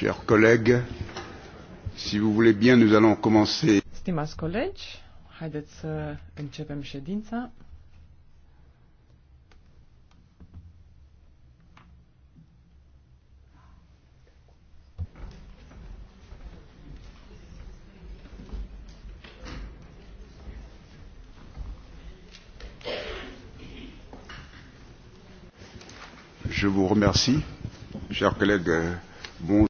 Chers collègues, si vous voulez bien, nous allons commencer. Stimați colegi, haideți să începem ședința. Je vous remercie, chers collègues. Bon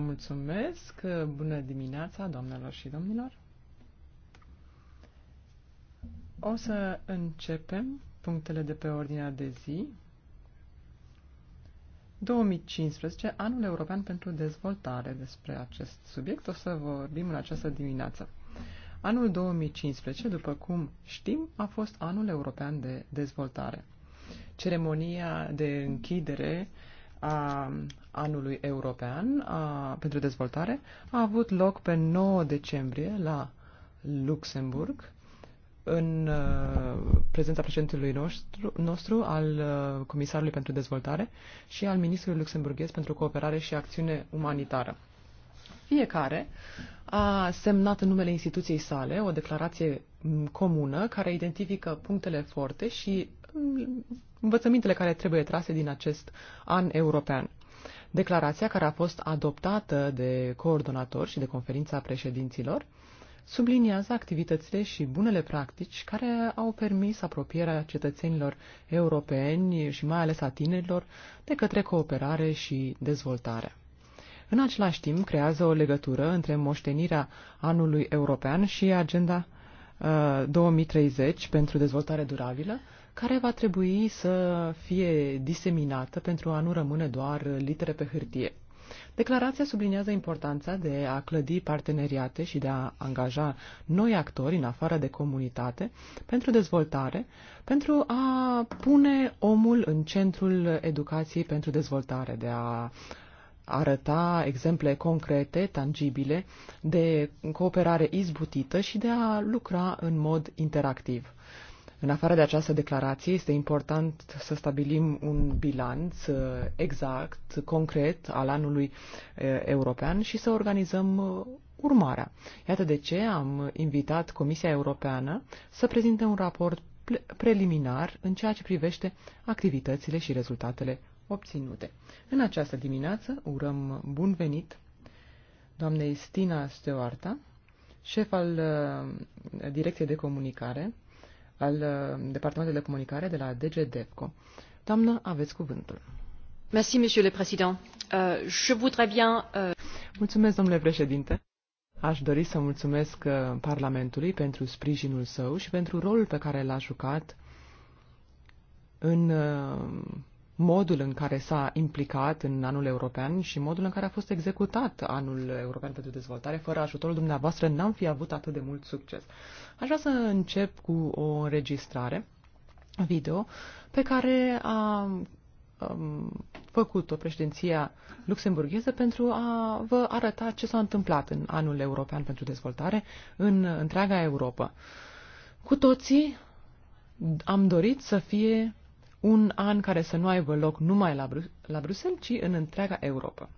mulțumesc. Bună dimineața, doamnelor și domnilor. O să începem punctele de pe ordinea de zi. 2015, Anul European pentru Dezvoltare. Despre acest subiect o să vorbim în această dimineață. Anul 2015, după cum știm, a fost Anul European de Dezvoltare. Ceremonia de închidere a anului european a, pentru dezvoltare a avut loc pe 9 decembrie la Luxemburg în uh, prezența președintelui nostru, nostru al uh, Comisarului pentru Dezvoltare și al Ministrului Luxemburghez pentru Cooperare și Acțiune Umanitară. Fiecare a semnat în numele instituției sale o declarație comună care identifică punctele forte și învățămintele care trebuie trase din acest an european. Declarația care a fost adoptată de coordonator și de conferința președinților subliniază activitățile și bunele practici care au permis apropierea cetățenilor europeni și mai ales a tinerilor de către cooperare și dezvoltare. În același timp, creează o legătură între moștenirea anului european și agenda uh, 2030 pentru dezvoltare durabilă, care va trebui să fie diseminată pentru a nu rămâne doar litere pe hârtie. Declarația subliniază importanța de a clădi parteneriate și de a angaja noi actori în afară de comunitate pentru dezvoltare, pentru a pune omul în centrul educației pentru dezvoltare, de a arăta exemple concrete, tangibile, de cooperare izbutită și de a lucra în mod interactiv. În afară de această declarație, este important să stabilim un bilanț uh, exact, concret, al anului uh, european și să organizăm uh, urmarea. Iată de ce am invitat Comisia Europeană să prezinte un raport preliminar în ceea ce privește activitățile și rezultatele obținute. În această dimineață urăm bun venit doamnei Stina Steoarta, șef al Direcției de Comunicare al uh, Departamentului de Comunicare de la DG DEVCO. Doamnă, aveți cuvântul. Merci, monsieur le président. Uh, je voudrais bien... Uh... Mulțumesc, domnule președinte. Aș dori să mulțumesc uh, Parlamentului pentru sprijinul său și pentru rolul pe care l-a jucat în uh, modul în care s-a implicat în anul european și modul în care a fost executat anul european pentru dezvoltare. Fără ajutorul dumneavoastră n-am fi avut atât de mult succes. Aș vrea să încep cu o înregistrare video pe care a făcut-o președinția luxemburgheză pentru a vă arăta ce s-a întâmplat în anul european pentru dezvoltare în întreaga Europa. Cu toții am dorit să fie un an care să nu aibă loc numai la, Bru- la Bruxelles, ci în întreaga Europa.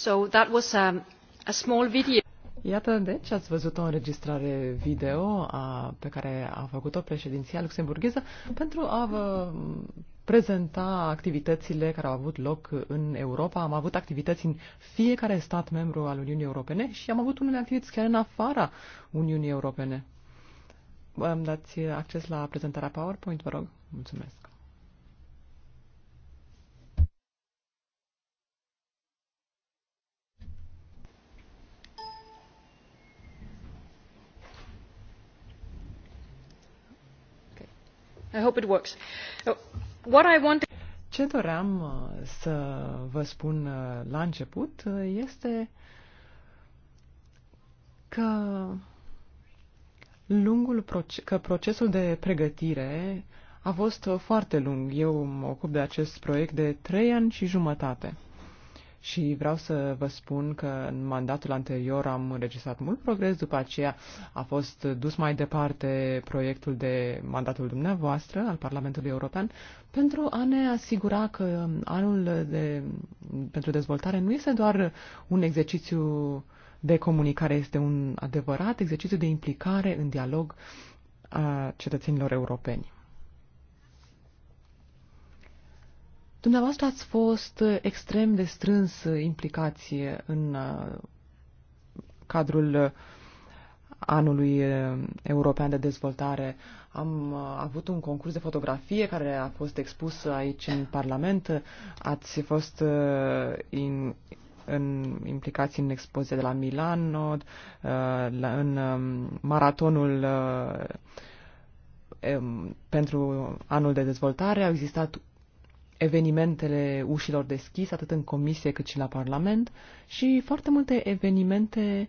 So that was a, um, a small video. Iată, deci ați văzut o înregistrare video a, pe care a făcut-o președinția luxemburgheză pentru a vă prezenta activitățile care au avut loc în Europa. Am avut activități în fiecare stat membru al Uniunii Europene și am avut unele activități chiar în afara Uniunii Europene. Îmi dați acces la prezentarea PowerPoint, vă rog? Mulțumesc. Uh, Ce doream uh, să vă spun uh, la început este că lungul proces, că procesul de pregătire a fost foarte lung. Eu mă ocup de acest proiect de trei ani și jumătate și vreau să vă spun că în mandatul anterior am înregistrat mult progres, după aceea a fost dus mai departe proiectul de mandatul dumneavoastră al Parlamentului European pentru a ne asigura că anul de, pentru dezvoltare nu este doar un exercițiu de comunicare, este un adevărat exercițiu de implicare în dialog a cetățenilor europeni. Dumneavoastră ați fost extrem de strâns implicați în uh, cadrul uh, anului uh, european de dezvoltare. Am avut un concurs de fotografie care a fost expus aici în Parlament. Ați fost in, în, implicați în expoziția de la Milano, în um, maratonul pentru anul de dezvoltare. Au existat evenimentele ușilor deschise, atât în comisie cât și la Parlament, și foarte multe evenimente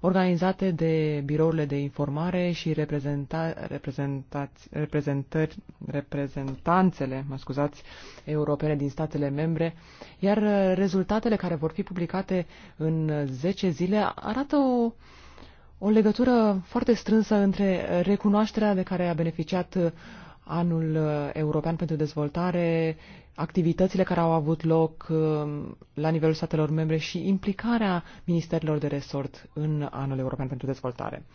organizate de birourile de informare și reprezenta, reprezentați, reprezentări, reprezentanțele mă scuzați, europene din statele membre, iar uh, rezultatele care vor fi publicate în 10 uh, zile arată o, o legătură foarte strânsă între uh, recunoașterea de care a beneficiat anul uh, european pentru dezvoltare, activitățile care au avut loc uh, la nivelul statelor membre și implicarea ministerilor de resort în anul european pentru dezvoltare.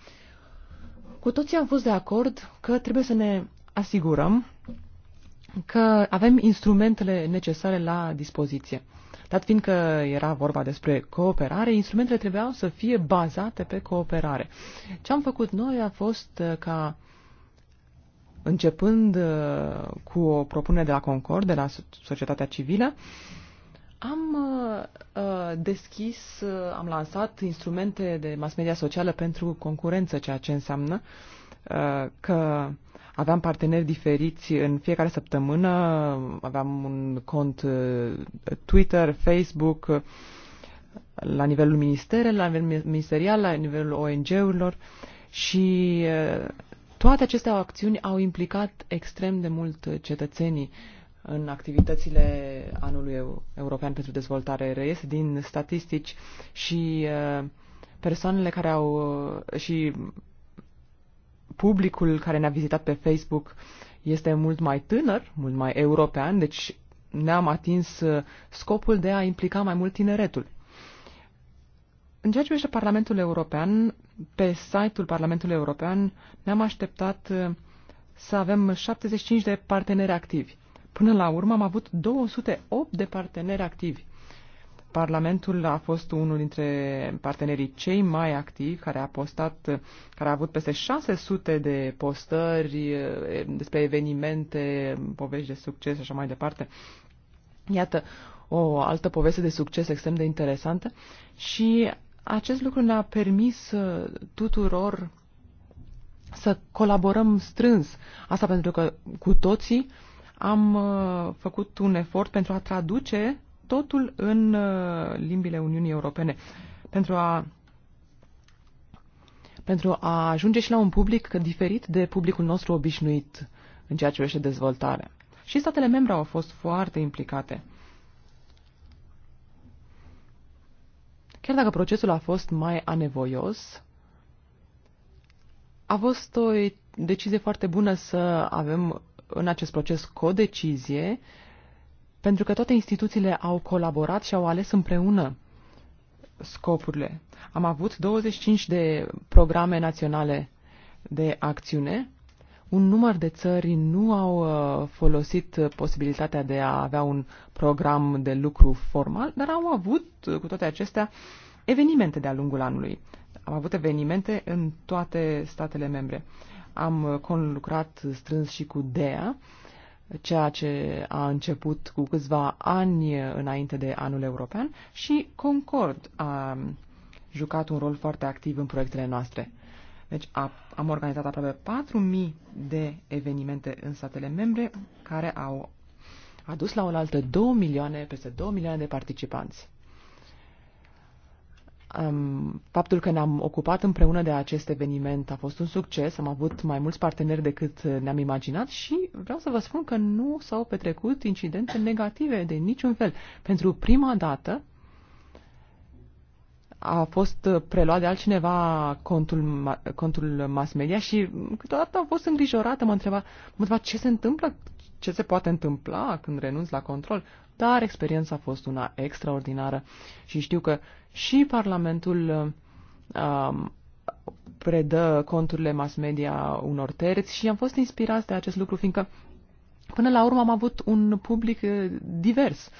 Cu toții am fost de acord că trebuie să ne asigurăm că avem instrumentele necesare la dispoziție. Dat fiindcă era vorba despre cooperare, instrumentele trebuiau să fie bazate pe cooperare. Ce am făcut noi a fost uh, ca începând uh, cu o propunere de la Concord, de la societatea civilă, am uh, uh, deschis, am lansat instrumente de mass media socială pentru concurență, ceea ce înseamnă că aveam parteneri diferiți în fiecare săptămână, aveam un cont Twitter, Facebook, la nivelul ministerelor, la nivel ministerial, la nivelul ONG-urilor și toate aceste acțiuni au implicat extrem de mult cetățenii în activitățile anului european pentru dezvoltare. Reiese din statistici și uh, persoanele care au uh, și publicul care ne-a vizitat pe Facebook este mult mai tânăr, mult mai european, deci ne-am atins uh, scopul de a implica mai mult tineretul. În ceea ce privește Parlamentul European, pe site-ul Parlamentului European ne-am așteptat uh, să avem 75 de parteneri activi. Până la urmă am avut 208 de parteneri activi. Parlamentul a fost unul dintre partenerii cei mai activi, care a postat, uh, care a avut peste 600 de postări uh, despre evenimente, povești de succes și așa mai departe. Iată, o altă poveste de succes extrem de interesantă și acest lucru ne-a permis uh, tuturor să colaborăm strâns. Asta pentru că cu toții am uh, făcut un efort pentru a traduce totul în uh, limbile Uniunii Europene, pentru a, pentru a ajunge și la un public diferit de publicul nostru obișnuit în ceea ce privește dezvoltare. Și statele membre au fost foarte implicate. Chiar dacă procesul a fost mai anevoios, a fost o decizie foarte bună să avem în acest proces co-decizie, pentru că toate instituțiile au colaborat și au ales împreună scopurile. Am avut 25 de programe naționale de acțiune un număr de țări nu au uh, folosit uh, posibilitatea de a avea un program de lucru formal, dar au avut, uh, cu toate acestea, evenimente de-a lungul anului. Am avut evenimente în toate statele membre. Am conlucrat strâns și cu DEA, ceea ce a început cu câțiva ani înainte de anul european și Concord a um, jucat un rol foarte activ în proiectele noastre. Deci a, am organizat aproape 4.000 de evenimente în statele membre care au adus la oaltă 2 milioane, peste 2 milioane de participanți. Um, faptul că ne-am ocupat împreună de acest eveniment a fost un succes, am avut mai mulți parteneri decât ne-am imaginat și vreau să vă spun că nu s-au petrecut incidente negative de niciun fel. Pentru prima dată, a fost preluat de altcineva contul, contul mass media și câteodată am fost îngrijorată, mă întreba, mă întreba ce se întâmplă, ce se poate întâmpla când renunți la control. Dar experiența a fost una extraordinară și știu că și Parlamentul um, predă conturile mass media unor terți și am fost inspirați de acest lucru, fiindcă până la urmă am avut un public uh, divers. Uh,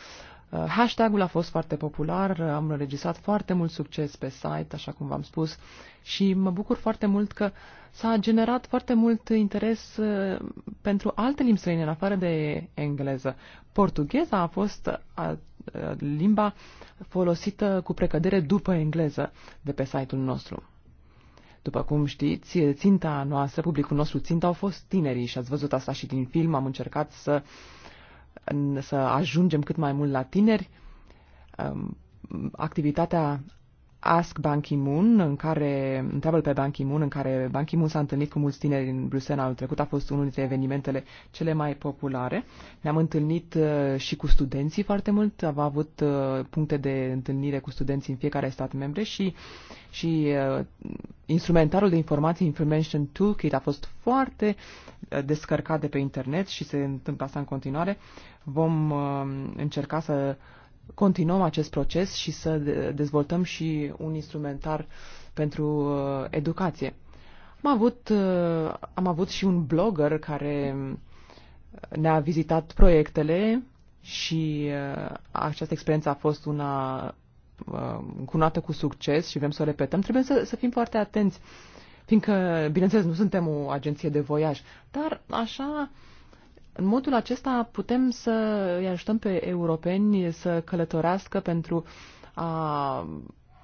Uh, hashtagul a fost foarte popular, uh, am înregistrat foarte mult succes pe site, așa cum v-am spus, și mă bucur foarte mult că s-a generat foarte mult interes uh, pentru alte limbi străine, în afară de engleză. Portugheza a fost limba folosită cu precădere după engleză de pe site-ul nostru. După cum știți, ținta noastră, publicul nostru ținta au fost tinerii și ați văzut asta și din film, am încercat să uh, să ajungem cât mai mult la tineri. Um, activitatea Ask Ban Ki-moon, în care, întreabă pe Ban Ki-moon, în care Ban Ki-moon s-a întâlnit cu mulți tineri în Bruxelles anul trecut, a fost unul dintre evenimentele cele mai populare. Ne-am întâlnit uh, și cu studenții foarte mult, am avut uh, puncte de întâlnire cu studenții în fiecare stat membre și, și uh, instrumentarul de informații Information Toolkit a fost foarte descărcat de pe internet și se întâmplă asta în continuare. Vom încerca să continuăm acest proces și să dezvoltăm și un instrumentar pentru uh, educație. Am avut, uh, am avut și un blogger care ne-a vizitat proiectele și uh, această experiență a fost una cunoată cu succes și vrem să o repetăm. Trebuie să, să fim foarte atenți, fiindcă, bineînțeles, nu suntem o agenție de voiaj, dar așa în modul acesta putem să îi ajutăm pe europeni să călătorească pentru a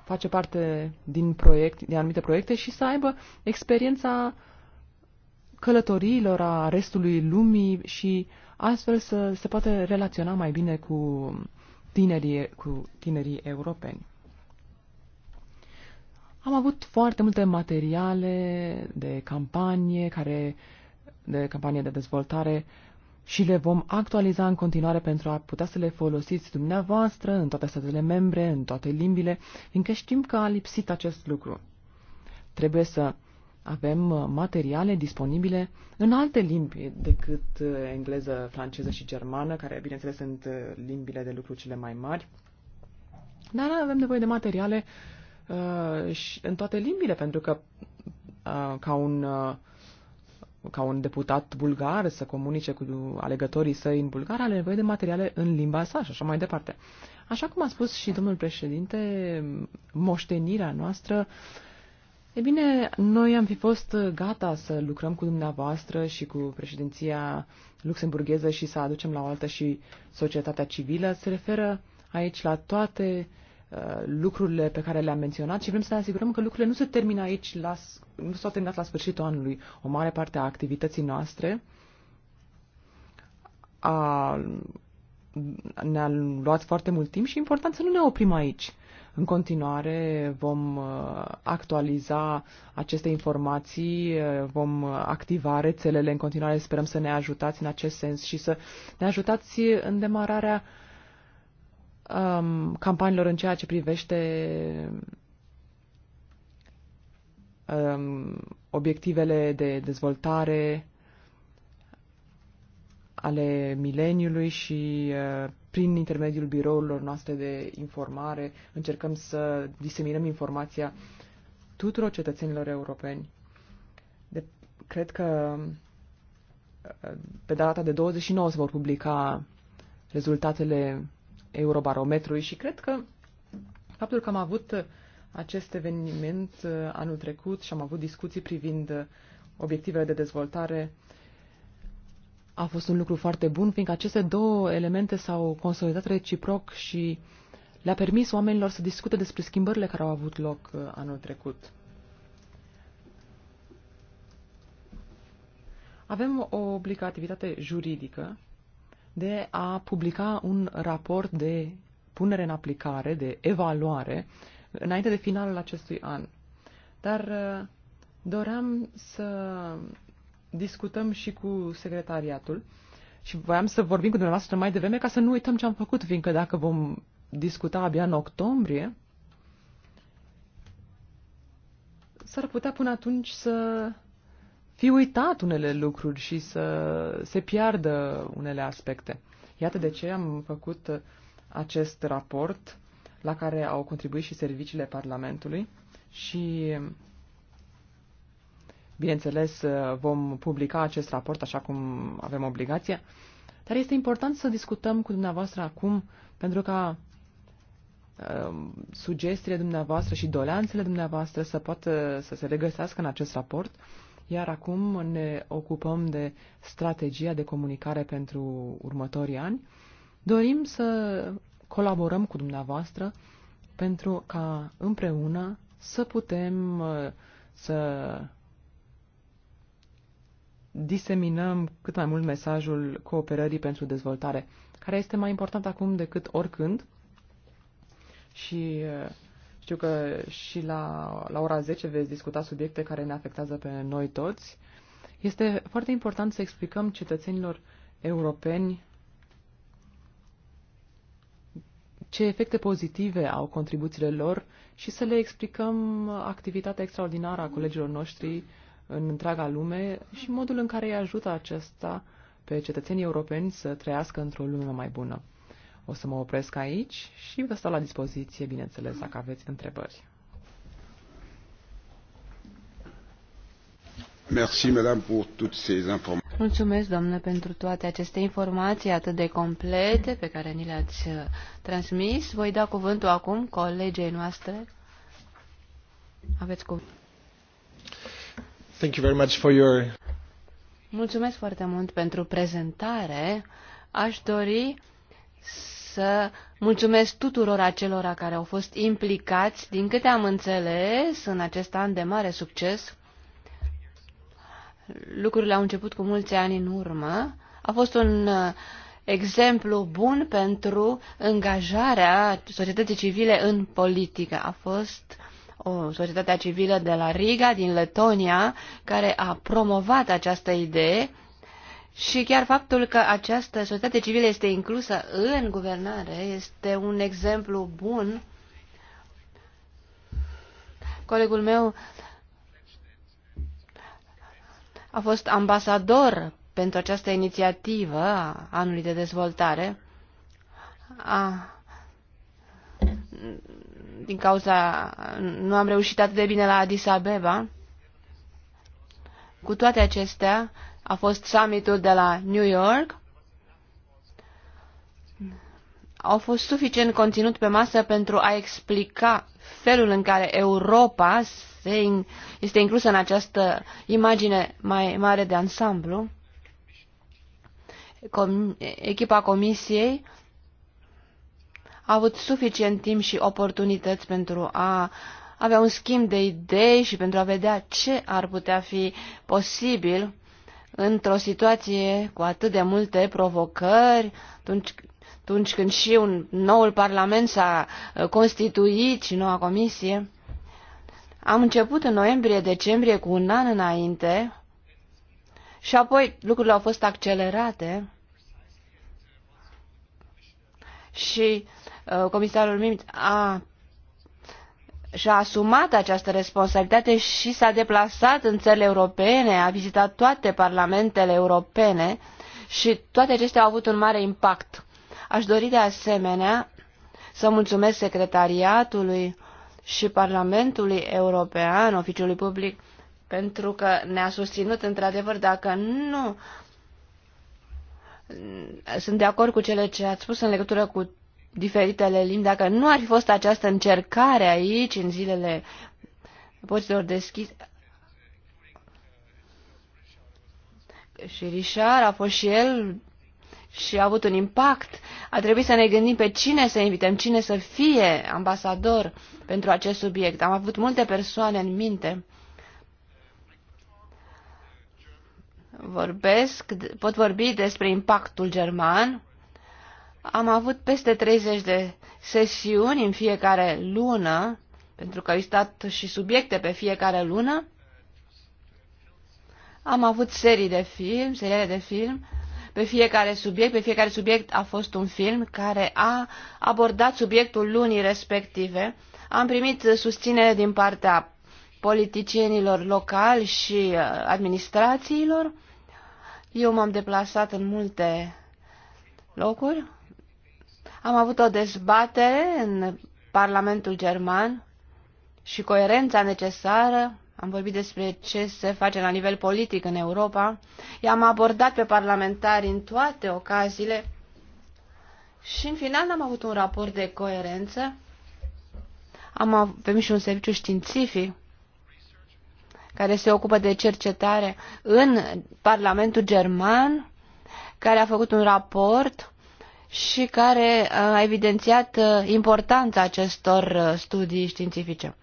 face parte din, proiect, din anumite proiecte și să aibă experiența călătoriilor a restului lumii și astfel să se poate relaționa mai bine cu tinerii, cu tinerii europeni. Am avut foarte multe materiale de campanie care de campanie de dezvoltare și le vom actualiza în continuare pentru a putea să le folosiți dumneavoastră în toate statele membre, în toate limbile, fiindcă știm că a lipsit acest lucru. Trebuie să avem uh, materiale disponibile în alte limbi decât uh, engleză, franceză și germană, care, bineînțeles, sunt uh, limbile de lucru cele mai mari. Dar avem nevoie de materiale uh, și în toate limbile, pentru că uh, ca un uh, ca un deputat bulgar să comunice cu alegătorii săi în bulgar, are nevoie de materiale în limba sa și așa mai departe. Așa cum a spus și domnul președinte, moștenirea noastră E bine, noi am fi fost gata să lucrăm cu dumneavoastră și cu președinția luxemburgheză și să aducem la o altă și societatea civilă. Se referă aici la toate uh, Uh, lucrurile pe care le-am menționat și vrem să ne asigurăm că lucrurile nu se termină aici, la, nu s-au terminat la sfârșitul anului. O mare parte a activității noastre a, ne-a luat foarte mult timp și e important să nu ne oprim aici. În continuare vom uh, actualiza aceste informații, uh, vom activa rețelele în continuare. Sperăm să ne ajutați în acest sens și să ne ajutați în demararea uh, um, campaniilor în ceea ce privește um, obiectivele de dezvoltare ale mileniului și uh, prin intermediul birourilor noastre de informare încercăm să diseminăm informația tuturor cetățenilor europeni. De, cred că uh, pe data de 29 se vor publica rezultatele Eurobarometrului și cred că faptul că am avut acest eveniment uh, anul trecut și am avut discuții privind uh, obiectivele de dezvoltare a fost un lucru foarte bun, fiindcă aceste două elemente s-au consolidat reciproc și le-a permis oamenilor să discute despre schimbările care au avut loc uh, anul trecut. Avem o obligativitate juridică de a publica un raport de punere în aplicare, de evaluare, înainte de finalul acestui an. Dar uh, doream să discutăm și cu secretariatul și voiam să vorbim cu dumneavoastră mai devreme ca să nu uităm ce am făcut, fiindcă dacă vom discuta abia în octombrie, s-ar putea până atunci să fi uitat unele lucruri și să se piardă unele aspecte. Iată de ce am făcut acest raport la care au contribuit și serviciile Parlamentului și, bineînțeles, vom publica acest raport așa cum avem obligația, dar este important să discutăm cu dumneavoastră acum pentru ca um, sugestiile dumneavoastră și doleanțele dumneavoastră să poată să se regăsească în acest raport iar acum ne ocupăm de strategia de comunicare pentru următorii ani. Dorim să colaborăm cu dumneavoastră pentru ca împreună să putem uh, să diseminăm cât mai mult mesajul cooperării pentru dezvoltare, care este mai important acum decât oricând și uh, știu că și la, la ora 10 veți discuta subiecte care ne afectează pe noi toți. Este foarte important să explicăm cetățenilor europeni ce efecte pozitive au contribuțiile lor și să le explicăm activitatea extraordinară a colegilor noștri în întreaga lume și modul în care îi ajută acesta pe cetățenii europeni să trăiască într-o lume mai bună. O să mă opresc aici și vă stau la dispoziție, bineînțeles, dacă aveți întrebări. Merci, madame, pour toutes ces informations. Mulțumesc, doamnă, pentru toate aceste informații atât de complete pe care ni le-ați uh, transmis. Voi da cuvântul acum colegei noastre. Aveți cuvântul. Thank you very much for your... Mulțumesc foarte mult pentru prezentare. Aș dori să mulțumesc tuturor acelora care au fost implicați, din câte am înțeles, în acest an de mare succes. Lucrurile au început cu mulți ani în urmă. A fost un uh, exemplu bun pentru angajarea societății civile în politică. A fost o societate civilă de la Riga, din Letonia, care a promovat această idee și chiar faptul că această societate civilă este inclusă în guvernare este un exemplu bun. Colegul meu a fost ambasador pentru această inițiativă a anului de dezvoltare. A, din cauza nu am reușit atât de bine la Addis Abeba. Cu toate acestea, a fost summitul de la New York, au fost suficient conținut pe masă pentru a explica felul în care Europa se, este inclusă în această imagine mai mare de ansamblu. Com, echipa Comisiei a avut suficient timp și oportunități pentru a avea un schimb de idei și pentru a vedea ce ar putea fi posibil într-o situație cu atât de multe provocări, atunci, atunci când și un noul Parlament s-a uh, constituit și noua comisie. Am început în noiembrie-decembrie cu un an înainte și apoi lucrurile au fost accelerate și uh, comisarul Mimit a și-a asumat această responsabilitate și s-a deplasat în țările europene, a vizitat toate parlamentele europene și toate acestea au avut un mare impact. Aș dori de asemenea să mulțumesc secretariatului și Parlamentului European, Oficiului Public, pentru că ne-a susținut într-adevăr. Dacă nu, sunt de acord cu cele ce ați spus în legătură cu diferitele limbi, dacă nu ar fi fost această încercare aici, în zilele porților deschise, și Richard a fost și el și a avut un impact. A trebuit să ne gândim pe cine să invităm, cine să fie ambasador pentru acest subiect. Am avut multe persoane în minte. Vorbesc, pot vorbi despre impactul german am avut peste 30 de sesiuni în fiecare lună, pentru că au stat și subiecte pe fiecare lună. Am avut serii de film, seriale de film, pe fiecare subiect. Pe fiecare subiect a fost un film care a abordat subiectul lunii respective. Am primit susținere din partea politicienilor locali și uh, administrațiilor. Eu m-am deplasat în multe locuri. Am avut o dezbatere în Parlamentul German și coerența necesară. Am vorbit despre ce se face la nivel politic în Europa. I-am abordat pe parlamentari în toate ocaziile și în final am avut un raport de coerență. Am avem și un serviciu științific care se ocupă de cercetare în Parlamentul German, care a făcut un raport și care uh, a evidențiat uh, importanța acestor uh, studii științifice.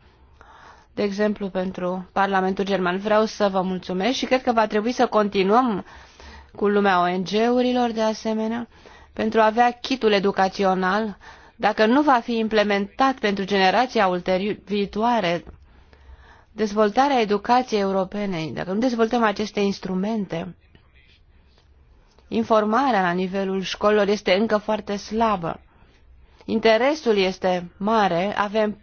De exemplu, pentru Parlamentul German. Vreau să vă mulțumesc și cred că va trebui să continuăm cu lumea ONG-urilor de asemenea, pentru a avea kitul educațional, dacă nu va fi implementat pentru generația ulterior viitoare, dezvoltarea educației europene, dacă nu dezvoltăm aceste instrumente, Informarea la nivelul școlilor este încă foarte slabă. Interesul este mare, avem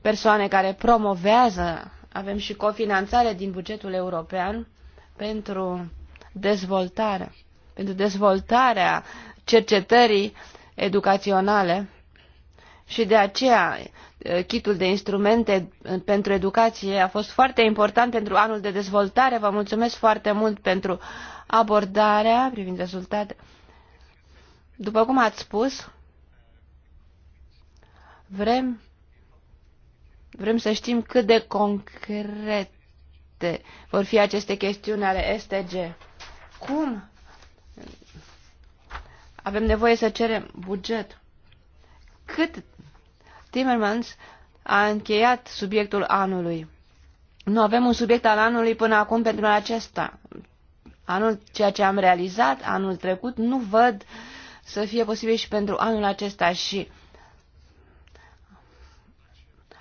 persoane care promovează, avem și cofinanțare din bugetul european pentru dezvoltare, pentru dezvoltarea cercetării educaționale și de aceea Eh, kitul de instrumente pentru educație a fost foarte important pentru anul de dezvoltare. Vă mulțumesc foarte mult pentru abordarea privind rezultate. După cum ați spus, vrem, vrem să știm cât de concrete vor fi aceste chestiuni ale STG. Cum? Avem nevoie să cerem buget. Cât Timmermans a încheiat subiectul anului. Nu avem un subiect al anului până acum pentru acesta. Anul, ceea ce am realizat anul trecut, nu văd să fie posibil și pentru anul acesta și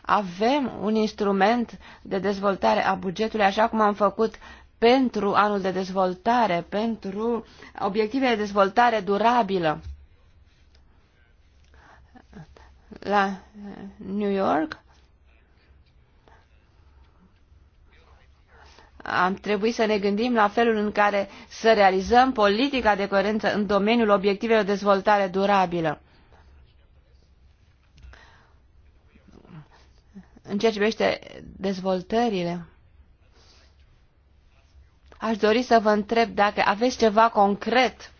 avem un instrument de dezvoltare a bugetului, așa cum am făcut pentru anul de dezvoltare, pentru obiectivele de dezvoltare durabilă. la uh, New York, am trebuit să ne gândim la felul în care să realizăm politica de coerență în domeniul obiectivelor de dezvoltare durabilă. În ceea ce privește dezvoltările, aș dori să vă întreb dacă aveți ceva concret,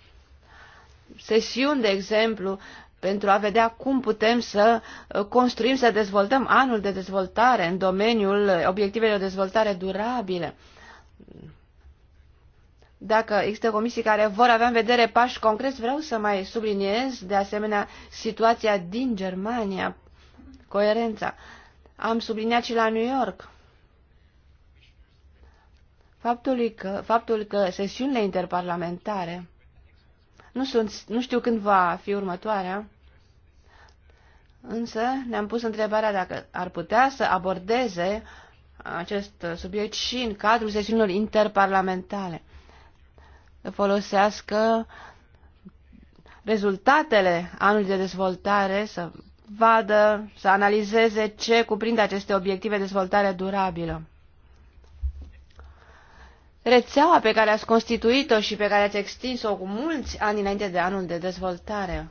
sesiuni, de exemplu, pentru a vedea cum putem să uh, construim, să dezvoltăm anul de dezvoltare în domeniul obiectivelor de dezvoltare durabile. Dacă există comisii care vor avea în vedere pași concreți, vreau să mai subliniez de asemenea situația din Germania, coerența. Am subliniat și la New York faptul că, faptul că sesiunile interparlamentare nu, sunt, nu știu când va fi următoarea, însă ne-am pus întrebarea dacă ar putea să abordeze acest subiect și în cadrul sesiunilor interparlamentare. Să folosească rezultatele anului de dezvoltare, să vadă, să analizeze ce cuprinde aceste obiective de dezvoltare durabilă rețeaua pe care ați constituit-o și pe care ați extins-o cu mulți ani înainte de anul de dezvoltare.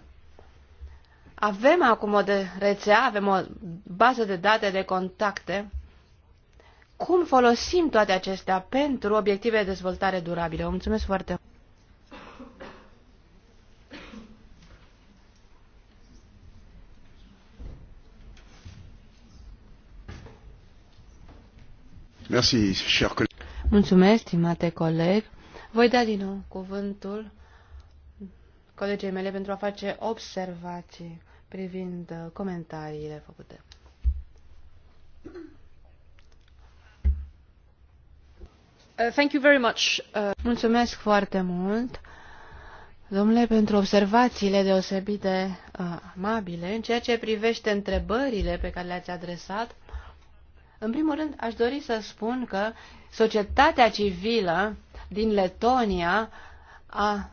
Avem acum o de rețea, avem o bază de date de contacte. Cum folosim toate acestea pentru obiective de dezvoltare durabilă? Vă mulțumesc foarte mult! Merci, cher collègues. Mulțumesc, stimate coleg. Voi da din nou cuvântul colegii mele pentru a face observații privind uh, comentariile făcute. Uh, thank you very much. Uh... Mulțumesc foarte mult, domnule, pentru observațiile deosebite uh, amabile în ceea ce privește întrebările pe care le-ați adresat. În primul rând, aș dori să spun că societatea civilă din Letonia a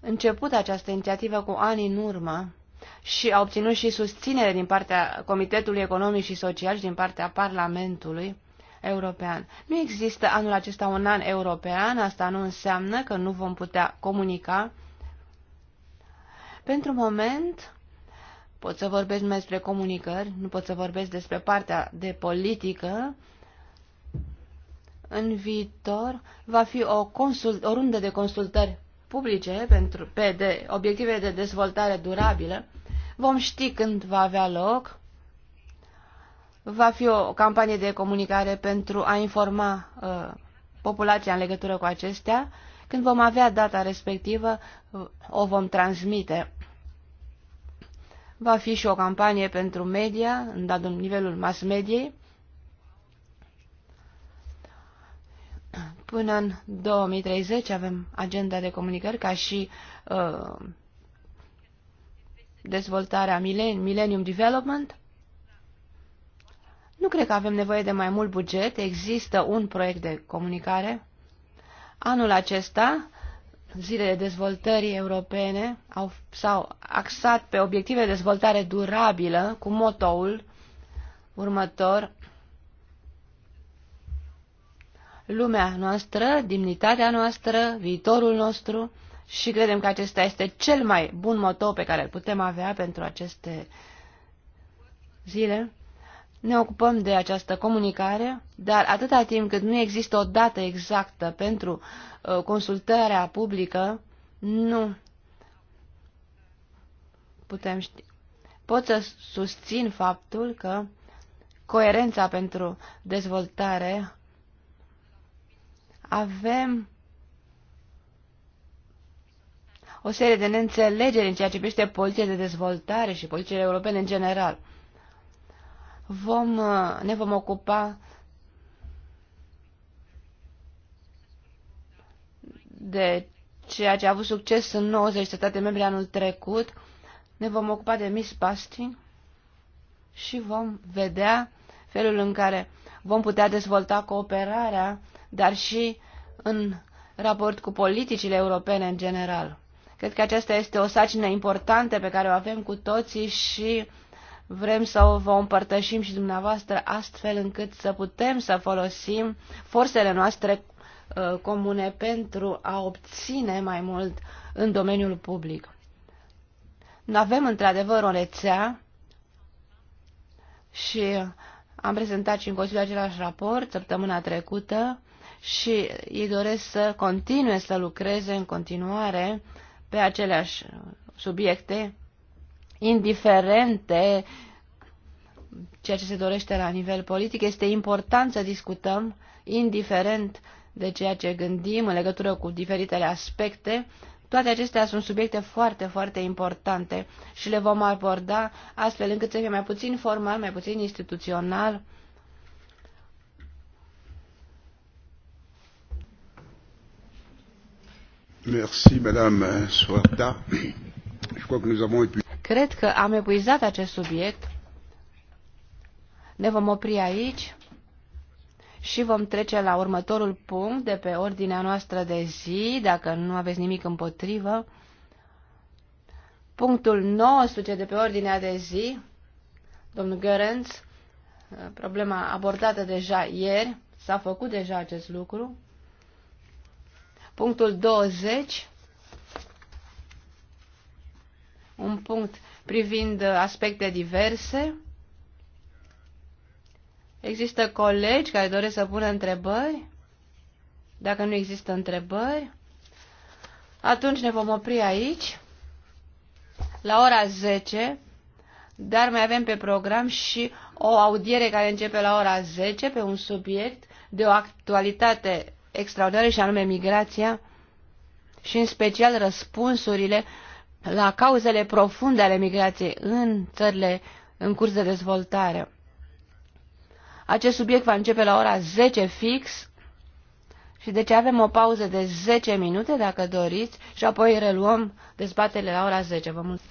început această inițiativă cu ani în urmă și a obținut și susținere din partea Comitetului Economic și Social și din partea Parlamentului European. Nu există anul acesta un an european, asta nu înseamnă că nu vom putea comunica. Pentru moment, Pot să vorbesc numai despre comunicări, nu pot să vorbesc despre partea de politică. În viitor va fi o, consult, o rundă de consultări publice pentru, pe de, obiective de dezvoltare durabilă. Vom ști când va avea loc. Va fi o campanie de comunicare pentru a informa uh, populația în legătură cu acestea. Când vom avea data respectivă, uh, o vom transmite Va fi și o campanie pentru media, în nivelul mass mediei, Până în 2030 avem agenda de comunicări ca și uh, dezvoltarea Millennium, Millennium Development. Nu cred că avem nevoie de mai mult buget. Există un proiect de comunicare. Anul acesta zilele dezvoltării europene au, s-au axat pe obiective de dezvoltare durabilă cu motoul următor lumea noastră, demnitatea noastră, viitorul nostru și credem că acesta este cel mai bun motou pe care îl putem avea pentru aceste zile. Ne ocupăm de această comunicare, dar atâta timp cât nu există o dată exactă pentru uh, Uh, consultarea publică, nu putem ști. Pot să susțin faptul că coerența pentru dezvoltare avem o serie de neînțelegeri în ceea ce privește poliția de dezvoltare și politicile europene în general. Vom, uh, ne vom ocupa de ceea ce a avut succes în 90 de state membre anul trecut. Ne vom ocupa de Miss Busting și vom vedea felul în care vom putea dezvolta cooperarea, dar și în raport cu politicile europene în general. Cred că aceasta este o sacină importantă pe care o avem cu toții și vrem să o vă împărtășim și dumneavoastră astfel încât să putem să folosim forțele noastre Uh, comune pentru a obține mai mult în domeniul public. Nu Avem într-adevăr o rețea și am prezentat și în Consiliu același raport săptămâna trecută și ei doresc să continue să lucreze în continuare pe aceleași subiecte, indiferente ceea ce se dorește la nivel politic. Este important să discutăm, indiferent uh, de ceea ce gândim în legătură cu diferitele aspecte. Toate acestea sunt subiecte foarte, foarte importante și le vom aborda astfel încât să fie mai puțin formal, mai puțin instituțional. Merci, Madame Soarda. Je crois que nous avons épuisé. Cred că am epuizat acest subiect. Ne vom opri aici și vom trece la următorul punct de pe ordinea noastră de zi, dacă nu aveți nimic împotrivă. Punctul 19 de pe ordinea de zi, domnul Gărenț, problema abordată deja ieri, s-a făcut deja acest lucru. Punctul 20, un punct privind aspecte diverse. Există colegi care doresc să pună întrebări? Dacă nu există întrebări, atunci ne vom opri aici, la ora 10, dar mai avem pe program și o audiere care începe la ora 10 pe un subiect de o actualitate extraordinară și anume migrația și în special răspunsurile la cauzele profunde ale migrației în țările în curs de dezvoltare. Acest subiect va începe la ora 10 fix și deci avem o pauză de 10 minute, dacă doriți, și apoi reluăm dezbatele la ora 10. Vă mulțumesc!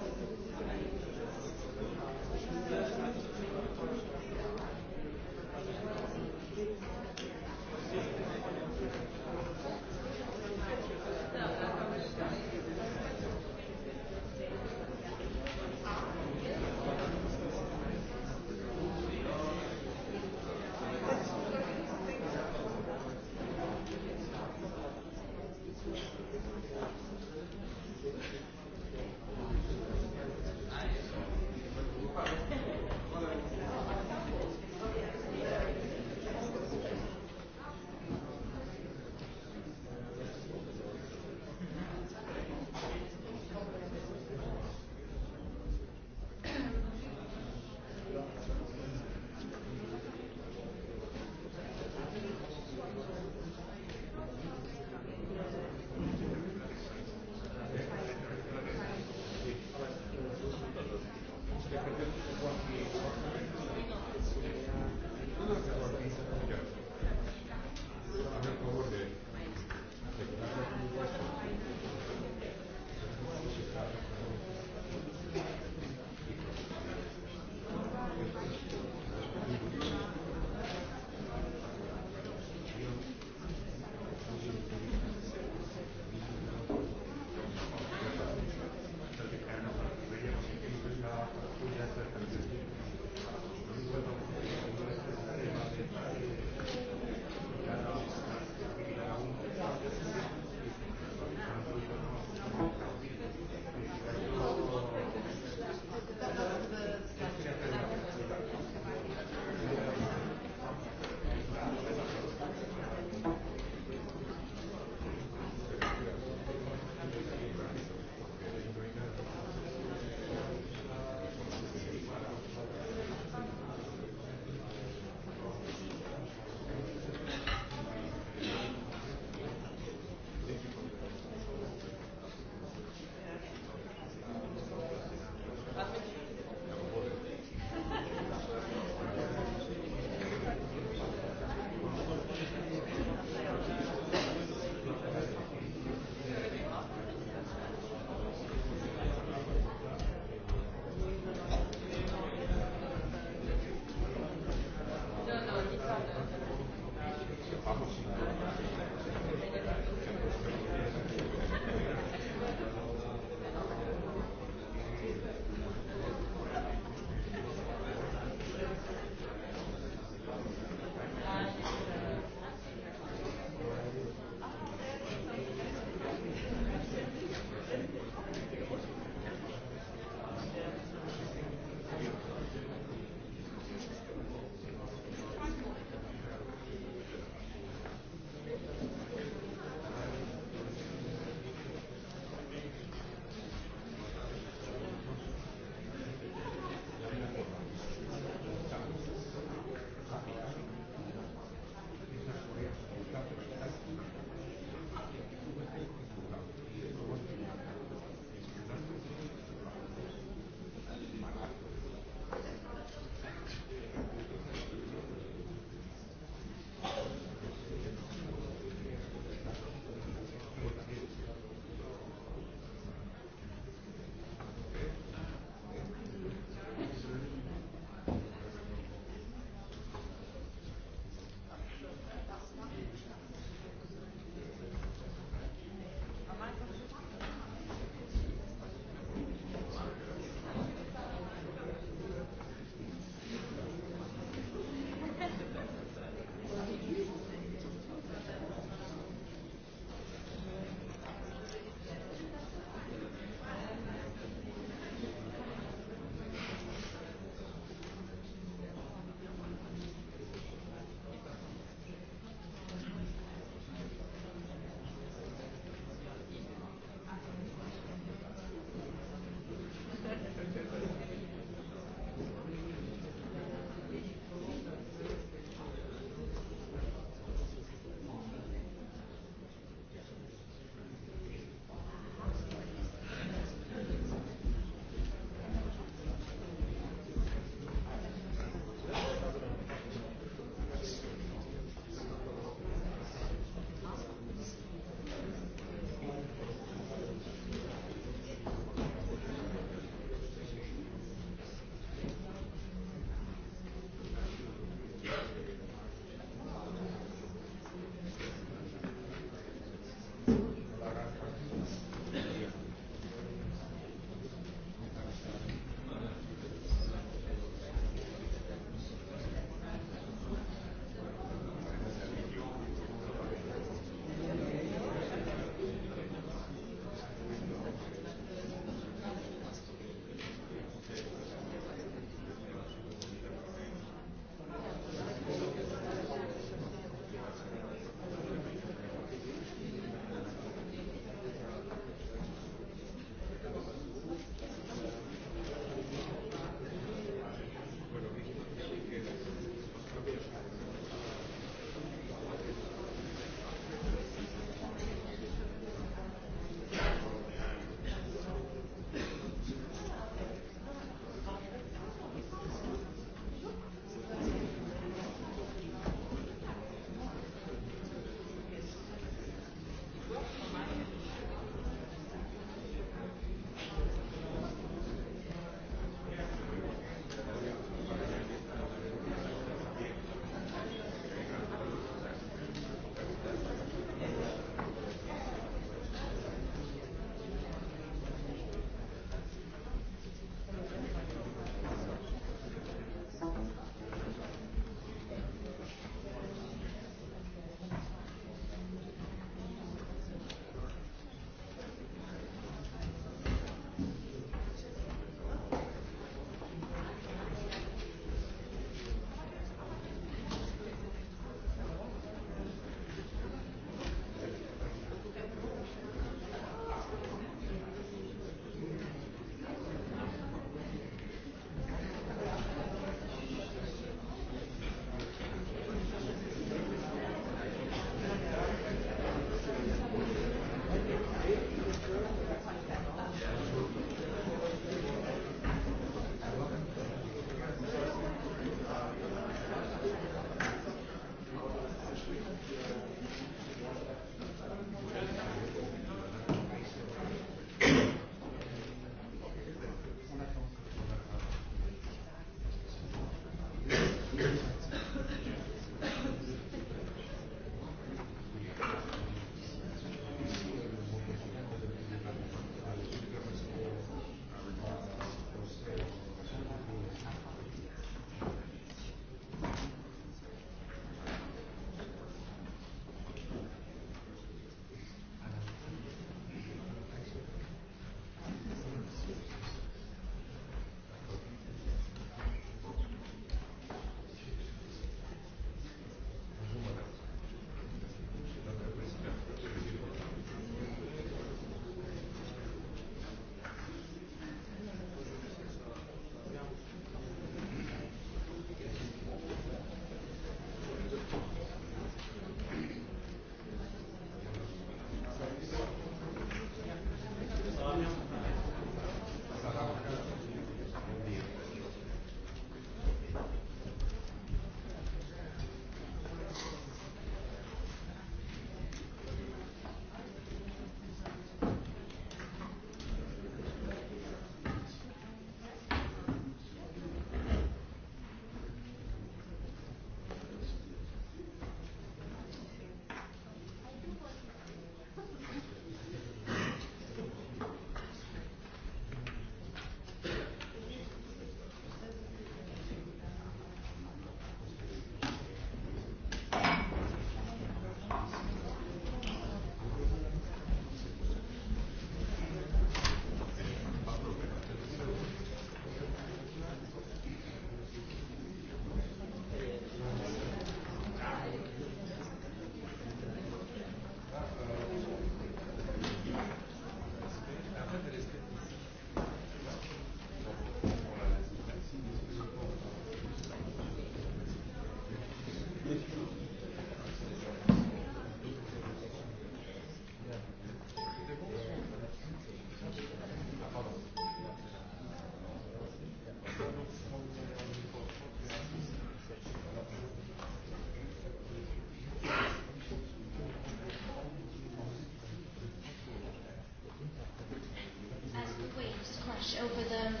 over the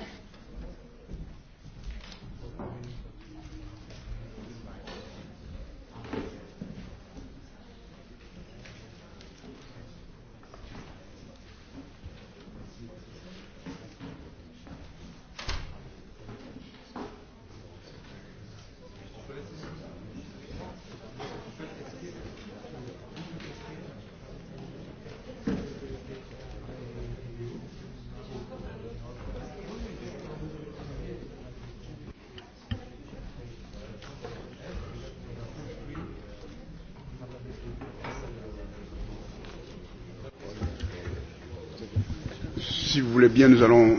Si vous voulez bien, nous allons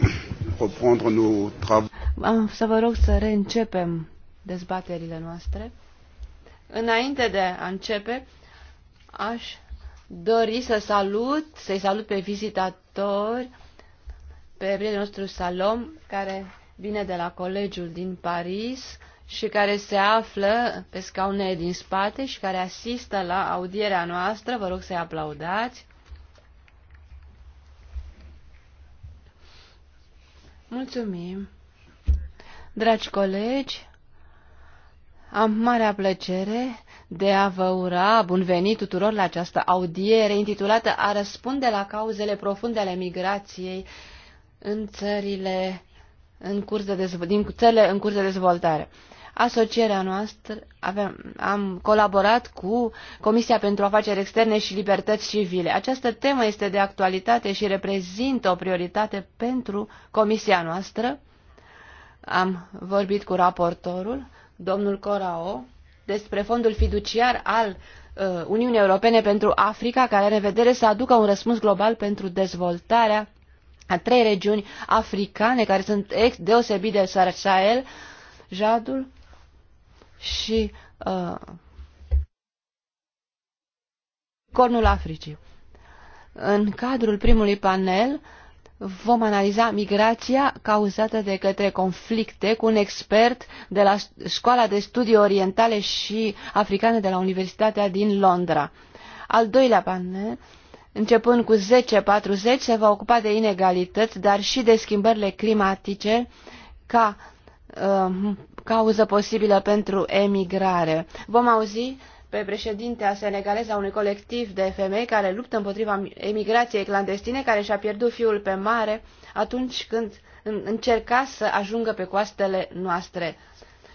reprendre nos travaux. Să vă rog să reîncepem dezbaterile noastre. Înainte de a începe, aș dori să salut, să-i salut pe vizitatori, pe prietenul nostru Salom, care vine de la colegiul din Paris și care se află pe scaune din spate și care asistă la audierea noastră. Vă rog să-i aplaudați. Mulțumim. Dragi colegi, am marea plăcere de a vă ura bun venit tuturor la această audiere intitulată A răspunde la cauzele profunde ale migrației în țările în curs de, dezvo- din țările în curs de dezvoltare. Uh, asocierea noastră, avem, am colaborat cu Comisia pentru Afaceri Externe și Libertăți Civile. Această temă este de actualitate și reprezintă o prioritate pentru Comisia noastră. Am vorbit cu raportorul, domnul Corao, despre fondul fiduciar al uh, Uniunii Europene pentru Africa, care are în vedere să aducă un răspuns global pentru dezvoltarea a trei regiuni africane care sunt deosebit de Sahel, Jadul, și uh, Cornul Africii. În cadrul primului panel vom analiza migrația cauzată de către conflicte cu un expert de la Școala de Studii Orientale și Africane de la Universitatea din Londra. Al doilea panel, începând cu 10.40, se va ocupa de inegalități, dar și de schimbările climatice ca uh, cauză posibilă pentru emigrare. Vom auzi pe președintea senegaleză a unui colectiv de femei care luptă împotriva emigrației clandestine, care și-a pierdut fiul pe mare atunci când încerca să ajungă pe coastele noastre.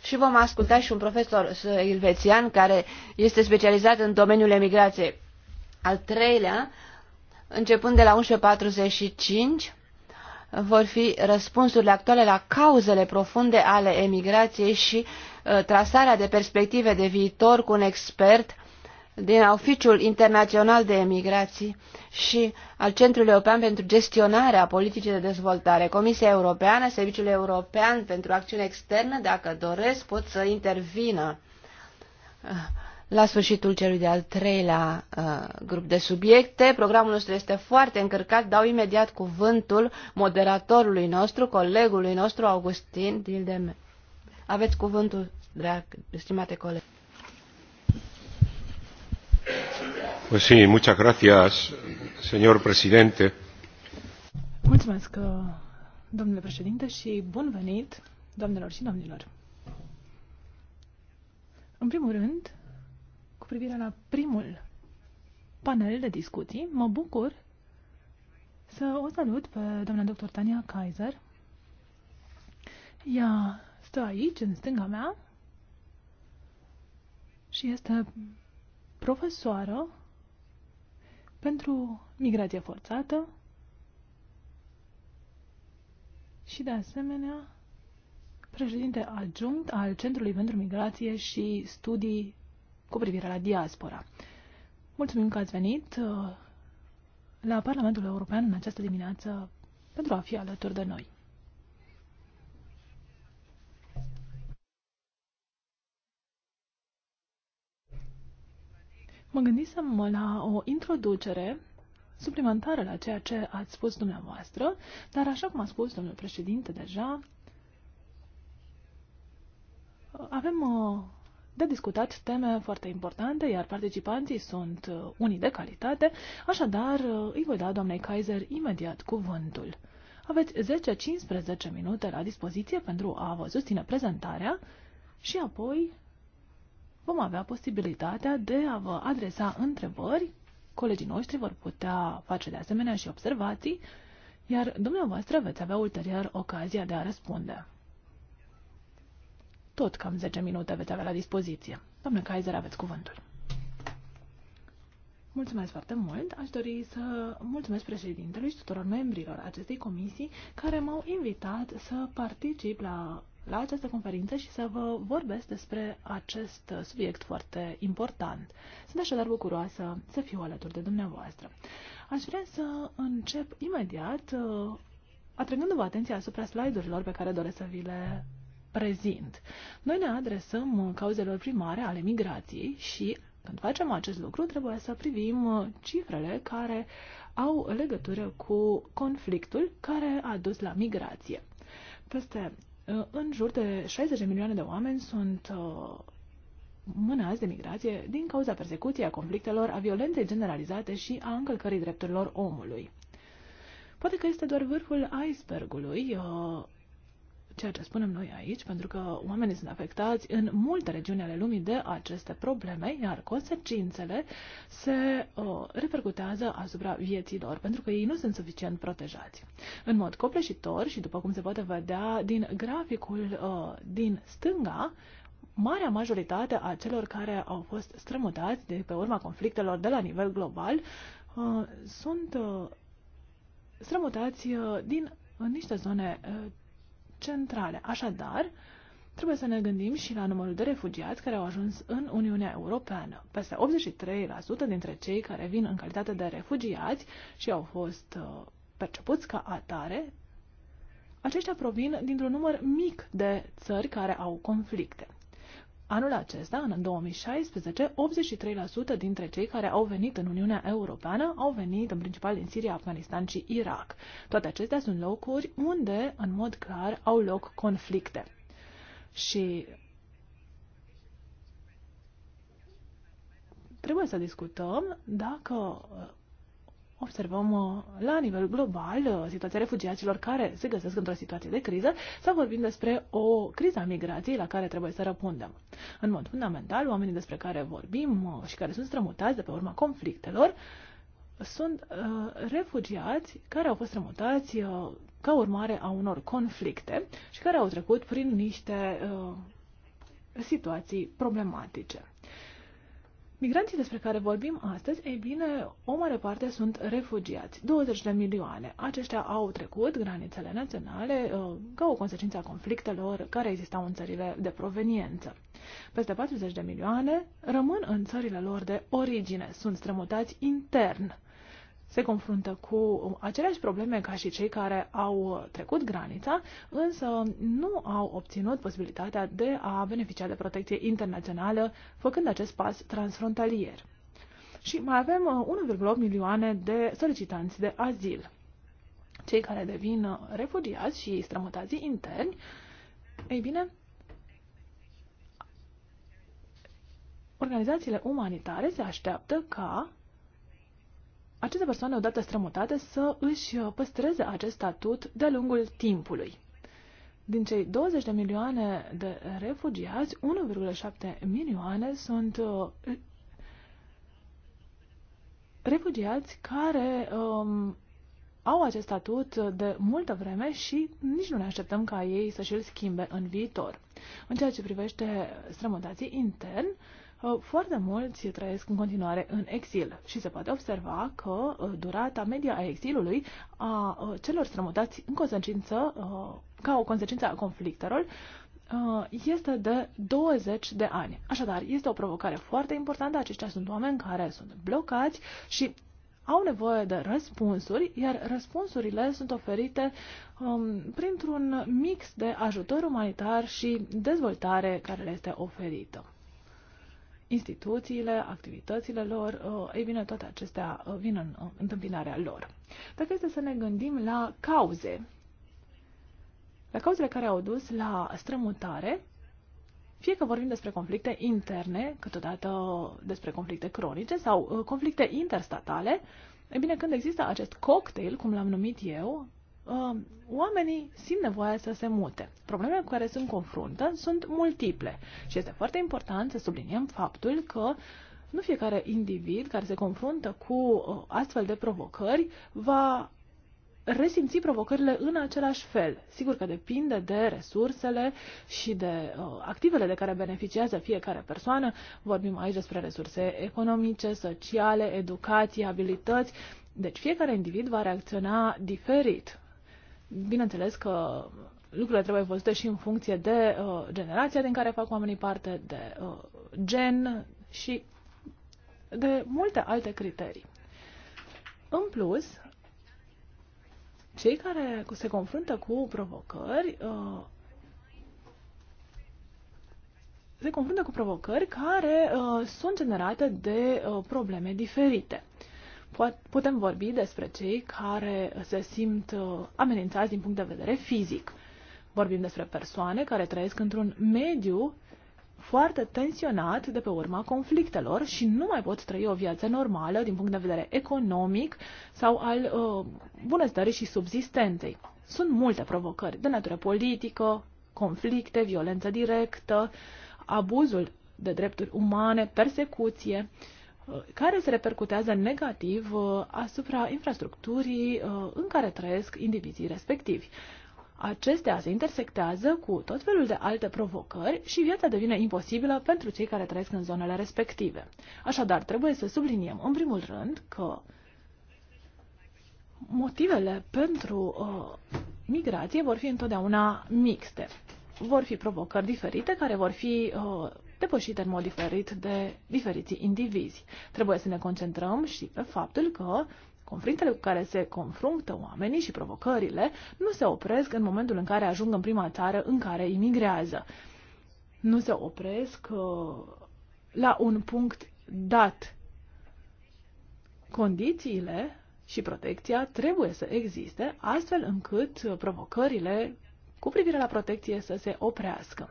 Și vom asculta și un profesor ilvețian care este specializat în domeniul emigrației. Al treilea, începând de la 11.45, vor fi răspunsurile actuale la cauzele profunde ale emigrației și uh, trasarea de perspective de viitor cu un expert din Oficiul Internațional de Emigrații și al Centrului European pentru Gestionarea Politicii de Dezvoltare. Comisia Europeană, Serviciul European pentru Acțiune Externă, dacă doresc, pot să intervină. Uh, la sfârșitul celui de-al treilea uh, grup de subiecte. Programul nostru este foarte încărcat. Dau imediat cuvântul moderatorului nostru, colegului nostru, Augustin Dildeme. Aveți cuvântul, drag, stimate coleg. Pues sí, muchas gracias, señor presidente. Mulțumesc, uh, domnule președinte, și bun venit, doamnelor și domnilor. În primul rând, privire la primul panel de discuții. Mă bucur să o salut pe doamna doctor Tania Kaiser. Ea stă aici, în stânga mea, și este profesoară pentru migrație forțată și, de asemenea, președinte adjunct al Centrului pentru Migrație și Studii cu privire la diaspora. Mulțumim că ați venit uh, la Parlamentul European în această dimineață pentru a fi alături de noi. Mă gândisem la o introducere suplimentară la ceea ce ați spus dumneavoastră, dar așa cum a spus domnul președinte deja, avem uh, de discutat teme foarte importante, iar participanții sunt uh, unii de calitate, așadar uh, îi voi da doamnei Kaiser imediat cuvântul. Aveți 10-15 minute la dispoziție pentru a vă susține prezentarea și apoi vom avea posibilitatea de a vă adresa întrebări. Colegii noștri vor putea face de asemenea și observații, iar dumneavoastră veți avea ulterior ocazia de a răspunde tot cam 10 minute veți avea la dispoziție. Doamne Kaiser, aveți cuvântul. Mulțumesc foarte mult. Aș dori să mulțumesc președintelui și tuturor membrilor acestei comisii care m-au invitat să particip la, la această conferință și să vă vorbesc despre acest subiect foarte important. Sunt așadar bucuroasă să fiu alături de dumneavoastră. Aș vrea să încep imediat uh, atrăgându-vă atenția asupra slide-urilor pe care doresc să vi le prezint. Noi ne adresăm cauzelor primare ale migrației și când facem acest lucru, trebuie să privim cifrele care au legătură cu conflictul care a dus la migrație. Peste uh, în jur de 60 de milioane de oameni sunt uh, mânați de migrație din cauza persecuției, a conflictelor, a violenței generalizate și a încălcării drepturilor omului. Poate că este doar vârful icebergului uh, ceea ce spunem noi aici, pentru că oamenii sunt afectați în multe regiuni ale lumii de aceste probleme, iar consecințele se uh, repercutează asupra vieții lor, pentru că ei nu sunt suficient protejați. În mod copleșitor și după cum se poate vedea din graficul uh, din stânga, marea majoritate a celor care au fost strămutați de pe urma conflictelor de la nivel global uh, sunt uh, strămutați uh, din în niște zone uh, centrale. Așadar, trebuie să ne gândim și la numărul de refugiați care au ajuns în Uniunea Europeană. Peste 83% dintre cei care vin în calitate de refugiați și au fost uh, percepuți ca atare, aceștia provin dintr-un număr mic de țări care au conflicte. Anul acesta, în 2016, 83% dintre cei care au venit în Uniunea Europeană au venit în principal din Siria, Afganistan și Irak. Toate acestea sunt locuri unde, în mod clar, au loc conflicte. Și trebuie să discutăm dacă observăm uh, la nivel global uh, situația refugiaților care se găsesc într-o situație de criză sau vorbim despre o criză a migrației la care trebuie să răpundem. În mod fundamental, oamenii despre care vorbim uh, și care sunt strămutați de pe urma conflictelor sunt uh, refugiați care au fost strămutați uh, ca urmare a unor conflicte și care au trecut prin niște uh, situații problematice. Migranții despre care vorbim astăzi, ei bine, o mare parte sunt refugiați, 20 de milioane. Aceștia au trecut granițele naționale uh, ca o consecință a conflictelor care existau în țările de proveniență. Peste 40 de milioane rămân în țările lor de origine, sunt strămutați intern se confruntă cu aceleași probleme ca și cei care au trecut granița, însă nu au obținut posibilitatea de a beneficia de protecție internațională, făcând acest pas transfrontalier. Și mai avem 1,8 uh, milioane de solicitanți de azil. Cei care devin refugiați și strămutații interni, ei bine, organizațiile umanitare se așteaptă ca aceste persoane, odată strămutate, să își uh, păstreze acest statut de-a lungul timpului. Din cei 20 de milioane de refugiați, 1,7 milioane sunt uh, refugiați care um, au acest statut de multă vreme și nici nu ne așteptăm ca ei să și-l schimbe în viitor. În ceea ce privește strămutații intern, uh, Uh, foarte mulți trăiesc în continuare în exil și se poate observa că uh, durata media a exilului a uh, celor strămutați în consecință, ca o consecință a conflictelor, este de 20 de ani. Așadar, este o provocare foarte importantă. Aceștia sunt oameni care sunt blocați și au nevoie de răspunsuri, iar răspunsurile sunt oferite um, printr-un mix de ajutor umanitar și dezvoltare care le este oferită instituțiile, activitățile lor, uh, ei bine, toate acestea uh, vin în uh, întâmpinarea lor. Dacă este să ne gândim la cauze, la cauzele care au dus la strămutare, fie că vorbim despre conflicte interne, câteodată despre conflicte cronice sau conflicte interstatale, e bine, când există acest cocktail, cum l-am numit eu, Um, oamenii simt nevoia să se mute. Problemele cu care sunt confruntă sunt multiple și este foarte important să subliniem faptul că nu fiecare individ care se confruntă cu uh, astfel de provocări va resimți provocările în același fel. Sigur că depinde de resursele și de uh, activele de care beneficiază fiecare persoană. Vorbim aici despre resurse economice, sociale, educații, abilități. Deci fiecare individ va reacționa diferit bineînțeles că lucrurile trebuie văzute și în funcție de uh, generația din care fac oamenii parte, de uh, gen și de multe alte criterii. În plus, cei care se confruntă cu provocări uh, se confruntă cu provocări care uh, sunt generate de uh, probleme diferite putem vorbi despre cei care se simt uh, amenințați din punct de vedere fizic. Vorbim despre persoane care trăiesc într-un mediu foarte tensionat de pe urma conflictelor și nu mai pot trăi o viață normală din punct de vedere economic sau al uh, bunăstării și subzistenței. Sunt multe provocări de natură politică, conflicte, violență directă, abuzul de drepturi umane, persecuție. Uh, care se repercutează negativ uh, asupra infrastructurii uh, în care trăiesc indivizii respectivi. Acestea se intersectează cu tot felul de alte provocări și viața devine imposibilă pentru cei care trăiesc în zonele respective. Așadar, trebuie să subliniem în primul rând că motivele pentru uh, migrație vor fi întotdeauna mixte. Vor fi provocări diferite care vor fi uh, depășite în mod diferit de diferiții indivizi. Trebuie să ne concentrăm și pe faptul că conflictele cu care se confruntă oamenii și provocările nu se opresc în momentul în care ajung în prima țară în care imigrează. Nu se opresc uh, la un punct dat. Condițiile și protecția trebuie să existe astfel încât provocările cu privire la protecție să se oprească.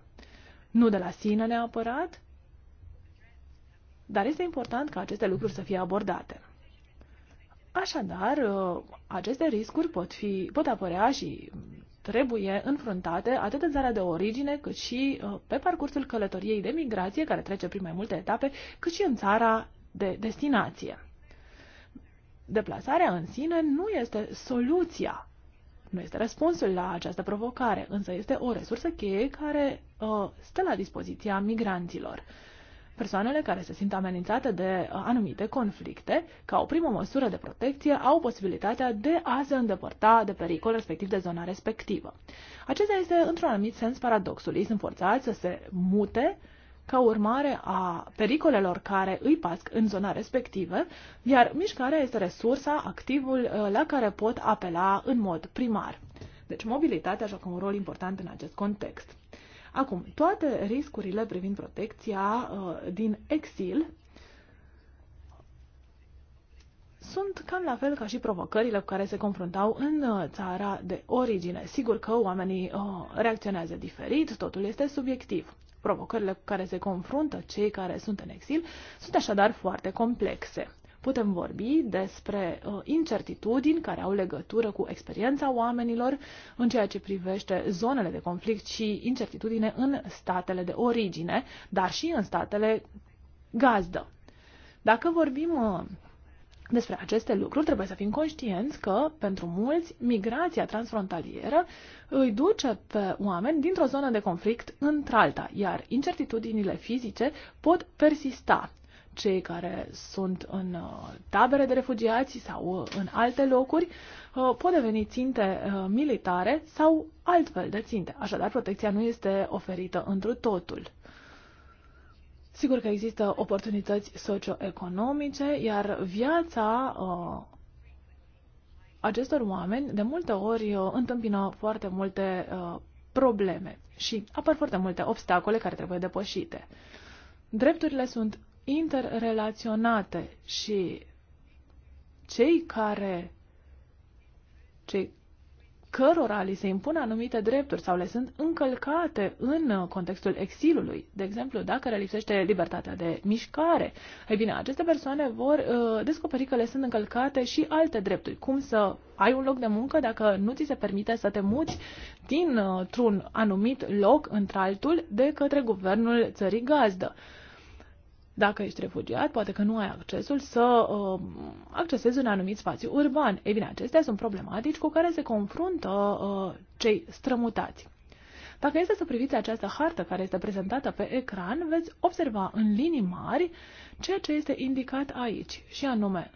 Nu de la sine neapărat, dar este important ca aceste lucruri să fie abordate. Așadar, aceste riscuri pot, fi, pot apărea și trebuie înfruntate atât în țara de origine, cât și uh, pe parcursul călătoriei de migrație, care trece prin mai multe etape, cât și în țara de destinație. Deplasarea în sine nu este soluția nu este răspunsul la această provocare, însă este o resursă cheie care uh, stă la dispoziția migranților. Persoanele care se simt amenințate de uh, anumite conflicte, ca o primă măsură de protecție, au posibilitatea de a se îndepărta de pericol, respectiv de zona respectivă. Acesta este, într-un anumit sens, paradoxul. Ei sunt forțați să se mute uh, ca urmare a pericolelor care îi pasc în zona respectivă, iar mișcarea este resursa, activul uh, la care pot apela în mod primar. Deci mobilitatea joacă un rol important în acest context. Acum, toate riscurile privind protecția uh, din exil sunt cam la fel ca și provocările cu care se confruntau în uh, țara de origine. Sigur că oamenii reacționează diferit, totul este subiectiv provocările cu care se confruntă cei care sunt în exil sunt așadar foarte complexe. Putem vorbi despre uh, incertitudini care au legătură cu experiența oamenilor în ceea ce privește zonele de conflict și incertitudine în statele de origine, dar și în statele gazdă. Dacă vorbim uh, despre aceste lucruri trebuie să fim conștienți că, pentru mulți, migrația transfrontalieră îi duce pe oameni dintr-o zonă de conflict într-alta, iar incertitudinile fizice pot persista. Cei care sunt în uh, tabere de refugiați sau uh, în alte locuri uh, pot deveni ținte militare sau altfel de ținte. Așadar, protecția nu este oferită întru totul. Sigur că există oportunități socioeconomice, iar viața uh, acestor oameni de multe ori uh, întâmpină foarte multe uh, probleme și apar foarte multe obstacole care trebuie depășite. Drepturile sunt interrelaționate și cei care cei cărora li se impun anumite drepturi sau le sunt încălcate în uh, contextul exilului. De exemplu, dacă le lipsește libertatea de mișcare, ei bine, aceste persoane vor uh, descoperi că le sunt încălcate și alte drepturi, cum să ai un loc de muncă dacă nu ți se permite să te muți dintr-un anumit loc într-altul de către guvernul țării gazdă. Uh, dacă ești refugiat, poate că nu ai accesul să uh, accesezi un anumit spațiu urban. Ei bine, acestea sunt problematici cu care se confruntă uh, cei strămutați. Dacă este să priviți această hartă care este prezentată pe ecran, veți observa în linii mari ceea ce este indicat aici, și anume,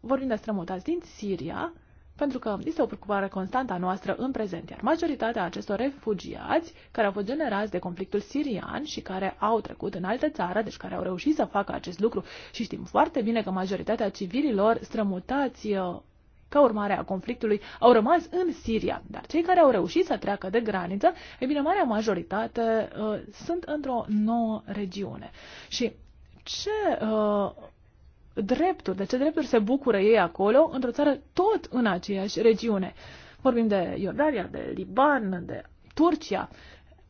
vorbim de strămutați din Siria, pentru că este o preocupare constantă a noastră în prezent, iar majoritatea acestor refugiați care au fost generați de conflictul sirian și care au trecut în altă țară, deci care au reușit să facă acest lucru și știm foarte bine că majoritatea civililor strămutați uh, ca urmare a conflictului, au rămas în Siria, dar cei care au reușit să treacă de graniță, e bine, marea majoritate uh, sunt într-o nouă regiune. Și ce uh, drepturi, de ce drepturi se bucură ei acolo, într-o țară tot în aceeași regiune. Vorbim de Iordania, de Liban, de Turcia.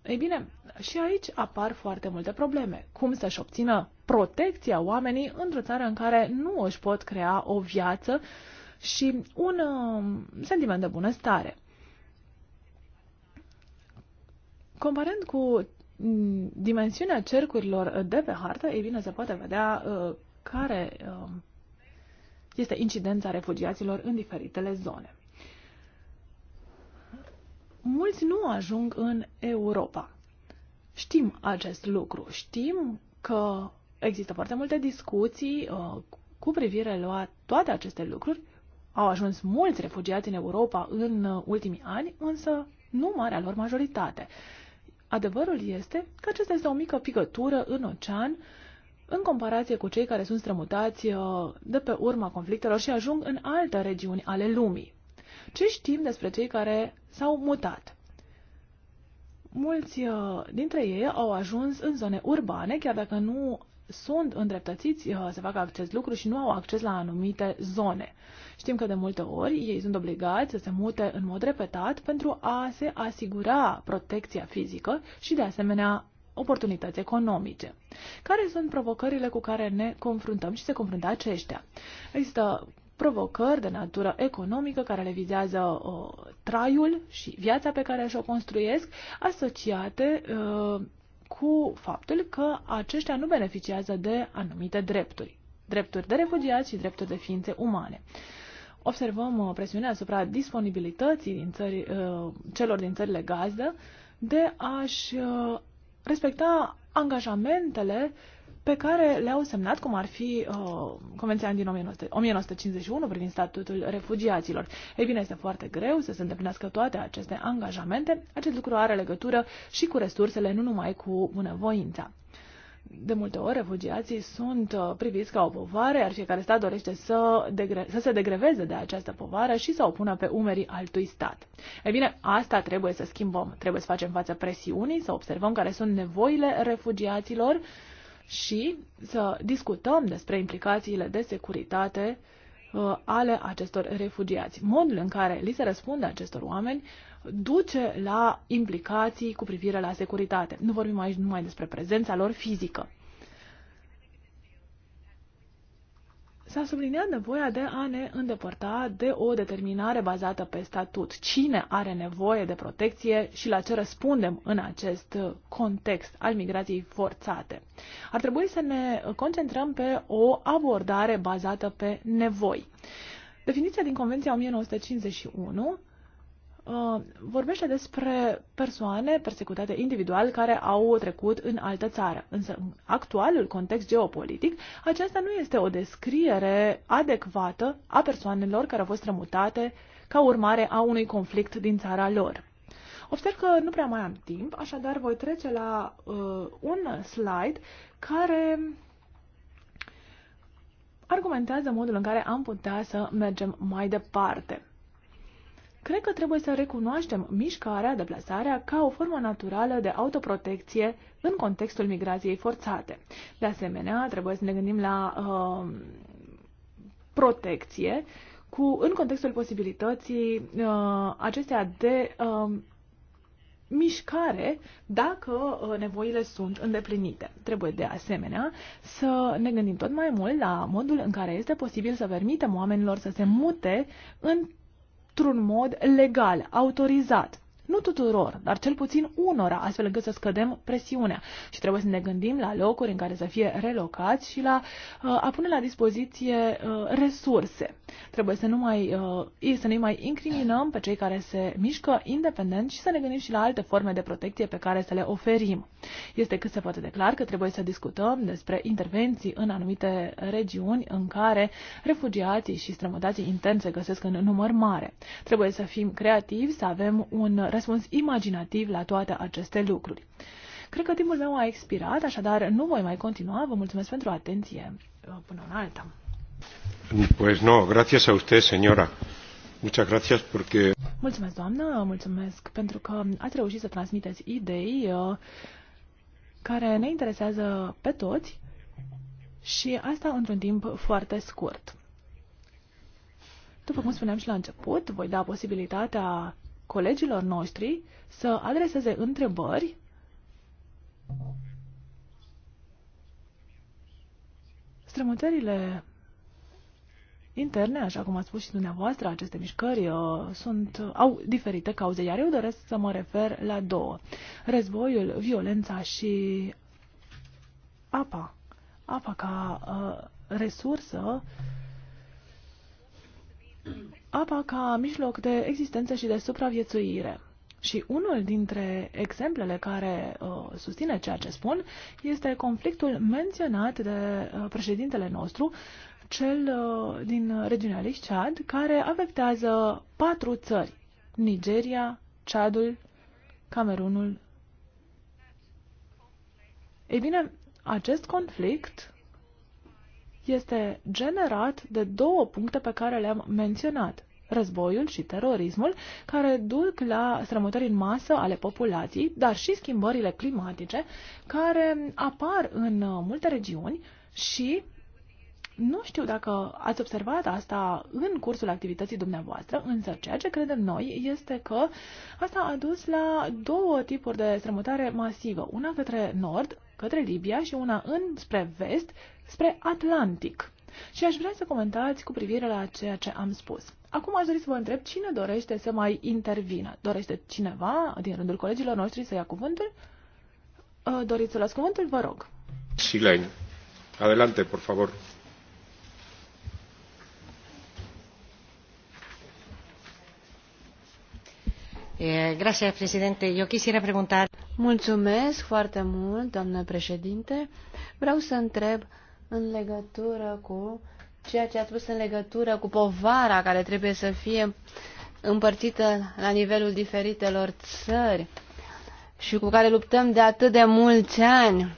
Ei bine, și aici apar foarte multe probleme. Cum să-și obțină protecția oamenii într-o țară în care nu își pot crea o viață și un uh, sentiment de bunăstare. Comparând cu mm, dimensiunea cercurilor de pe hartă, ei bine, se poate vedea uh, care um, este incidența refugiaților în diferitele zone. Mulți nu ajung în Europa. Știm acest lucru. Știm că există foarte multe discuții uh, cu privire la toate aceste lucruri. Au ajuns mulți refugiați în Europa în uh, ultimii ani, însă nu marea lor majoritate. Adevărul este că acesta este o mică picătură în ocean uh, în comparație cu cei care sunt strămutați uh, de pe urma conflictelor și ajung în alte regiuni ale lumii. Ce știm despre cei care s-au mutat? Mulți uh, dintre ei au ajuns în zone urbane, chiar dacă nu sunt îndreptățiți uh, să facă acest lucru și nu au acces la anumite zone. Știm că de multe ori ei sunt obligați să se mute în mod repetat pentru a se asigura protecția fizică și de asemenea oportunități economice. Care sunt provocările cu care ne confruntăm și se confruntă aceștia? Există provocări de natură economică care le vizează uh, traiul și viața pe care și-o construiesc, asociate uh, cu faptul că aceștia nu beneficiază de anumite drepturi. Drepturi de refugiați și drepturi de ființe umane. Observăm uh, presiunea asupra disponibilității din țări, uh, celor din țările gazdă de a-și uh, respecta angajamentele pe care le-au semnat, cum ar fi uh, Convenția din 1951 privind statutul refugiaților. Ei bine, este foarte greu să se îndeplinească toate aceste angajamente. Acest lucru are legătură și cu resursele, nu numai cu bunăvoința de multe ori refugiații sunt uh, priviți ca o povară, iar fiecare stat dorește să, degre- să se degreveze de această povară și să o pună pe umerii altui stat. Ei bine, asta trebuie să schimbăm. Trebuie să facem față presiunii, să observăm care sunt nevoile refugiaților și să discutăm despre implicațiile de securitate uh, ale acestor refugiați. Modul în care li se răspunde acestor oameni duce la implicații cu privire la securitate. Nu vorbim aici numai despre prezența lor fizică. S-a subliniat nevoia de a ne îndepărta de o determinare bazată pe statut. Cine are nevoie de protecție și la ce răspundem în acest context al migrației forțate? Ar trebui să ne concentrăm pe o abordare bazată pe nevoi. Definiția din Convenția 1951 Uh, vorbește despre persoane persecutate individual care au trecut în altă țară. Însă, în actualul context geopolitic, aceasta nu este o descriere adecvată a persoanelor care au fost rămutate ca urmare a unui conflict din țara lor. Observ că nu prea mai am timp, așadar voi trece la uh, un slide care argumentează modul în care am putea să mergem mai departe. Cred că trebuie să recunoaștem mișcarea, deplasarea, ca o formă naturală de autoprotecție în contextul migrației forțate. De asemenea, trebuie să ne gândim la uh, protecție cu, în contextul posibilității uh, acestea de uh, mișcare dacă uh, nevoile sunt îndeplinite. Trebuie de asemenea să ne gândim tot mai mult la modul în care este posibil să permitem oamenilor să se mute în într-un mod legal, autorizat. Nu tuturor, dar cel puțin unora, astfel încât să scădem presiunea. Și trebuie să ne gândim la locuri în care să fie relocați și la uh, a pune la dispoziție uh, resurse. Trebuie să nu mai, uh, să nu mai incriminăm pe cei care se mișcă independent și să ne gândim și la alte forme de protecție pe care să le oferim. Este cât se poate de clar că trebuie să discutăm despre intervenții în anumite regiuni în care refugiații și strămutații interni se găsesc în număr mare. Trebuie să fim creativi, să avem un răspuns imaginativ la toate aceste lucruri. Cred că timpul meu a expirat, așadar nu voi mai continua. Vă mulțumesc pentru atenție. Uh, până în alta. Pues no, gracias a usted, señora. Muchas gracias porque... Mulțumesc, doamnă, mulțumesc pentru că ați reușit să transmiteți idei uh, care ne interesează pe toți și asta într-un timp foarte scurt. După cum spuneam și la început, voi da posibilitatea colegilor noștri să adreseze întrebări strămutările interne, așa cum ați spus și dumneavoastră, aceste mișcări uh, sunt, au diferite cauze, iar eu doresc să mă refer la două. Războiul, violența și apa. Apa ca uh, resursă uh, apa ca mijloc de existență și de supraviețuire. Și unul dintre exemplele care uh, susține ceea ce spun este conflictul menționat de uh, președintele nostru, cel uh, din regiunea Lake Chad, care afectează patru țări, Nigeria, Chadul, Camerunul. Ei bine, acest conflict este generat de două puncte pe care le-am menționat războiul și terorismul, care duc la strămutări în masă ale populației, dar și schimbările climatice, care apar în uh, multe regiuni și nu știu dacă ați observat asta în cursul activității dumneavoastră, însă ceea ce credem noi este că asta a dus la două tipuri de strămutare masivă, una către nord, către Libia și una înspre vest, spre Atlantic. Și aș vrea să comentați cu privire la ceea ce am spus. Acum aș dori să vă întreb cine dorește să mai intervină. Dorește cineva din rândul colegilor noștri să ia cuvântul? Uh, doriți să luați cuvântul? Vă rog. Silen. Adelante, por favor. Eh, Grazie, presidente. Eu quisiera preguntar... Mulțumesc foarte mult, doamnă președinte. Vreau să întreb în legătură cu ceea ce a spus în legătură cu povara care trebuie să fie împărțită la nivelul diferitelor țări și cu care luptăm de atât de mulți ani.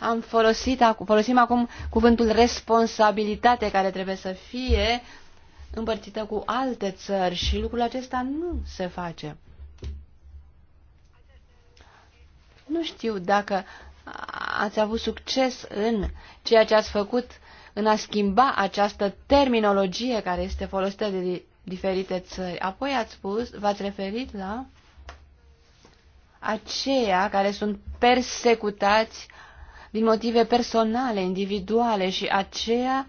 Am folosit, folosim acum cuvântul responsabilitate care trebuie să fie împărțită cu alte țări și lucrul acesta nu se face. Nu știu dacă ați avut succes în ceea ce ați făcut în a schimba această terminologie care este folosită de diferite țări. Apoi ați spus, v-ați referit la aceia care sunt persecutați din motive personale, individuale și aceia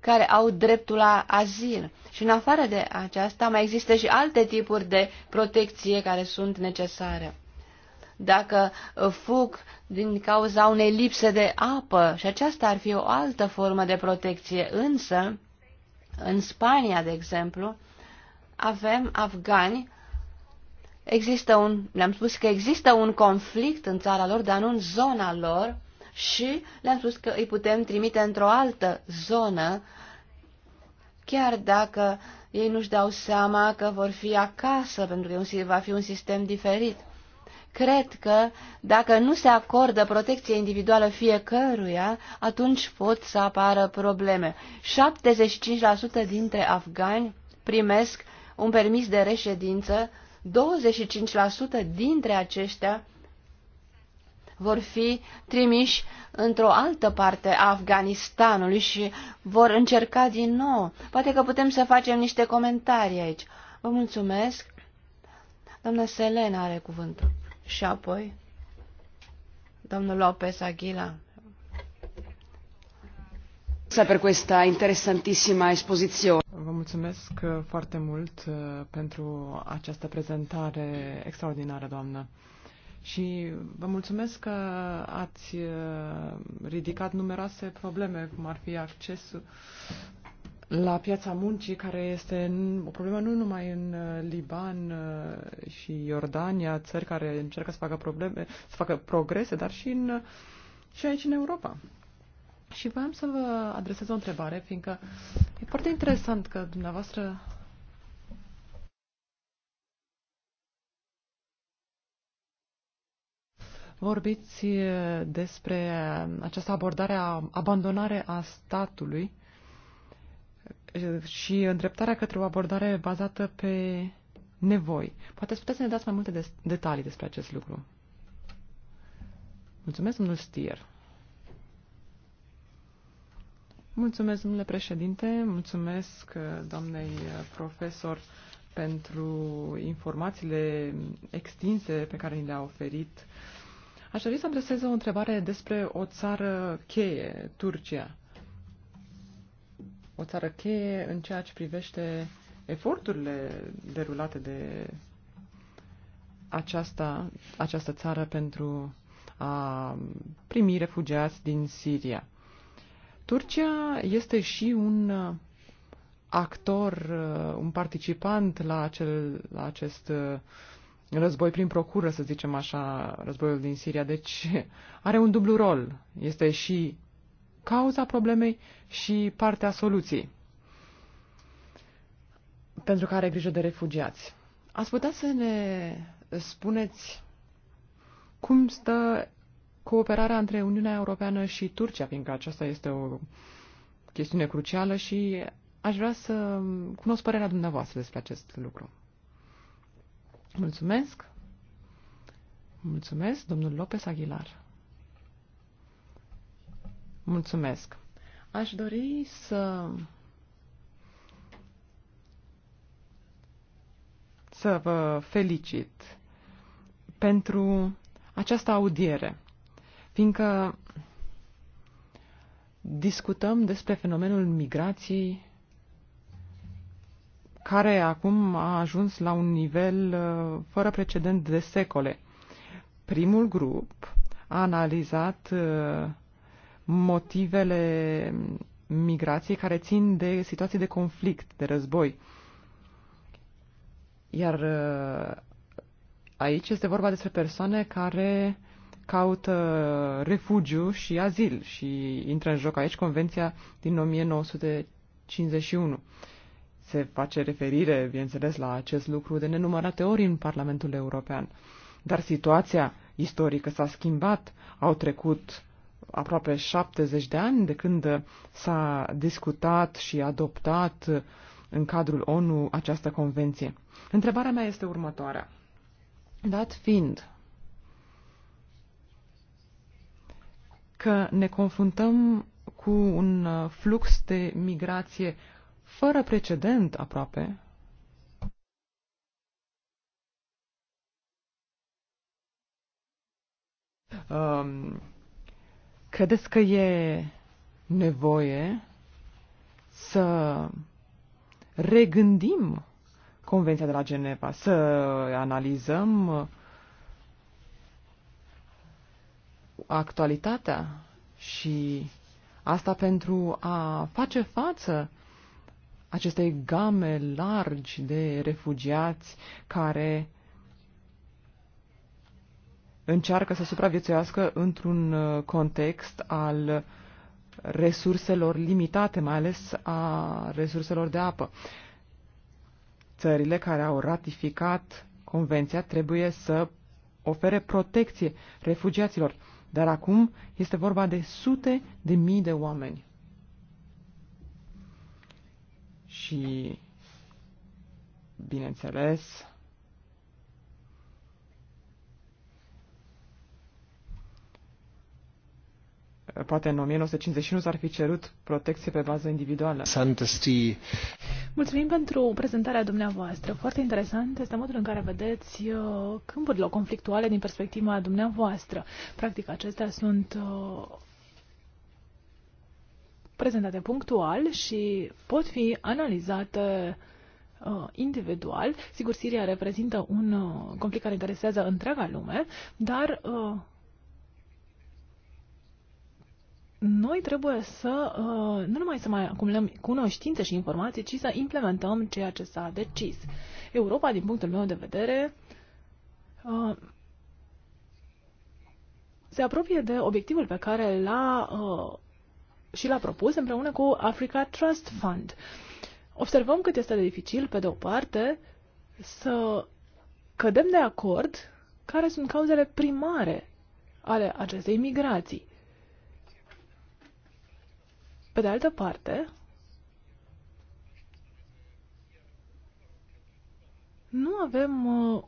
care au dreptul la azil. Și în afară de aceasta mai există și alte tipuri de protecție care sunt necesare dacă uh, fug din cauza unei lipse de apă și aceasta ar fi o altă formă de protecție. Însă, în Spania, de exemplu, avem afgani, există un, le-am spus că există un conflict în țara lor, dar nu în zona lor, și le-am spus că îi putem trimite într-o altă zonă, chiar dacă ei nu-și dau seama că vor fi acasă, pentru că va fi un sistem diferit. Cred că dacă nu se acordă protecție individuală fiecăruia, atunci pot să apară probleme. 75% dintre afgani primesc un permis de reședință, 25% dintre aceștia vor fi trimiși într-o altă parte a Afganistanului și vor încerca din nou. Poate că putem să facem niște comentarii aici. Vă mulțumesc. Doamna Selena are cuvântul și apoi domnul Lopez Aguila. Per questa interessantissima esposizione. Vă mulțumesc uh, foarte mult uh, pentru această prezentare extraordinară, doamnă. Și vă mulțumesc că ați uh, ridicat numeroase probleme, cum ar fi accesul la piața muncii, care este o problemă nu numai în uh, Liban uh, și Iordania, țări care încercă să facă, probleme, să facă progrese, dar și, în, uh, și aici în Europa. Și voiam să vă adresez o întrebare, fiindcă e foarte interesant că dumneavoastră vorbiți despre această abordare a abandonare a statului și îndreptarea către o abordare bazată pe nevoi. Poate puteți să ne dați mai multe des- detalii despre acest lucru. Mulțumesc, domnul Stier. Mulțumesc, domnule președinte, mulțumesc doamnei profesor pentru informațiile extinse pe care ni le-a oferit. Aș dori să adresez o întrebare despre o țară cheie, Turcia o țară cheie în ceea ce privește eforturile derulate de aceasta, această țară pentru a primi refugiați din Siria. Turcia este și un actor, un participant la, acel, la acest uh, război prin procură, să zicem așa, războiul din Siria. Deci are un dublu rol. Este și cauza problemei și partea soluției pentru care are grijă de refugiați. Ați putea să ne spuneți cum stă cooperarea între Uniunea Europeană și Turcia, fiindcă aceasta este o chestiune crucială și aș vrea să cunosc părerea dumneavoastră despre acest lucru. Mulțumesc! Mulțumesc, domnul Lopez Aguilar. Mulțumesc. Aș dori să să vă felicit pentru această audiere, fiindcă discutăm despre fenomenul migrației care acum a ajuns la un nivel uh, fără precedent de secole. Primul grup a analizat uh, motivele migrației care țin de situații de conflict, de război. Iar uh, aici este vorba despre persoane care caută refugiu și azil și intră în joc aici Convenția din 1951. Se face referire, bineînțeles, la acest lucru de nenumărate ori în Parlamentul European. Dar situația istorică s-a schimbat, au trecut aproape 70 de ani de când s-a discutat și adoptat în cadrul ONU această convenție. Întrebarea mea este următoarea. Dat fiind că ne confruntăm cu un flux de migrație fără precedent aproape, um, Credeți că e nevoie să regândim Convenția de la Geneva, să analizăm actualitatea și asta pentru a face față acestei game largi de refugiați care încearcă să supraviețuiască într-un uh, context al resurselor limitate, mai ales a resurselor de apă. Țările care au ratificat convenția trebuie să ofere protecție refugiaților, dar acum este vorba de sute de mii de oameni. Și, bineînțeles, poate în 1951 s-ar fi cerut protecție pe bază individuală. Mulțumim pentru prezentarea dumneavoastră. Foarte interesant este modul în care vedeți uh, câmpurile conflictuale din perspectiva dumneavoastră. Practic, acestea sunt uh, prezentate punctual și pot fi analizate uh, individual. Sigur, Siria reprezintă un conflict care interesează întreaga lume, dar uh, noi trebuie să uh, nu numai să mai acumulăm cunoștințe și informații, ci să implementăm ceea ce s-a decis. Europa, din punctul meu de vedere, uh, se apropie de obiectivul pe care l-a uh, și l-a propus împreună cu Africa Trust Fund. Observăm cât este de dificil, pe de o parte, să cădem de acord care sunt cauzele primare ale acestei migrații. Pe de altă parte, nu avem uh,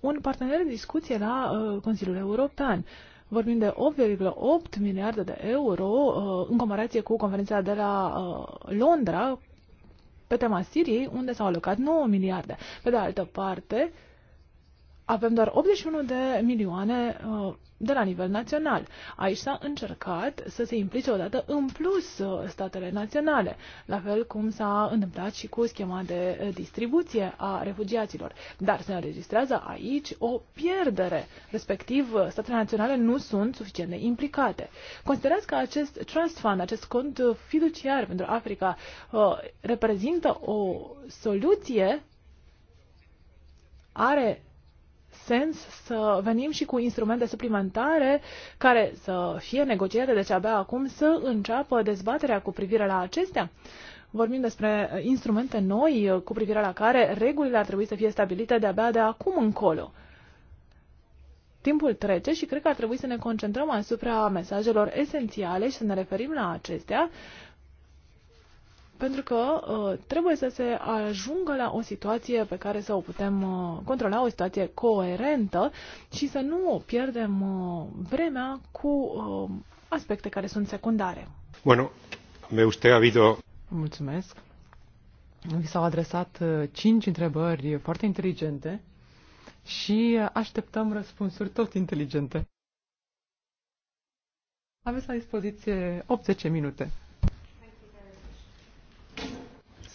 un partener de discuție la uh, Consiliul European. Vorbim de 8,8 miliarde de euro uh, în comparație cu conferința de la uh, Londra pe tema Siriei, unde s-au alocat 9 miliarde. Pe de altă parte, uh, avem doar 81 de milioane uh, de la nivel național. Aici s-a încercat să se implice odată în plus uh, statele naționale, la fel cum s-a întâmplat și cu schema de uh, distribuție a refugiaților. Dar se înregistrează aici o pierdere, respectiv statele naționale nu sunt suficient de implicate. Considerați că acest trust fund, acest cont fiduciar pentru Africa, reprezintă o soluție are sens să venim și cu instrumente suplimentare care să fie negociate, deci abia acum să înceapă dezbaterea cu privire la acestea? Vorbim despre instrumente noi cu privire la care regulile ar trebui să fie stabilite de-abia de acum încolo. Timpul trece și cred că ar trebui să ne concentrăm asupra mesajelor esențiale și să ne referim la acestea pentru că uh, trebuie să se ajungă la o situație pe care să o putem uh, controla, o situație coerentă și să nu pierdem uh, vremea cu uh, aspecte care sunt secundare. Bueno, me usted ha habido... Mulțumesc. Vi s-au adresat uh, cinci întrebări foarte inteligente și uh, așteptăm răspunsuri tot inteligente. Aveți la dispoziție 80 minute.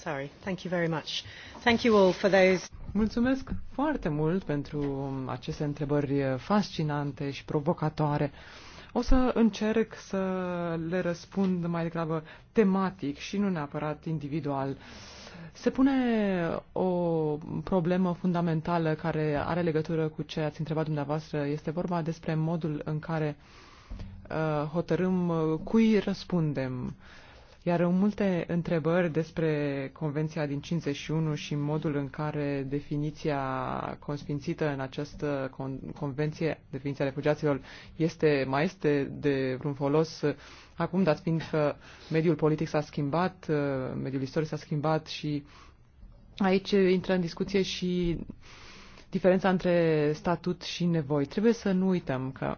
Sorry. Thank you very much. Thank you all for those. Mulțumesc foarte mult pentru aceste întrebări fascinante și provocatoare. O să încerc să le răspund mai degrabă tematic și nu neapărat individual. Se pune o problemă fundamentală care are legătură cu ce ați întrebat dumneavoastră. Este vorba despre modul în care uh, hotărâm uh, cui răspundem iar multe întrebări despre Convenția din 51 și modul în care definiția consfințită în această con- convenție, definiția refugiaților, este, mai este de vreun folos acum, dat fiind că mediul politic s-a schimbat, uh, mediul istoric s-a schimbat și aici intră în discuție și diferența între statut și nevoi. Trebuie să nu uităm că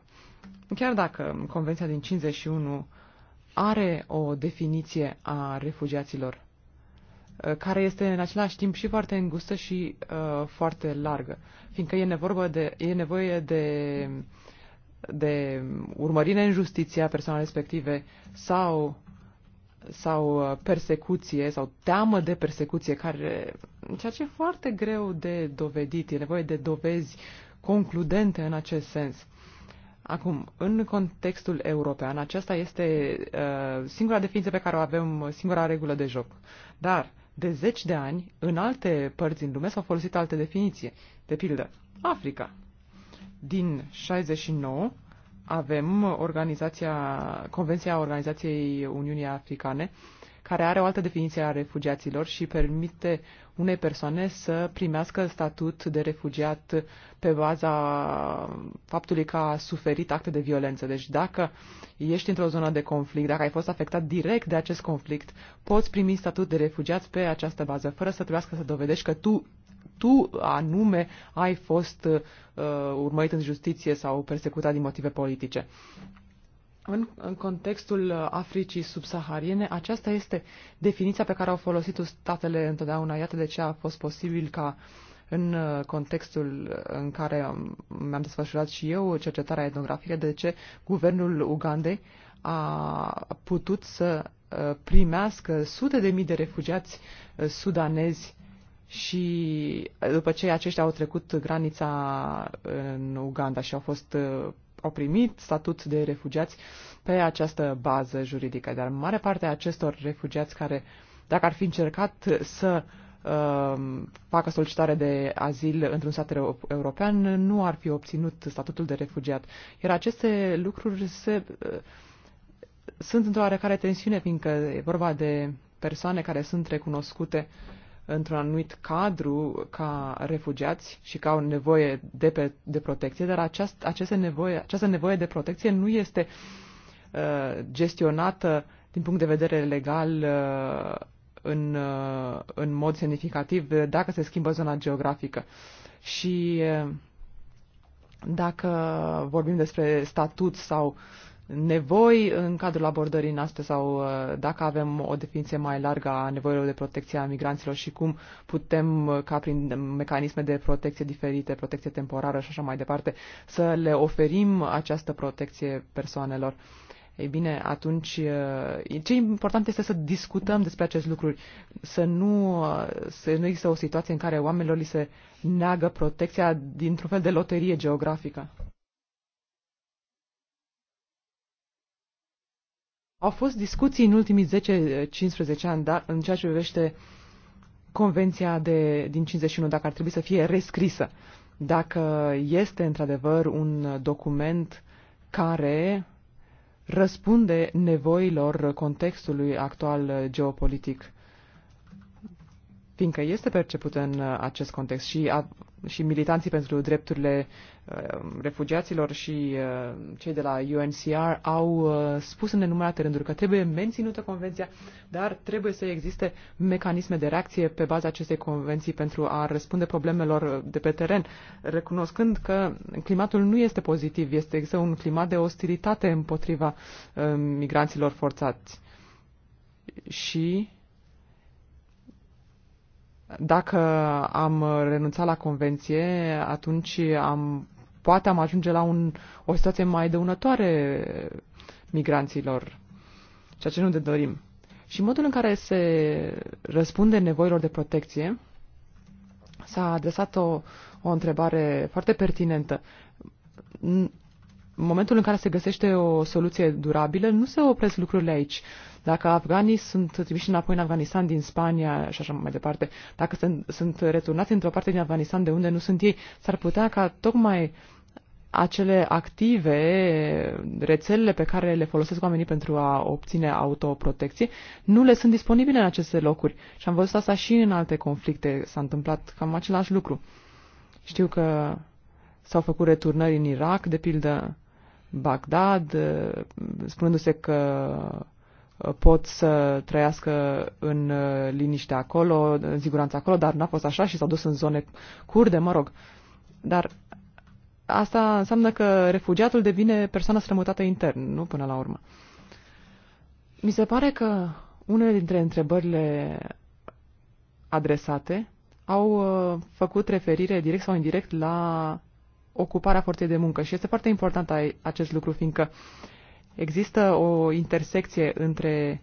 chiar dacă Convenția din 51 are o definiție a refugiaților uh, care este în același timp și foarte îngustă și uh, foarte largă, fiindcă e, nevorbă de, e nevoie de, de urmărire în justiția persoanelor respective sau, sau uh, persecuție sau teamă de persecuție, care, ceea ce e foarte greu de dovedit, e nevoie de dovezi concludente în acest sens. Acum, în contextul european, aceasta este uh, singura definiție pe care o avem, singura regulă de joc. Dar, de zeci de ani, în alte părți din lume s-au folosit alte definiții. De pildă, Africa. Din 69 avem organizația, Convenția Organizației Uniunii Africane uh, care are o altă definiție a refugiaților și permite unei persoane să primească statut de refugiat pe baza faptului că a suferit acte de violență. Deci dacă ești într-o zonă de conflict, dacă ai fost afectat direct de acest conflict, poți primi statut de refugiat pe această bază, fără să trebuiască să dovedești că tu tu anume ai fost uh, urmărit în justiție sau persecutat din motive politice. În, în contextul uh, Africii subsahariene, aceasta este definiția pe care au folosit-o statele întotdeauna. Iată de ce a fost posibil ca în uh, contextul uh, în care um, mi-am desfășurat și eu cercetarea etnografică, de ce guvernul Ugandei a putut să primească sute de mii de refugiați sudanezi și după ce aceștia au trecut granița în Uganda și au fost au primit statut de refugiați pe această bază juridică. Dar mare parte a acestor refugiați care, dacă ar fi încercat să uh, facă solicitare de azil într-un stat european, nu ar fi obținut statutul de refugiat. Iar aceste lucruri se, uh, sunt într-o oarecare tensiune, fiindcă e vorba de persoane care sunt recunoscute uh, într-un anumit cadru ca refugiați și ca au nevoie de, pe, de protecție, dar aceast, aceste nevoie, această nevoie de protecție nu este uh, gestionată din punct de vedere legal uh, în, uh, în mod semnificativ dacă se schimbă zona geografică. Și uh, dacă vorbim despre statut sau uh, nevoi în cadrul abordării noastre sau uh, dacă avem o definiție mai largă a nevoilor de protecție a migranților și cum putem, uh, ca prin mecanisme de protecție diferite, protecție temporară și așa mai departe, să le oferim această protecție persoanelor. Ei bine, atunci uh, ce important este să discutăm despre acest lucru, să nu, să nu există o situație în care oamenilor li se neagă protecția dintr-un fel de loterie geografică. Au fost discuții în ultimii 10-15 ani da, în ceea ce privește convenția de, din 51, dacă ar trebui să fie rescrisă. Dacă este într-adevăr un document care răspunde nevoilor contextului actual geopolitic fiindcă este perceput în uh, acest context și, a, și militanții pentru drepturile uh, refugiaților și uh, cei de la UNCR au spus în nenumărate rânduri că trebuie menținută convenția, dar trebuie să existe mecanisme de reacție pe baza acestei convenții pentru a răspunde problemelor de pe teren, recunoscând că climatul nu este pozitiv, este există un climat de ostilitate împotriva migranților forțați. Și dacă am renunțat la convenție, atunci am, poate am ajunge la un, o situație mai dăunătoare migranților, ceea ce nu ne dorim. Și modul în care se răspunde nevoilor de protecție, s-a adresat o, o întrebare foarte pertinentă în momentul în care se găsește o soluție durabilă, nu se opresc lucrurile aici. Dacă afganii sunt trimiși înapoi în Afganistan din Spania și așa mai departe, dacă sunt, sunt returnați într-o parte din Afganistan de unde nu sunt ei, s-ar putea ca tocmai acele active, rețelele pe care le folosesc oamenii pentru a obține autoprotecție, nu le sunt disponibile în aceste locuri. Și am văzut asta și în alte conflicte. S-a întâmplat cam același lucru. Știu că s-au făcut returnări în Irak, de pildă, Bagdad, eh, spunându-se că eh, pot să trăiască în eh, liniște acolo, în siguranță acolo, dar n-a fost așa și s-au dus în zone curde, mă rog. Dar asta înseamnă că refugiatul devine persoană strămutată intern, nu până la urmă. Mi se pare că unele dintre întrebările adresate au făcut referire direct sau indirect la ocuparea forței de muncă. Și este foarte important acest lucru, fiindcă există o intersecție între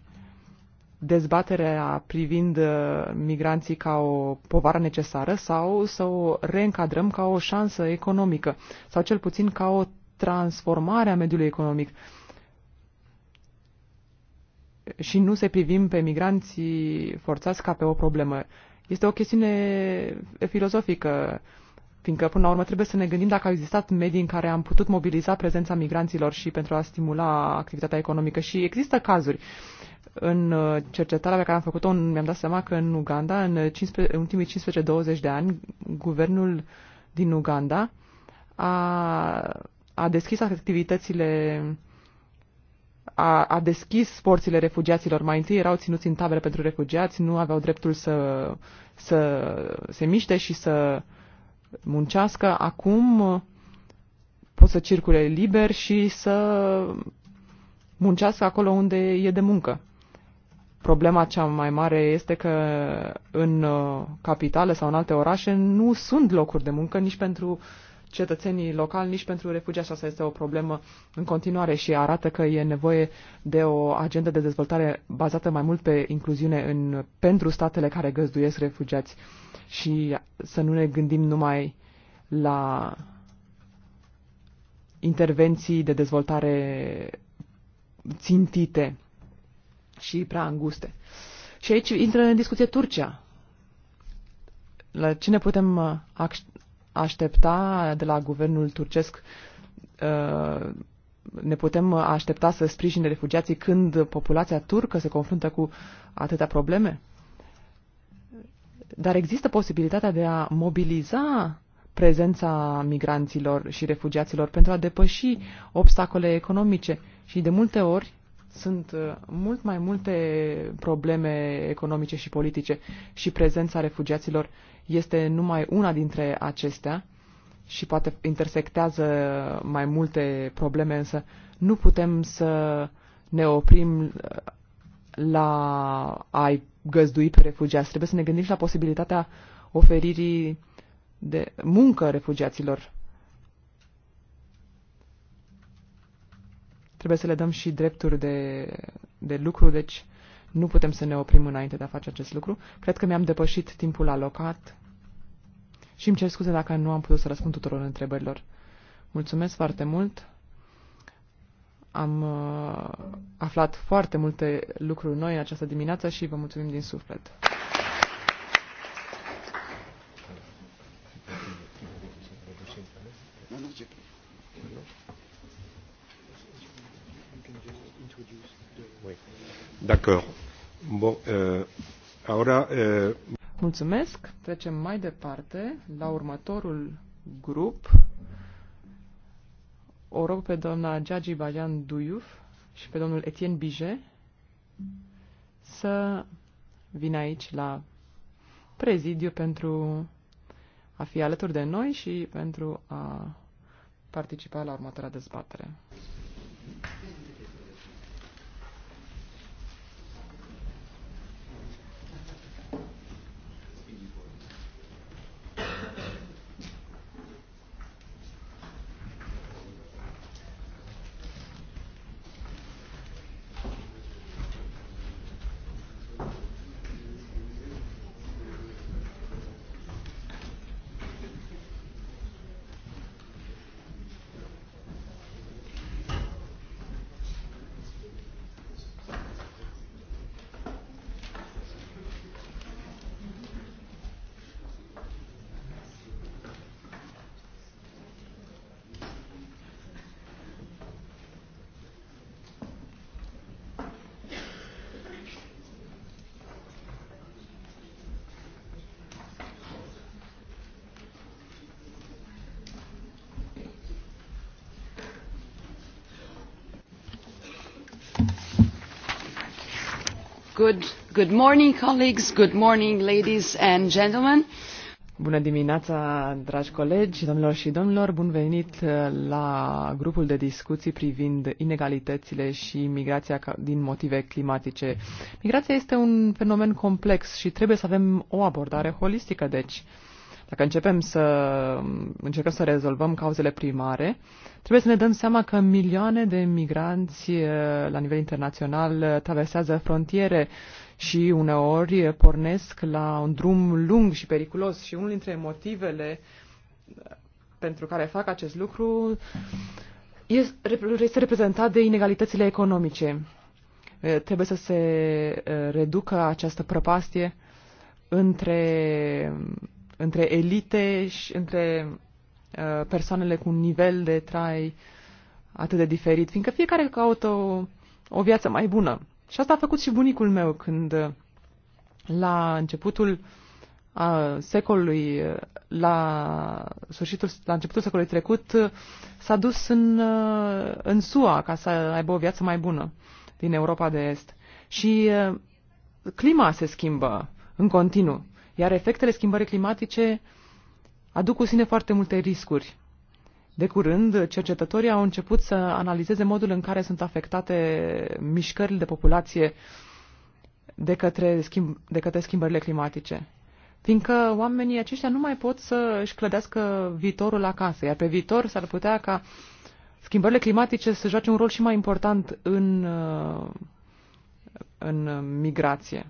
dezbaterea privind uh, migranții ca o povară necesară sau să o reîncadrăm ca o șansă economică sau cel puțin ca o transformare a mediului economic. Și nu se privim pe migranții forțați ca pe o problemă. Este o chestiune filozofică Fiindcă, până la urmă, trebuie să ne gândim dacă au existat medii în care am putut mobiliza prezența migranților și pentru a stimula activitatea economică. Și există cazuri. În uh, cercetarea pe care am făcut-o, mi-am dat seama că în Uganda, în, 15, uh, în ultimii 15-20 de ani, guvernul din Uganda a, a deschis activitățile a, a deschis porțile refugiaților. Mai întâi erau ținuți în tabere pentru refugiați, nu aveau dreptul să, să se miște și să muncească acum, uh, pot să circule liber și să muncească acolo unde e de muncă. Problema cea mai mare este că în uh, capitale sau în alte orașe nu sunt locuri de muncă nici pentru cetățenii locali, nici pentru refugiați. Asta este o problemă în continuare și arată că e nevoie de o agendă de dezvoltare bazată mai mult pe incluziune în, pentru statele care găzduiesc refugiați și să nu ne gândim numai la intervenții de dezvoltare țintite și prea înguste. Și aici intră în discuție Turcia. La ce ne putem uh, aștepta de la guvernul turcesc? Uh, ne putem aștepta să sprijine refugiații când populația turcă se confruntă cu atâtea probleme? Dar există posibilitatea de a mobiliza prezența migranților și refugiaților pentru a depăși obstacole economice și de multe ori sunt uh, mult mai multe probleme economice și politice și prezența refugiaților este numai una dintre acestea și poate intersectează mai multe probleme, însă nu putem să ne oprim uh, la a-i găzdui pe refugiați. Trebuie să ne gândim și la posibilitatea oferirii de muncă refugiaților. Trebuie să le dăm și drepturi de, de lucru, deci nu putem să ne oprim înainte de a face acest lucru. Cred că mi-am depășit timpul alocat și îmi cer scuze dacă nu am putut să răspund tuturor întrebărilor. Mulțumesc foarte mult! Am uh, aflat foarte multe lucruri noi în această dimineață și vă mulțumim din suflet. D'accord. Bon, euh, ahora, euh... Mulțumesc. Trecem mai departe la următorul grup o rog pe doamna Giagi Bajan Duiuf și pe domnul Etienne Bijet să vină aici la prezidiu pentru a fi alături de noi și pentru a participa la următoarea dezbatere. Good, morning, colleagues. Good morning, ladies and gentlemen. Bună dimineața, dragi colegi, domnilor și domnilor. Bun venit uh, la grupul de discuții privind inegalitățile și migrația din motive climatice. Migrația este un fenomen complex și trebuie să avem o abordare holistică, deci. Dacă începem să încercăm să rezolvăm cauzele primare, trebuie să ne dăm seama că milioane de migranți eh, la nivel internațional eh, traversează frontiere și uneori pornesc la un drum lung și periculos și unul dintre motivele eh, pentru care fac acest lucru este reprezentat de inegalitățile economice. Trebuie să se reducă această prăpastie între între elite și între uh, persoanele cu un nivel de trai atât de diferit, fiindcă fiecare caută o, o viață mai bună. Și asta a făcut și bunicul meu când uh, la începutul a uh, secolului, la sfârșitul, la începutul secolului trecut, s-a dus în, în SUA ca să aibă o viață mai bună din Europa de Est. Și clima se schimbă în continuu. Iar efectele schimbării climatice aduc cu sine foarte multe riscuri. De curând, cercetătorii au început să analizeze modul în care sunt afectate mișcările de populație de către, schimb, de către schimbările climatice. Fiindcă oamenii aceștia nu mai pot să își clădească viitorul acasă, iar pe viitor s-ar putea ca schimbările climatice să joace un rol și mai important în, în migrație.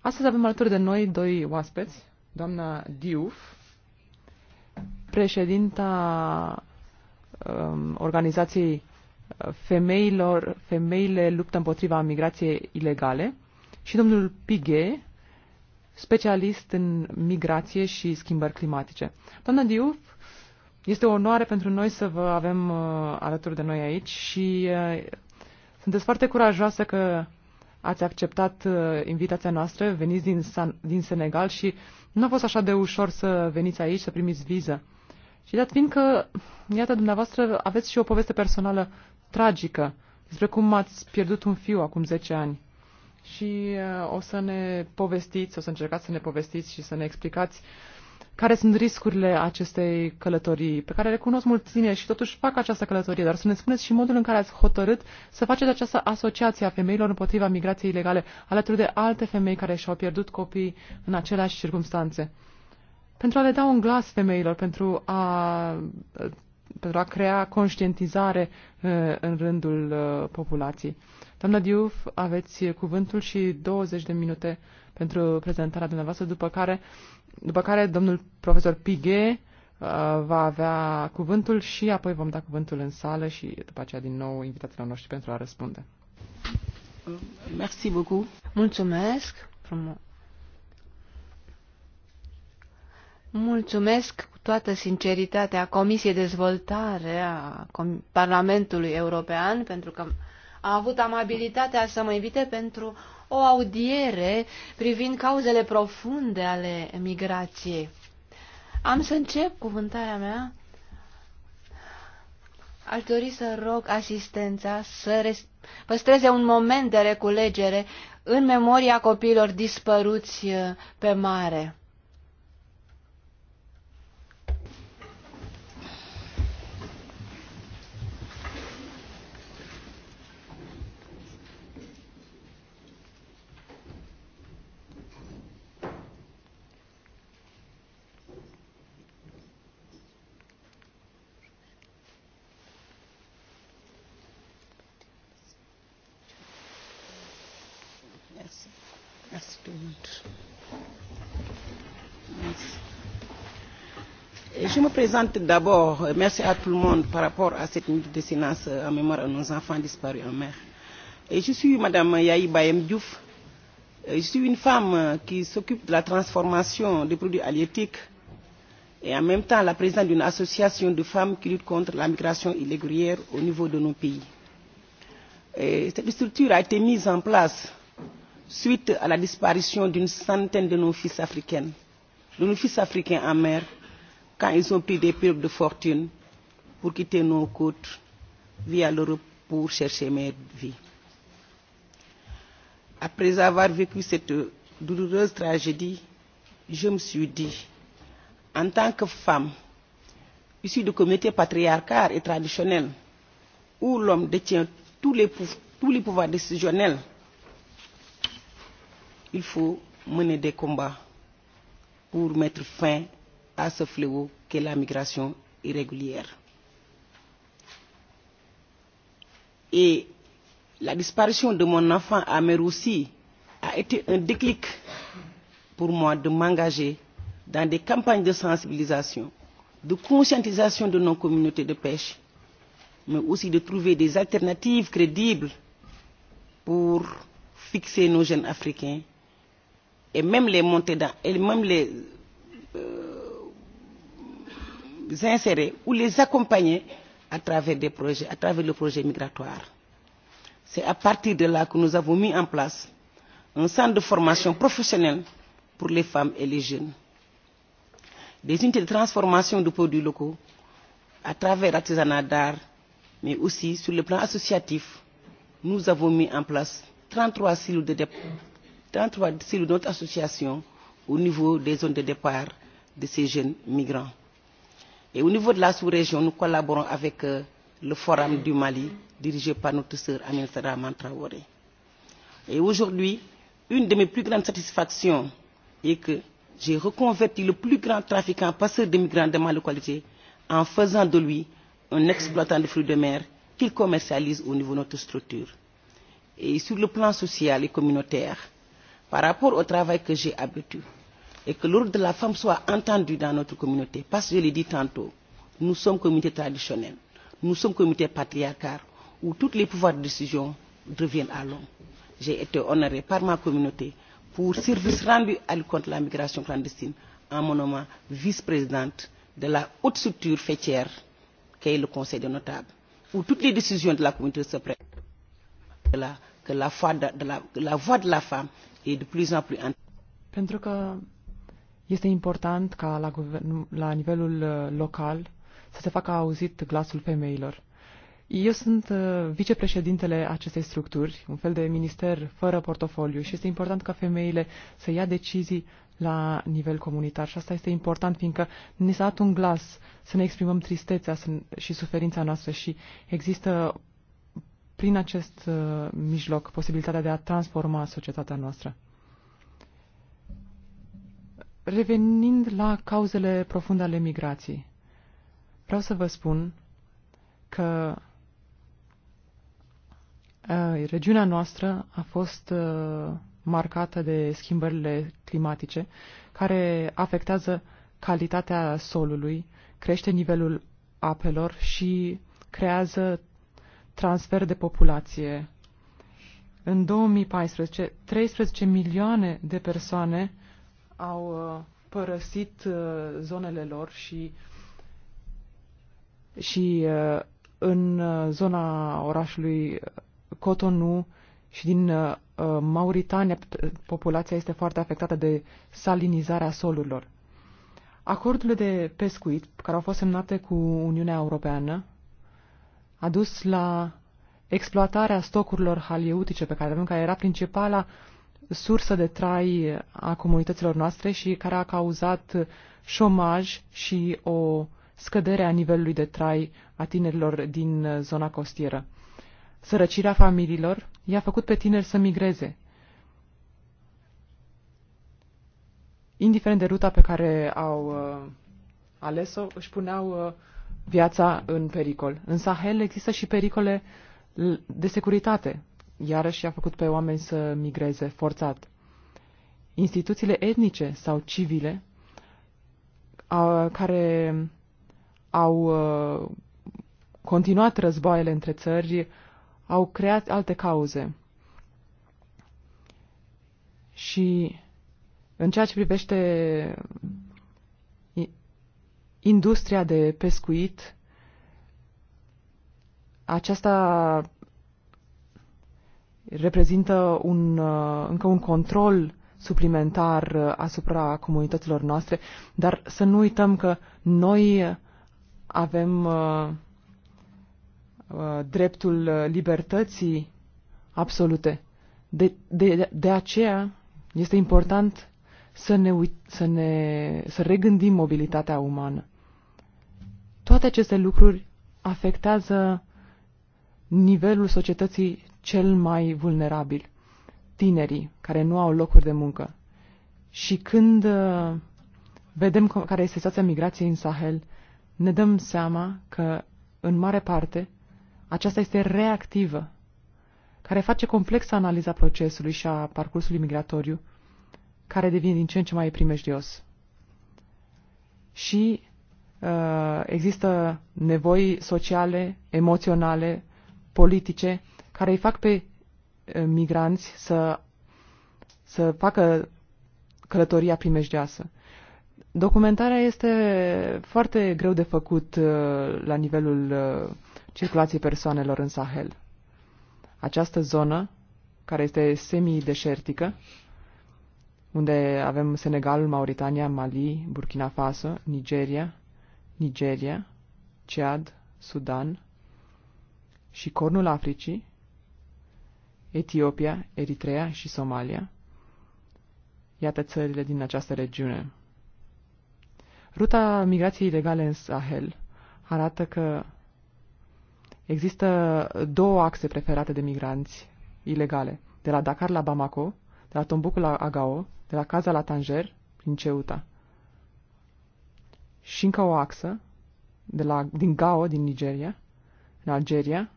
Astăzi avem alături de noi doi oaspeți, doamna Diuf, președinta um, organizației uh, femeilor, femeile luptă împotriva migrației ilegale și domnul Pighe, specialist în migrație și schimbări climatice. Doamna Diuf, este o onoare pentru noi să vă avem uh, alături de noi aici și uh, sunteți foarte curajoasă că ați acceptat uh, invitația noastră, veniți din, San, din Senegal și nu a fost așa de ușor să veniți aici, să primiți viză. Și dat fiind că, iată, dumneavoastră aveți și o poveste personală tragică despre cum ați pierdut un fiu acum 10 ani. Și uh, o să ne povestiți, o să încercați să ne povestiți și să ne explicați uh, care sunt riscurile acestei călătorii, pe care le cunosc mulți tineri și totuși fac această călătorie, dar să ne spuneți și modul în care ați hotărât să faceți această asociație a femeilor împotriva migrației ilegale, alături de alte femei care și-au pierdut copii în aceleași circunstanțe. Pentru a le da un glas femeilor, pentru a, pentru a crea conștientizare uh, în rândul uh, populației. Doamna Diuf, aveți cuvântul și 20 de minute pentru prezentarea dumneavoastră, după care după care domnul profesor Pighe uh, va avea cuvântul și apoi vom da cuvântul în sală și după aceea din nou invitațiile noștri pentru a răspunde. Merci beaucoup. Mulțumesc Mulțumesc cu toată sinceritatea Comisiei Dezvoltare a Parlamentului European pentru că a avut amabilitatea să mă invite pentru o audiere privind cauzele profunde ale migrației. Am să încep cuvântarea mea. Aș dori să rog asistența să păstreze un moment de reculegere în memoria copiilor dispăruți uh, pe mare. présente d'abord, merci à tout le monde par rapport à cette minute de silence en euh, mémoire de nos enfants disparus en mer. Et je suis Madame Yaï Bayem Diouf. Euh, je suis une femme euh, qui s'occupe de la transformation des produits halieutiques et en même temps la présidente d'une association de femmes qui lutte contre la migration illégulière au niveau de nos pays. Et cette structure a été mise en place suite à la disparition d'une centaine de nos fils africains, de nos fils africains en mer euh, quand ils ont pris des pirogues de fortune pour quitter nos côtes via l'Europe pour chercher meilleure vie. Après avoir vécu cette douloureuse tragédie, je me suis dit, en tant que femme, issue de communauté patriarcale et traditionnelle, où l'homme détient tous les, tous les pouvoirs décisionnels, il faut mener des combats pour mettre fin à ce fléau qu'est la migration irrégulière. Et la disparition de mon enfant à Meroussi a été un déclic pour moi de m'engager dans des campagnes de sensibilisation, de conscientisation de nos communautés de pêche, mais aussi de trouver des alternatives crédibles pour fixer nos jeunes africains et même les monter dans, et même les, euh, insérer ou les accompagner à travers des projets, à travers le projet migratoire. C'est à partir de là que nous avons mis en place un centre de formation professionnelle pour les femmes et les jeunes. Des unités de transformation de produits locaux à travers l'artisanat d'art, mais aussi sur le plan associatif, nous avons mis en place 33 silos de, 33 de notre association au niveau des zones de départ de ces jeunes migrants. Et au niveau de la sous-région, nous collaborons avec euh, le Forum du Mali, dirigé par notre sœur Amin Rahman Traoré. Et aujourd'hui, une de mes plus grandes satisfactions est que j'ai reconverti le plus grand trafiquant passeur de migrants de mal qualité en faisant de lui un exploitant de fruits de mer qu'il commercialise au niveau de notre structure. Et sur le plan social et communautaire, par rapport au travail que j'ai habitué, et que l'ordre de la femme soit entendu dans notre communauté. Parce que je l'ai dit tantôt, nous sommes communauté traditionnelle, nous sommes communauté patriarcale, où tous les pouvoirs de décision reviennent à l'homme. J'ai été honoré par ma communauté pour service rendu à lutte contre la migration clandestine en mon nom vice-présidente de la haute structure fêtière qui est le Conseil des notables, où toutes les décisions de la communauté se prennent. Là, que la, foi de, de la, la voix de la femme est de plus en plus... Pentru că este important ca la, guvern, la nivelul uh, local să se facă auzit glasul femeilor. Eu sunt uh, vicepreședintele acestei structuri, un fel de minister fără portofoliu și este important ca femeile să ia decizii la nivel comunitar și asta este important fiindcă ne s-a dat un glas să ne exprimăm tristețea și suferința noastră și există prin acest uh, mijloc posibilitatea de a transforma societatea noastră. Revenind la cauzele profunde ale migrației, vreau să vă spun că uh, regiunea noastră a fost uh, marcată de schimbările climatice, care afectează calitatea solului, crește nivelul apelor și creează transfer de populație. În 2014, 13 milioane de persoane au uh, părăsit uh, zonele lor și, și uh, în zona orașului Cotonou și din Mauritania populația este foarte afectată de salinizarea solurilor. Acordurile de pescuit care au fost semnate cu Uniunea Europeană a dus la exploatarea stocurilor halieutice pe care avem, care era principala uh, sursă de trai a comunităților noastre și care a cauzat șomaj și o scădere a nivelului de trai a tinerilor din zona costieră. Sărăcirea familiilor i-a făcut pe tineri să migreze. Indiferent de ruta pe care au uh, ales-o, își puneau uh, viața în pericol. În Sahel există și pericole de securitate, iarăși a făcut pe oameni să migreze forțat. Instituțiile etnice sau civile a, care au a, continuat războaiele între țări au creat alte cauze. Și în ceea ce privește industria de pescuit, aceasta reprezintă un, uh, încă un control suplimentar uh, asupra comunităților noastre, dar să nu uităm că noi avem uh, dreptul libertății absolute. De, de, de aceea este important să ne, uit, să ne să regândim mobilitatea umană. Toate aceste lucruri afectează nivelul societății cel mai vulnerabil, tinerii care nu au locuri de muncă. Și când uh, vedem care este situația migrației în Sahel, ne dăm seama că, în mare parte, aceasta este reactivă, care face complexă analiza procesului și a parcursului migratoriu, care devine din ce în ce mai primejdios. Și uh, există nevoi sociale, emoționale, politice, care îi fac pe eh, migranți să, să facă călătoria primejdioasă. Documentarea este foarte greu de făcut eh, la nivelul eh, circulației persoanelor în Sahel. Această zonă, care este semi-deșertică, unde avem Senegalul, Mauritania, Mali, Burkina Faso, Nigeria, Nigeria, Chad, Sudan și Cornul Africii, Etiopia, Eritrea și Somalia. Iată țările din această regiune. Ruta migrației ilegale în Sahel arată că există două axe preferate de migranți ilegale, de la Dakar la Bamako, de la Tombuctu la Agao, de la Caza la Tanger, prin Ceuta. Și încă o axă, de la, din Gao, din Nigeria, în Algeria,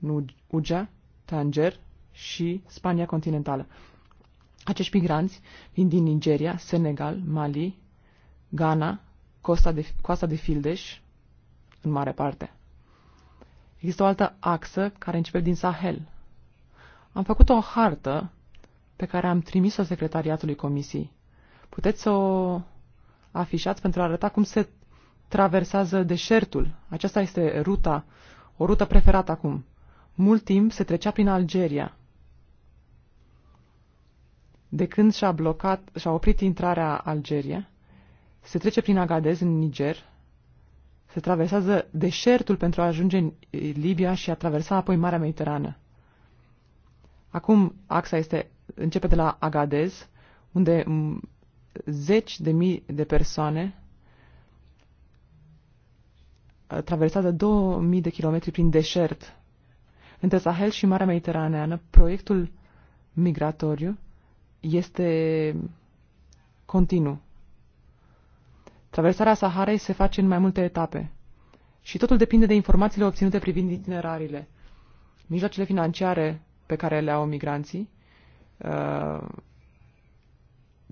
în Uja, Tanger, și Spania continentală. Acești migranți vin din Nigeria, Senegal, Mali, Ghana, Costa de, Costa de Fildeș, în mare parte. Există o altă axă care începe din Sahel. Am făcut o hartă pe care am trimis-o secretariatului comisiei. Puteți să o afișați pentru a arăta cum se traversează deșertul. Aceasta este ruta, o rută preferată acum. Mult timp se trecea prin Algeria, de când și-a blocat, și-a oprit intrarea Algeria, se trece prin Agadez în Niger, se traversează deșertul pentru a ajunge în Libia și a traversa apoi Marea Mediterană. Acum axa este, începe de la Agadez, unde zeci de mii de persoane uh, traversează 2000 de kilometri prin deșert. Între Sahel și Marea Mediteraneană, proiectul migratoriu este continuu. Traversarea Saharei se face în mai multe etape și totul depinde de informațiile obținute privind itinerariile, mijloacele financiare pe care le au migranții, uh,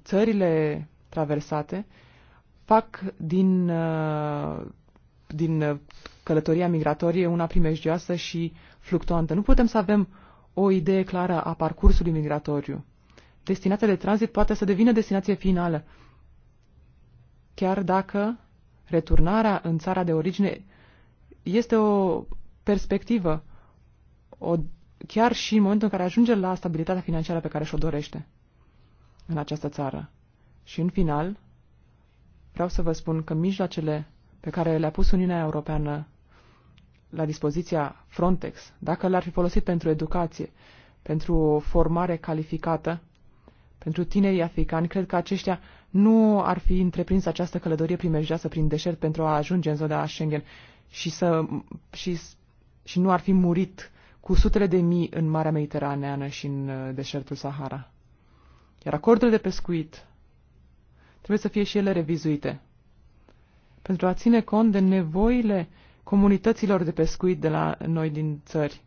țările traversate, fac din, uh, din călătoria migratorie una primejdioasă și fluctuantă. Nu putem să avem o idee clară a parcursului migratoriu destinația de tranzit poate să devină destinație finală, chiar dacă returnarea în țara de origine este o perspectivă, o, chiar și în momentul în care ajunge la stabilitatea financiară pe care și-o dorește în această țară. Și în final, vreau să vă spun că mijloacele pe care le-a pus Uniunea Europeană la dispoziția Frontex, dacă l-ar fi folosit pentru educație, pentru o formare calificată, pentru tinerii africani. Cred că aceștia nu ar fi întreprins această călătorie primejdioasă prin deșert pentru a ajunge în zona Schengen și, să, și, și nu ar fi murit cu sutele de mii în Marea Mediteraneană și în uh, deșertul Sahara. Iar acordurile de pescuit trebuie să fie și ele revizuite pentru a ține cont de nevoile comunităților de pescuit de la noi din țări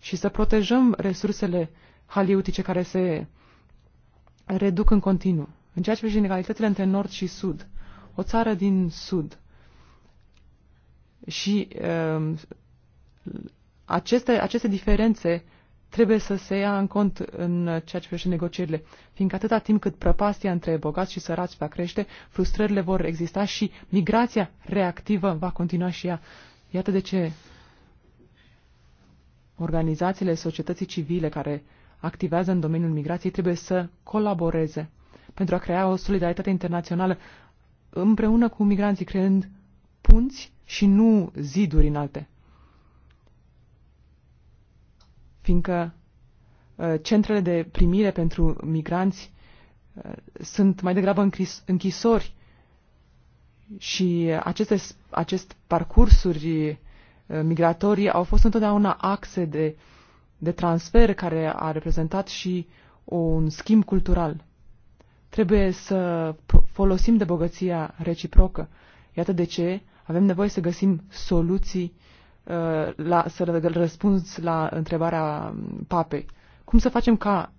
și să protejăm resursele haliutice care se reduc în continuu. În ceea ce privește inegalitățile între nord și sud, o țară din sud și uh, aceste, aceste diferențe trebuie să se ia în cont în ceea ce privește negocierile, fiindcă atâta timp cât prăpastia între bogați și sărați va crește, frustrările vor exista și migrația reactivă va continua și ea. Iată de ce organizațiile societății civile care uh, activează în domeniul migrației trebuie să colaboreze pentru a crea o solidaritate internațională împreună cu migranții, creând punți și nu ziduri înalte. Fiindcă uh, centrele de primire pentru migranți uh, sunt mai degrabă închisori și aceste, acest parcursuri uh, migratorii au fost întotdeauna axe de uh, de transfer care a reprezentat și un schimb cultural. Trebuie să folosim de bogăția reciprocă. Iată de ce avem nevoie să găsim soluții uh, la, să răspunzi la întrebarea um, papei. Cum să facem ca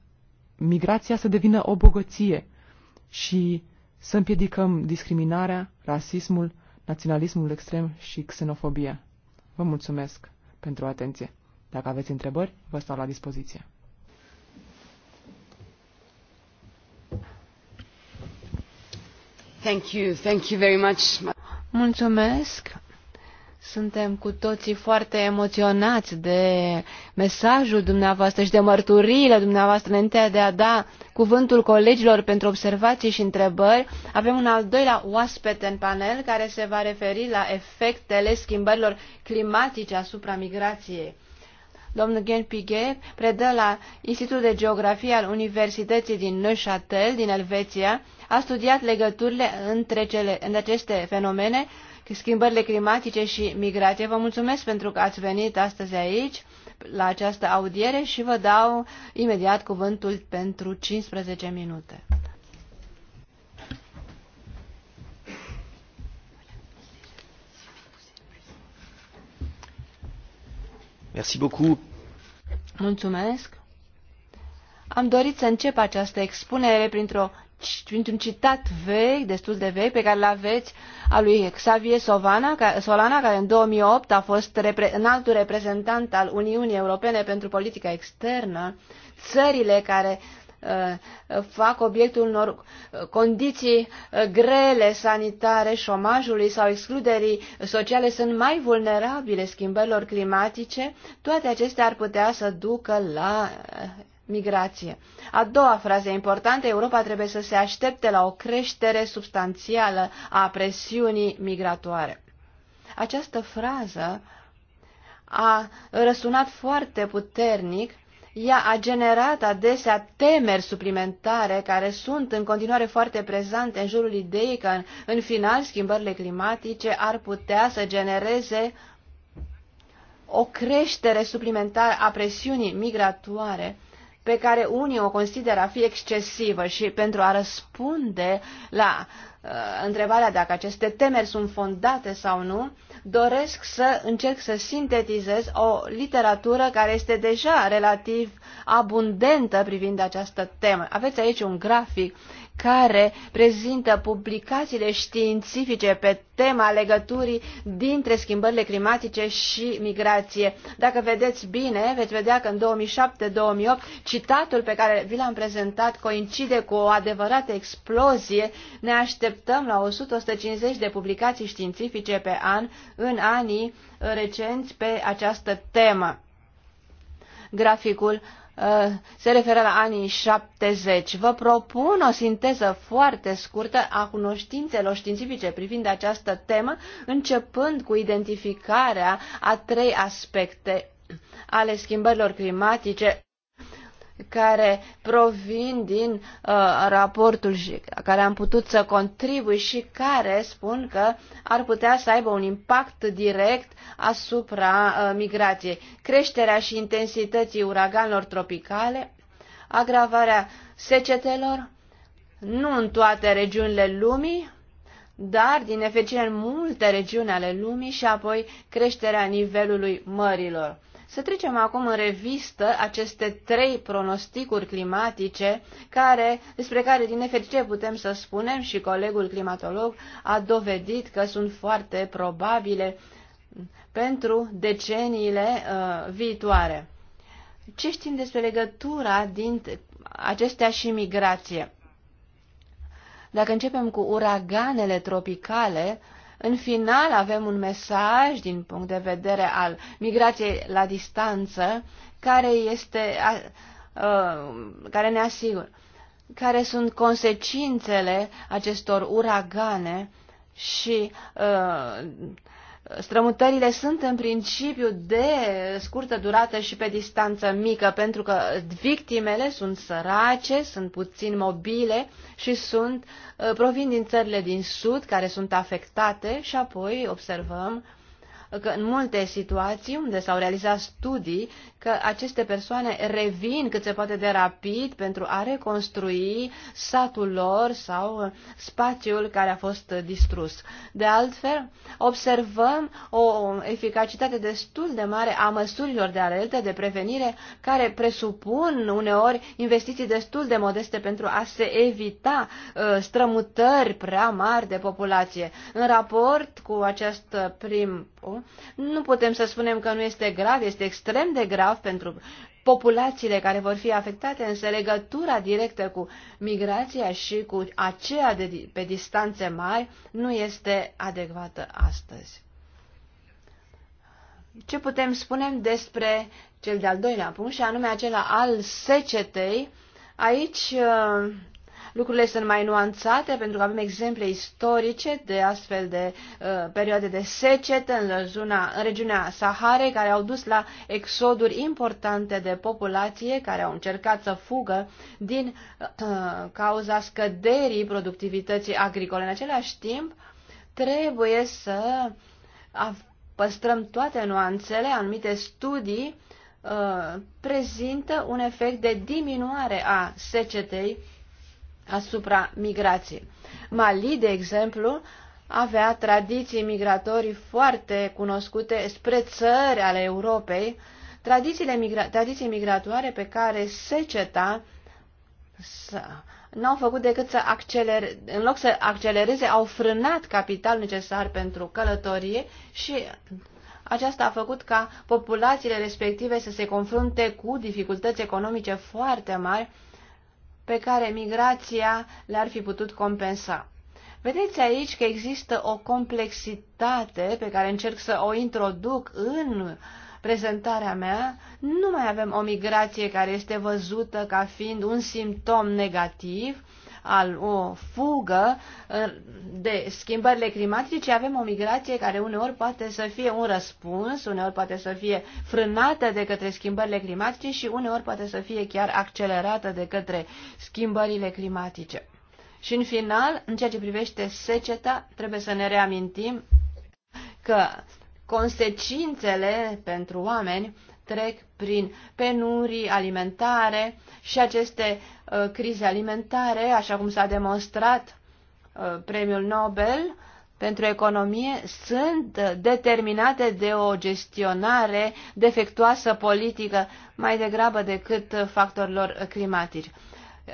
migrația să devină o bogăție și să împiedicăm discriminarea, rasismul, naționalismul extrem și xenofobia. Vă mulțumesc pentru atenție. Dacă aveți întrebări, vă stau la dispoziție. Thank you. Thank you very much. Mulțumesc. Suntem cu toții foarte emoționați de mesajul dumneavoastră și de mărturiile dumneavoastră înainte de a da cuvântul colegilor pentru observații și întrebări. Avem un al doilea oaspet în panel care se va referi la efectele schimbărilor climatice asupra migrației domnul Gen Piguet predă la Institutul de Geografie al Universității din Neuchâtel, din Elveția, a studiat legăturile între, cele, între aceste fenomene, schimbările climatice și migrație. Vă mulțumesc pentru că ați venit astăzi aici la această audiere și vă dau imediat cuvântul pentru 15 minute. Merci beaucoup. Mulțumesc. Am dorit să încep această expunere printr-o printr-un citat vechi, destul de vechi, pe care l-aveți, a lui Xavier Sovana, Solana, care în 2008 a fost repre- înaltul reprezentant al Uniunii Europene pentru politica externă, țările care Uh, fac obiectul unor condiții uh, grele sanitare, șomajului sau excluderii sociale sunt mai vulnerabile schimbărilor climatice, toate acestea ar putea să ducă la uh, migrație. A doua frază importantă, Europa trebuie să se aștepte la o creștere substanțială a presiunii migratoare. Această frază a răsunat foarte puternic ea a generat adesea temeri suplimentare care sunt în continuare foarte prezente în jurul ideii că, în, final, schimbările climatice ar putea să genereze o creștere suplimentară a presiunii migratoare pe care unii o consideră a fi excesivă și pentru a răspunde la Uh, întrebarea dacă aceste temeri sunt fondate sau nu, doresc să încerc să sintetizez o literatură care este deja relativ abundentă privind această temă. Aveți aici un grafic care prezintă publicațiile științifice pe tema legăturii dintre schimbările climatice și migrație. Dacă vedeți bine, veți vedea că în 2007-2008 citatul pe care vi l-am prezentat coincide cu o adevărată explozie. Ne așteptăm la 100-150 de publicații științifice pe an în anii recenți pe această temă. Graficul Uh, se referă la anii 70. Vă propun o sinteză foarte scurtă a cunoștințelor științifice privind această temă, începând cu identificarea a trei aspecte ale schimbărilor climatice care provin din uh, raportul și care am putut să contribui și care spun că ar putea să aibă un impact direct asupra uh, migrației. Creșterea și intensității uraganilor tropicale, agravarea secetelor, nu în toate regiunile lumii, dar din nefericire în multe regiuni ale lumii și apoi creșterea nivelului mărilor. Să trecem acum în revistă aceste trei pronosticuri climatice care, despre care, din nefericire, putem să spunem și colegul climatolog a dovedit că sunt foarte probabile pentru deceniile uh, viitoare. Ce știm despre legătura dintre acestea și migrație? Dacă începem cu uraganele tropicale, uh, în final avem un mesaj din punct de vedere al migrației la distanță care, este, uh, care ne asigură care sunt consecințele acestor uragane și uh, Strămutările sunt în principiu de scurtă durată și pe distanță mică, pentru că victimele sunt sărace, sunt puțin mobile și sunt, uh, provin din țările din sud care sunt afectate și apoi observăm că în multe situații unde s-au realizat studii că aceste persoane revin cât se poate de rapid pentru a reconstrui satul lor sau spațiul care a fost distrus. De altfel, observăm o eficacitate destul de mare a măsurilor de alertă, de prevenire, care presupun uneori investiții destul de modeste pentru a se evita uh, strămutări prea mari de populație. În raport cu acest prim, nu putem să spunem că nu este grav, este extrem de grav, grav pentru populațiile care vor fi afectate, însă legătura directă cu migrația și cu aceea de, pe distanțe mari nu este adecvată astăzi. Ce putem spune despre cel de-al doilea punct și anume acela al secetei? Aici uh, Lucrurile sunt mai nuanțate pentru că avem exemple istorice de astfel de uh, perioade de secetă în, zona, în regiunea Sahare care au dus la exoduri importante de populație care au încercat să fugă din uh, cauza scăderii productivității agricole. În același timp, trebuie să păstrăm toate nuanțele, anumite studii uh, prezintă un efect de diminuare a secetei asupra migrației. Mali, de exemplu, avea tradiții migratorii foarte cunoscute spre țări ale Europei, tradițiile migra- tradiții migratoare pe care seceta n-au făcut decât să accelereze, în loc să accelereze, au frânat capital necesar pentru călătorie și aceasta a făcut ca populațiile respective să se confrunte cu dificultăți economice foarte mari pe care migrația le-ar fi putut compensa. Vedeți aici că există o complexitate pe care încerc să o introduc în prezentarea mea. Nu mai avem o migrație care este văzută ca fiind un simptom negativ, al o fugă uh, de schimbările climatice, ci avem o migrație care uneori poate să fie un răspuns, uneori poate să fie frânată de către schimbările climatice și uneori poate să fie chiar accelerată de către schimbările climatice. Și în final, în ceea ce privește seceta, trebuie să ne reamintim că consecințele pentru oameni trec prin penurii alimentare și aceste uh, crize alimentare, așa cum s-a demonstrat uh, premiul Nobel pentru economie, sunt uh, determinate de o gestionare defectuoasă politică mai degrabă decât uh, factorilor climatici.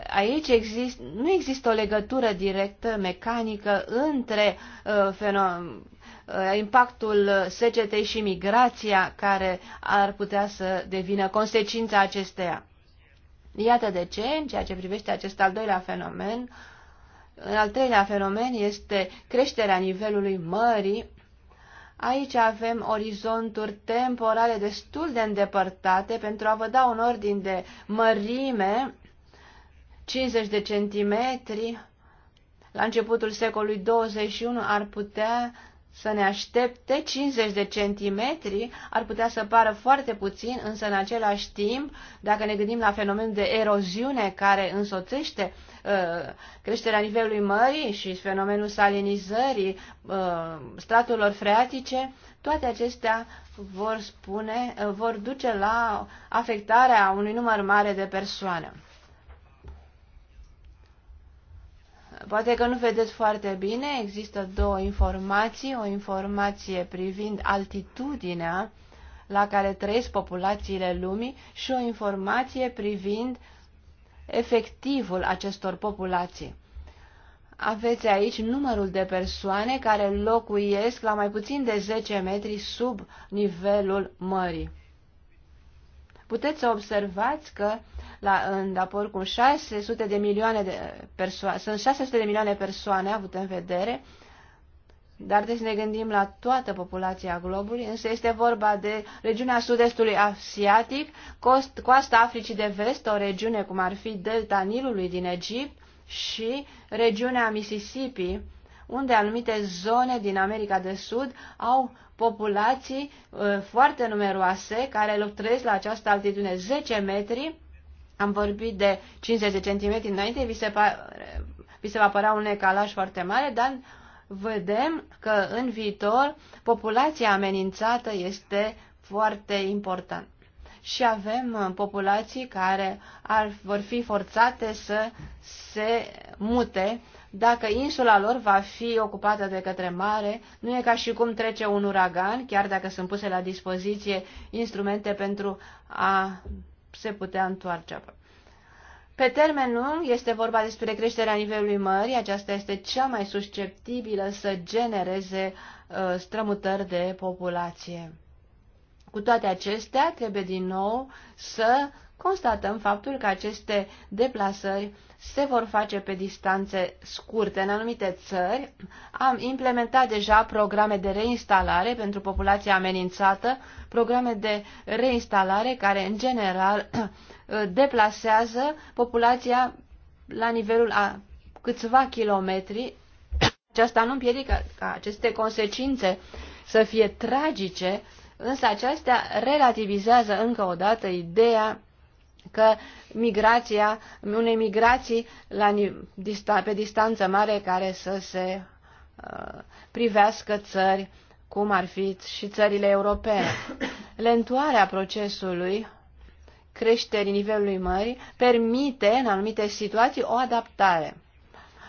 Aici exist, nu există o legătură directă, mecanică, între uh, fenomenul Uh, impactul secetei și migrația care ar putea să devină consecința acesteia. Iată de ce, în ceea ce privește acest al doilea fenomen, al treilea fenomen este creșterea nivelului mării. Aici avem orizonturi temporale destul de îndepărtate pentru a vă da un ordin de mărime, 50 de centimetri, la începutul secolului 21 ar putea să ne aștepte 50 de centimetri, ar putea să pară foarte puțin, însă în același timp, dacă ne gândim la fenomenul de eroziune care însoțește uh, creșterea nivelului mării și fenomenul salinizării uh, straturilor freatice, toate acestea vor spune, uh, vor duce la afectarea unui număr mare de persoane. Poate că nu vedeți foarte bine, există două informații, o informație privind altitudinea la care trăiesc populațiile lumii și o informație privind efectivul acestor populații. Aveți aici numărul de persoane care locuiesc la mai puțin de 10 metri sub nivelul mării puteți să observați că la, în raport cu 600 de milioane de persoane, sunt 600 de milioane de persoane avute în vedere, dar trebuie să ne gândim la toată populația globului, însă este vorba de regiunea sud-estului asiatic, cost, coasta Africii de vest, o regiune cum ar fi delta Nilului din Egipt și regiunea Mississippi, unde anumite zone din America de Sud au populații uh, foarte numeroase care trăiesc la această altitudine 10 metri. Am vorbit de 50 de centimetri înainte, vi se, vi se va părea un ecalaj foarte mare, dar vedem că în viitor populația amenințată este foarte importantă. Și avem uh, populații care ar, vor fi forțate să se mute dacă insula lor va fi ocupată de către mare, nu e ca și cum trece un uragan, chiar dacă sunt puse la dispoziție instrumente pentru a se putea întoarce apă. Pe termen lung este vorba despre creșterea nivelului mării, aceasta este cea mai susceptibilă să genereze uh, strămutări de populație. Cu toate acestea, trebuie din nou să constatăm faptul că aceste deplasări se vor face pe distanțe scurte. În anumite țări am implementat deja programe de reinstalare pentru populația amenințată, programe de reinstalare care în general deplasează populația la nivelul a câțiva kilometri. Aceasta nu împiedică ca aceste consecințe să fie tragice, însă acestea relativizează încă o dată ideea că migrația, unei migrații la, pe distanță mare care să se uh, privească țări cum ar fi și țările europene. Lentoarea procesului creșterii nivelului mării permite, în anumite situații, o adaptare.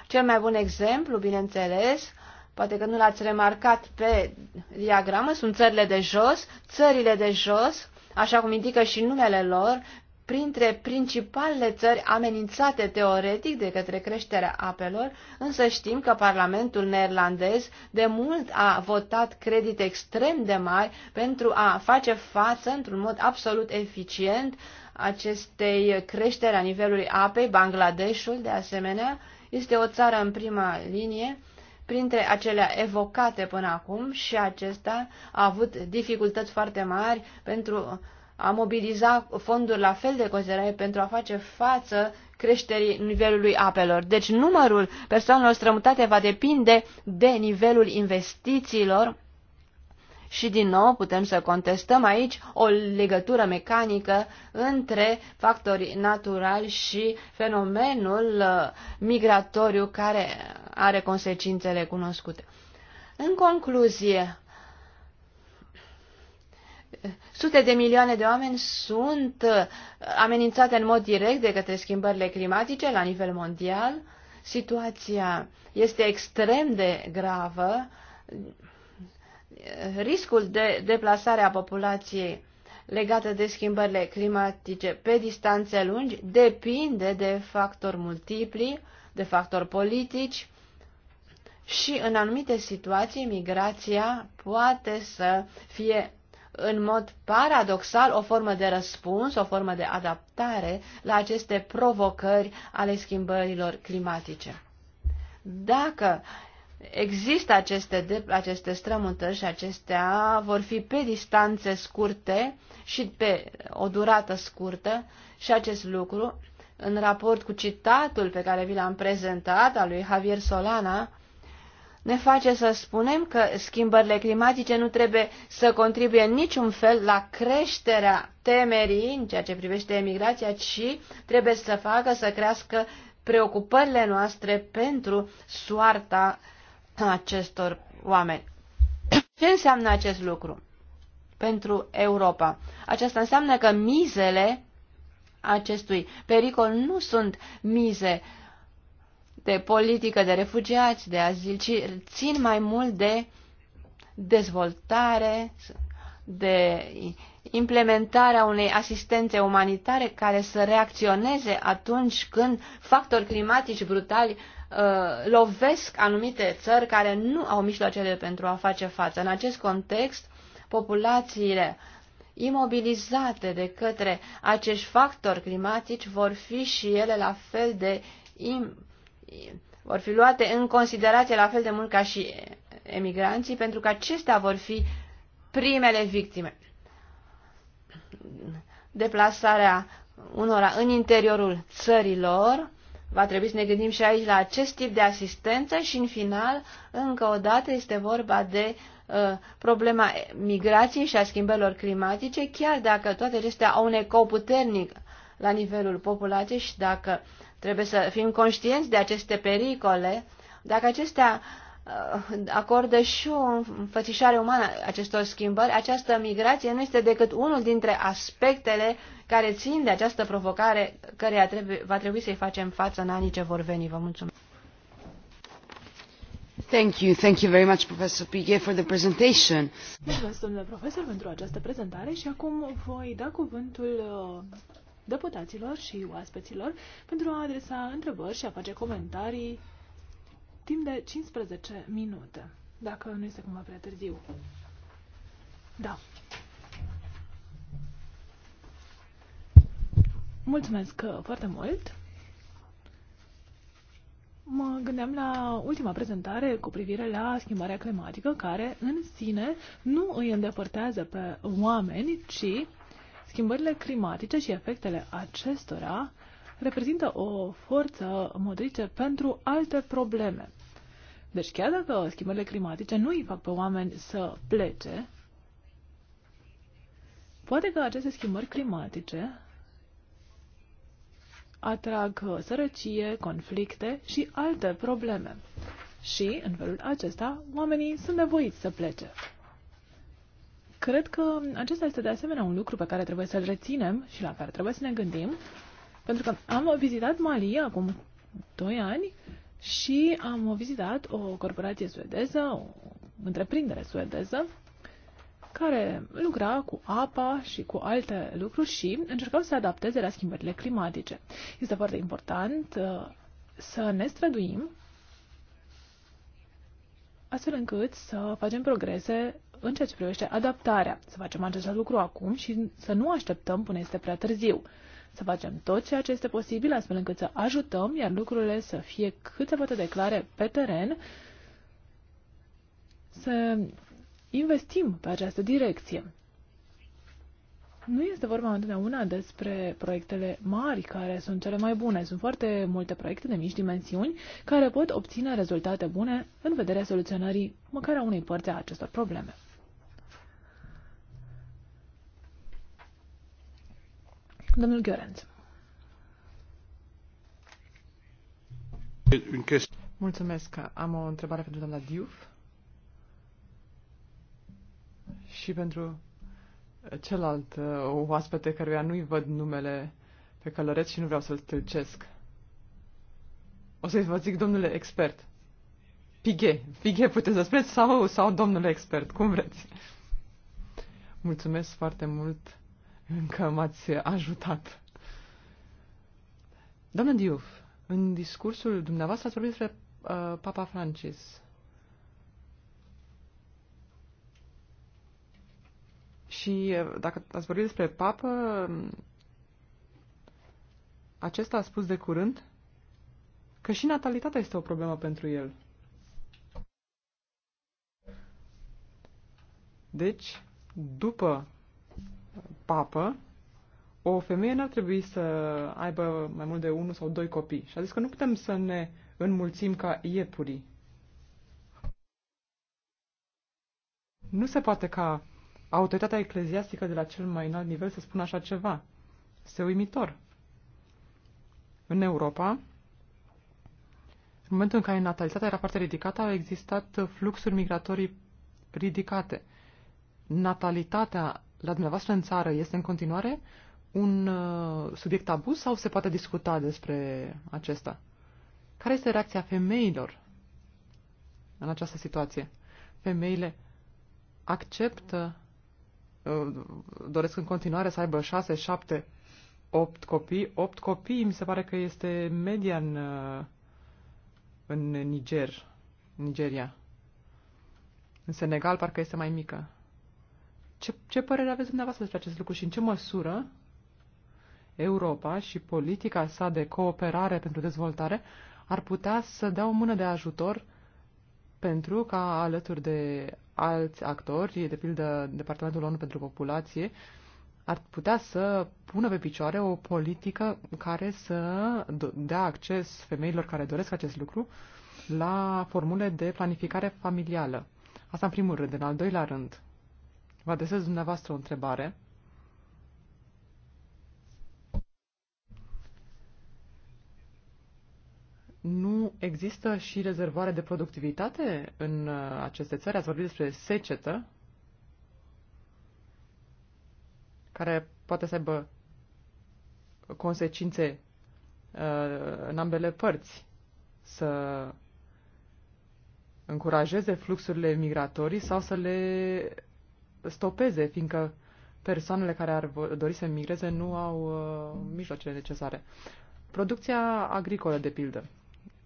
Cel mai bun exemplu, bineînțeles, poate că nu l-ați remarcat pe diagramă, sunt țările de jos. Țările de jos, așa cum indică și numele lor, printre principalele țări amenințate teoretic de către creșterea apelor, însă știm că Parlamentul neerlandez de mult a votat credite extrem de mari pentru a face față într-un mod absolut eficient acestei creșteri a nivelului apei. Bangladeshul, de asemenea, este o țară în prima linie printre acelea evocate până acum și acesta a avut dificultăți foarte mari pentru a mobiliza fonduri la fel de considerate pentru a face față creșterii nivelului apelor. Deci numărul persoanelor strămutate va depinde de nivelul investițiilor și din nou putem să contestăm aici o legătură mecanică între factorii naturali și fenomenul uh, migratoriu care are consecințele cunoscute. În concluzie, sute de milioane de oameni sunt uh, amenințate în mod direct de către schimbările climatice la nivel mondial. Situația este extrem de gravă. Riscul de deplasare a populației legată de schimbările climatice pe distanțe lungi depinde de factori multipli, de factori politici și în anumite situații migrația poate să fie în mod paradoxal o formă de răspuns, o formă de adaptare la aceste provocări ale schimbărilor climatice. Dacă există aceste, aceste strămutări și acestea vor fi pe distanțe scurte și pe o durată scurtă și acest lucru, în raport cu citatul pe care vi l-am prezentat al lui Javier Solana, ne face să spunem că schimbările climatice nu trebuie să contribuie în niciun fel la creșterea temerii în ceea ce privește emigrația, ci trebuie să facă să crească preocupările noastre pentru soarta acestor oameni. Ce înseamnă acest lucru pentru Europa? Aceasta înseamnă că mizele acestui pericol nu sunt mize uh, de politică de refugiați, de azil, ci țin mai mult de dezvoltare, de implementarea unei asistențe umanitare care să reacționeze atunci când factori climatici brutali uh, lovesc anumite țări care nu au mijloacele pentru a face față. În acest context, populațiile imobilizate de către acești factori climatici vor fi și ele la fel de vor fi luate în considerație la fel de mult ca și emigranții, pentru că acestea vor fi primele victime. Deplasarea unora în interiorul țărilor, va trebui să ne gândim și aici la acest tip de asistență și în final, încă o dată, este vorba de uh, problema migrației și a schimbărilor climatice, chiar dacă toate acestea au un ecou puternic la nivelul populației și dacă uh, Trebuie să fim conștienți de aceste pericole. Dacă acestea uh, acordă și o înfățișare umană acestor schimbări, această migrație nu este decât unul dintre aspectele care țin de această provocare care va trebui să-i facem față în anii ce vor veni. Vă mulțumesc. Thank you. Thank you very much, Professor Piguet, for the presentation. Mulțumesc, domnule profesor, pentru această prezentare și acum voi da cuvântul uh, deputaților și oaspeților pentru a adresa întrebări și a face comentarii timp de 15 minute, dacă nu este cumva prea târziu. Da. Mulțumesc foarte mult! Mă gândeam la ultima prezentare cu privire la schimbarea climatică, care în sine nu îi îndepărtează pe oameni, ci Schimbările climatice și efectele acestora reprezintă o forță motrice pentru alte probleme. Deci chiar dacă schimbările climatice nu îi fac pe oameni să plece, poate că aceste schimbări climatice atrag sărăcie, conflicte și alte probleme. Și, în felul acesta, oamenii sunt nevoiți să plece. Cred că acesta este de asemenea un lucru pe care trebuie să-l reținem și la care trebuie să ne gândim, pentru că am vizitat Mali acum 2 ani și am vizitat o corporație suedeză, o întreprindere suedeză, care lucra cu apa și cu alte lucruri și încercau să se adapteze la schimbările climatice. Este foarte important uh, să ne străduim astfel încât să facem progrese în ceea ce privește adaptarea. Să facem acest lucru acum și să nu așteptăm până este prea târziu. Să facem tot ceea ce este posibil astfel încât să ajutăm, iar lucrurile să fie cât se poate declare pe teren, să investim pe această direcție. Nu este vorba întotdeauna despre proiectele mari care sunt cele mai bune. Sunt foarte multe proiecte de mici dimensiuni care pot obține rezultate bune în vederea soluționării măcar a unei părți a acestor probleme. Domnul Gheorenț. Mulțumesc. Am o întrebare pentru doamna Diuf și pentru celălalt uh, oaspete căruia nu-i văd numele pe călăreț și nu vreau să-l tâlcesc. O să-i vă zic domnule expert. Pighe. Pighe puteți să spuneți sau, sau domnule expert, cum vreți. Mulțumesc foarte mult încă m-ați ajutat. Doamnă Diuf, în discursul dumneavoastră ați vorbit despre uh, Papa Francis. Și uh, dacă ați vorbit despre papă, acesta a spus de curând că și natalitatea este o problemă pentru el. Deci, după papă, o femeie n-ar trebui să aibă mai mult de unul sau doi copii. Și a zis că nu putem să ne înmulțim ca iepurii. Nu se poate ca autoritatea ecleziastică de la cel mai înalt nivel să spună așa ceva. Este uimitor. În Europa, în momentul în care natalitatea era foarte ridicată, au existat fluxuri migratorii ridicate. Natalitatea la dumneavoastră în țară este în continuare un uh, subiect tabu sau se poate discuta despre acesta? Care este reacția femeilor în această situație? Femeile acceptă, uh, doresc în continuare să aibă șase, șapte, opt copii. Opt copii mi se pare că este media în, uh, în Niger, Nigeria. În Senegal parcă este mai mică. Ce, ce părere aveți dumneavoastră despre acest lucru și în ce măsură Europa și politica sa de cooperare pentru dezvoltare ar putea să dea o mână de ajutor pentru ca alături de alți actori, de pildă Departamentul ONU pentru Populație, ar putea să pună pe picioare o politică care să dea acces femeilor care doresc acest lucru la formule de planificare familială. Asta în primul rând. În al doilea rând, Vă adresez dumneavoastră o întrebare. Nu există și rezervoare de productivitate în uh, aceste țări? Ați vorbit despre secetă, care poate să aibă consecințe uh, în ambele părți. Să încurajeze fluxurile migratorii sau să le stopeze, fiindcă persoanele care ar dori să migreze nu au uh, mijloacele necesare. Producția agricolă, de pildă,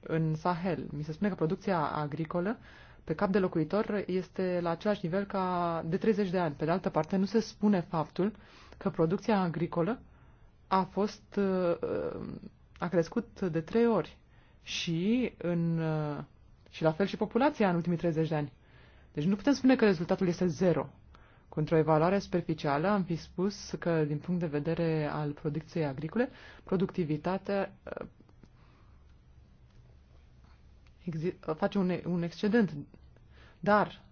în Sahel, mi se spune că producția agricolă pe cap de locuitor este la același nivel ca de 30 de ani. Pe de altă parte, nu se spune faptul că producția agricolă a fost uh, uh a crescut de trei ori și în uh, și la fel și populația în ultimii 30 de ani. Deci nu putem spune că rezultatul este zero. Cu într-o evaluare superficială am fi spus că, din punct de vedere al producției agricole, productivitatea uh, uh, face un, un excedent. Dar,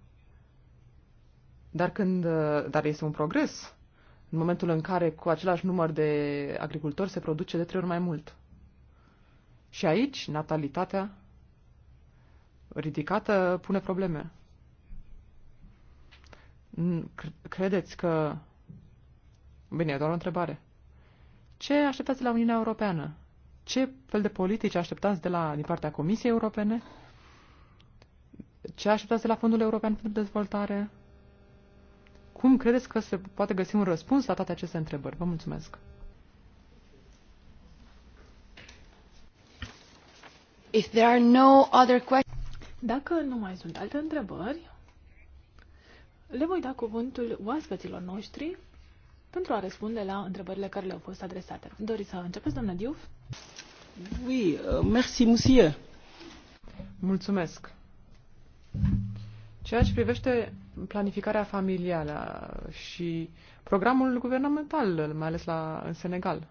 dar, când, uh, dar este un progres în momentul în care cu același număr de agricultori se produce de trei ori mai mult. Și aici natalitatea ridicată pune probleme. Credeți că... Bine, e doar o întrebare. Ce așteptați la Uniunea Europeană? Ce fel de politici așteptați de la, din partea Comisiei Europene? Ce așteptați de la Fondul European pentru Dezvoltare? Cum credeți că se poate găsi un răspuns la toate aceste întrebări? Vă mulțumesc! If there are no other questions... Dacă nu mai sunt alte întrebări, le voi da cuvântul oaspeților noștri pentru a răspunde la întrebările care le-au fost adresate. Doriți să începeți, doamnă Diuf? Oui, euh, merci, monsieur. Mulțumesc. Ceea ce privește planificarea familială și programul guvernamental, mai ales la, în Senegal.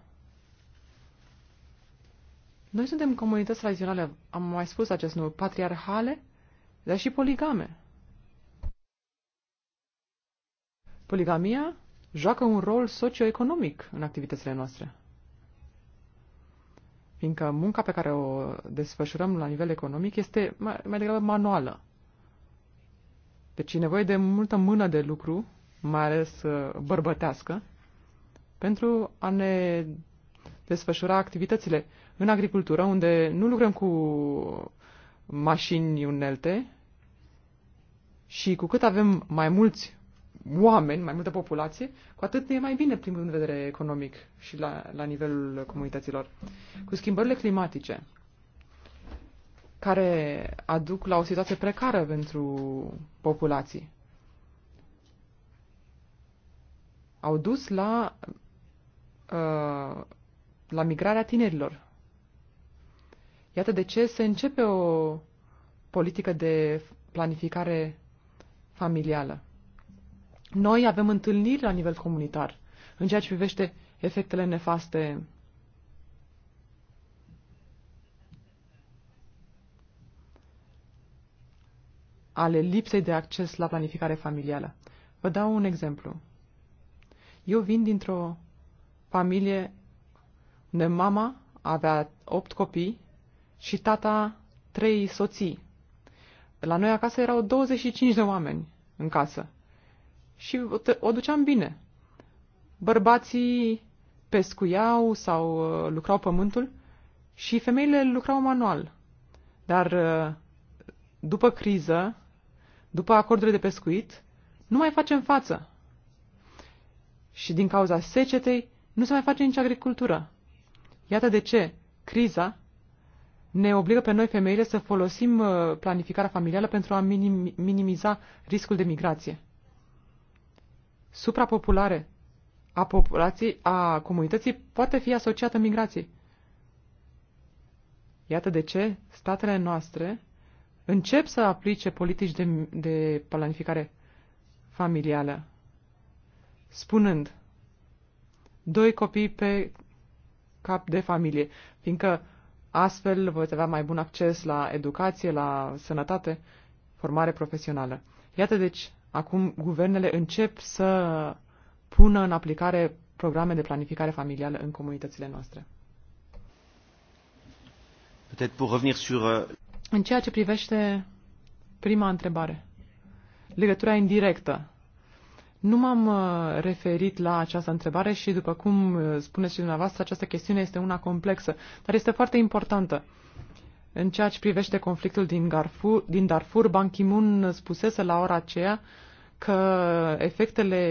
Noi suntem comunități tradiționale, am mai spus acest nume, patriarhale, dar și poligame. Poligamia joacă un rol socioeconomic în activitățile noastre. Fiindcă munca pe care o desfășurăm la nivel economic este mai, mai degrabă manuală. Deci e nevoie de multă mână de lucru, mai ales uh, bărbătească, pentru a ne desfășura activitățile în agricultură, unde nu lucrăm cu mașini unelte și cu cât avem mai mulți oameni, mai multă populație, cu atât e mai bine din punct de vedere economic și la, la nivelul comunităților. Cu schimbările climatice, care aduc la o situație precară pentru populații, au dus la, uh, la migrarea tinerilor. Iată de ce se începe o politică de planificare familială noi avem întâlniri la nivel comunitar în ceea ce privește efectele nefaste ale lipsei de acces la planificare familială. Vă dau un exemplu. Eu vin dintr-o familie unde mama avea opt copii și tata trei soții. La noi acasă erau 25 de oameni în casă și o, duceam bine. Bărbații pescuiau sau uh, lucrau pământul și femeile lucrau manual. Dar uh, după criză, după acordurile de pescuit, nu mai facem față. Și din cauza secetei, nu se mai face nici agricultură. Iată de ce criza ne obligă pe noi femeile să folosim uh, planificarea familială pentru a minimiza riscul de migrație suprapopulare a populației, a comunității poate fi asociată migrației. Iată de ce statele noastre încep să aplice politici de, de planificare familială, spunând doi copii pe cap de familie, fiindcă astfel voi avea mai bun acces la educație, la sănătate, formare profesională. Iată deci Acum guvernele încep să pună în aplicare programe de planificare familială în comunitățile noastre. Euh, în ceea ce privește prima întrebare, legătura indirectă. Nu m-am uh, referit la această întrebare și, după cum uh, spuneți și dumneavoastră, această chestiune este una complexă, dar este foarte importantă. În ceea ce privește conflictul din, Garfu, din Darfur, Ban Ki-moon spusese la ora aceea că efectele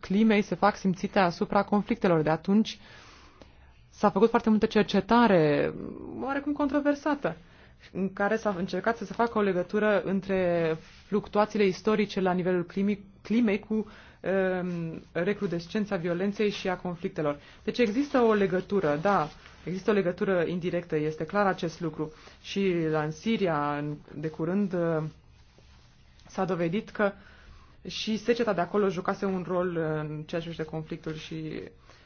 climei se fac simțite asupra conflictelor. De atunci s-a făcut foarte multă cercetare, oarecum controversată, în care s-a încercat să se facă o legătură între fluctuațiile istorice la nivelul climei cu um, recrudescența violenței și a conflictelor. Deci există o legătură, da, Există o legătură indirectă, este clar acest lucru. Și la în Siria, de curând, uh, s-a dovedit că și seceta de acolo jucase un rol uh, în ceea ce privește conflictul și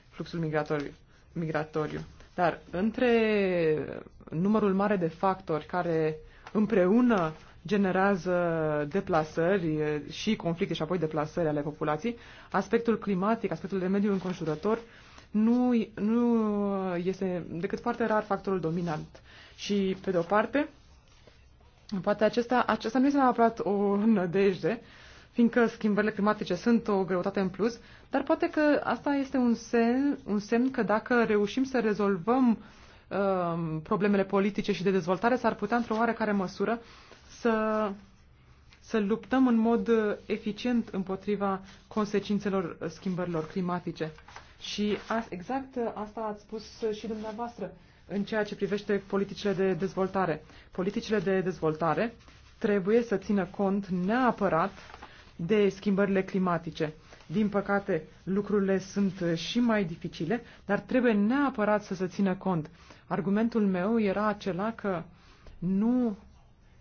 fluxul migratoriu. migratoriu. Dar între numărul mare de factori care împreună generează deplasări uh, și conflicte și apoi deplasări ale populației, aspectul climatic, aspectul de mediu înconjurător, uh, nu, nu este decât foarte rar factorul dominant. Și, pe de o parte, poate acesta, acesta nu este neapărat o nădejde, fiindcă schimbările climatice sunt o greutate în plus, dar poate că asta este un semn, un semn că dacă reușim să rezolvăm uh, problemele politice și de dezvoltare, s-ar putea într-o oarecare măsură să, să luptăm în mod eficient împotriva consecințelor schimbărilor climatice. Și a, exact uh, asta ați spus și dumneavoastră în ceea ce privește politicile de dezvoltare. Politicile de dezvoltare trebuie să țină cont neapărat de schimbările climatice. Din păcate, lucrurile sunt și mai dificile, dar trebuie neapărat să se țină cont. Argumentul meu era acela că nu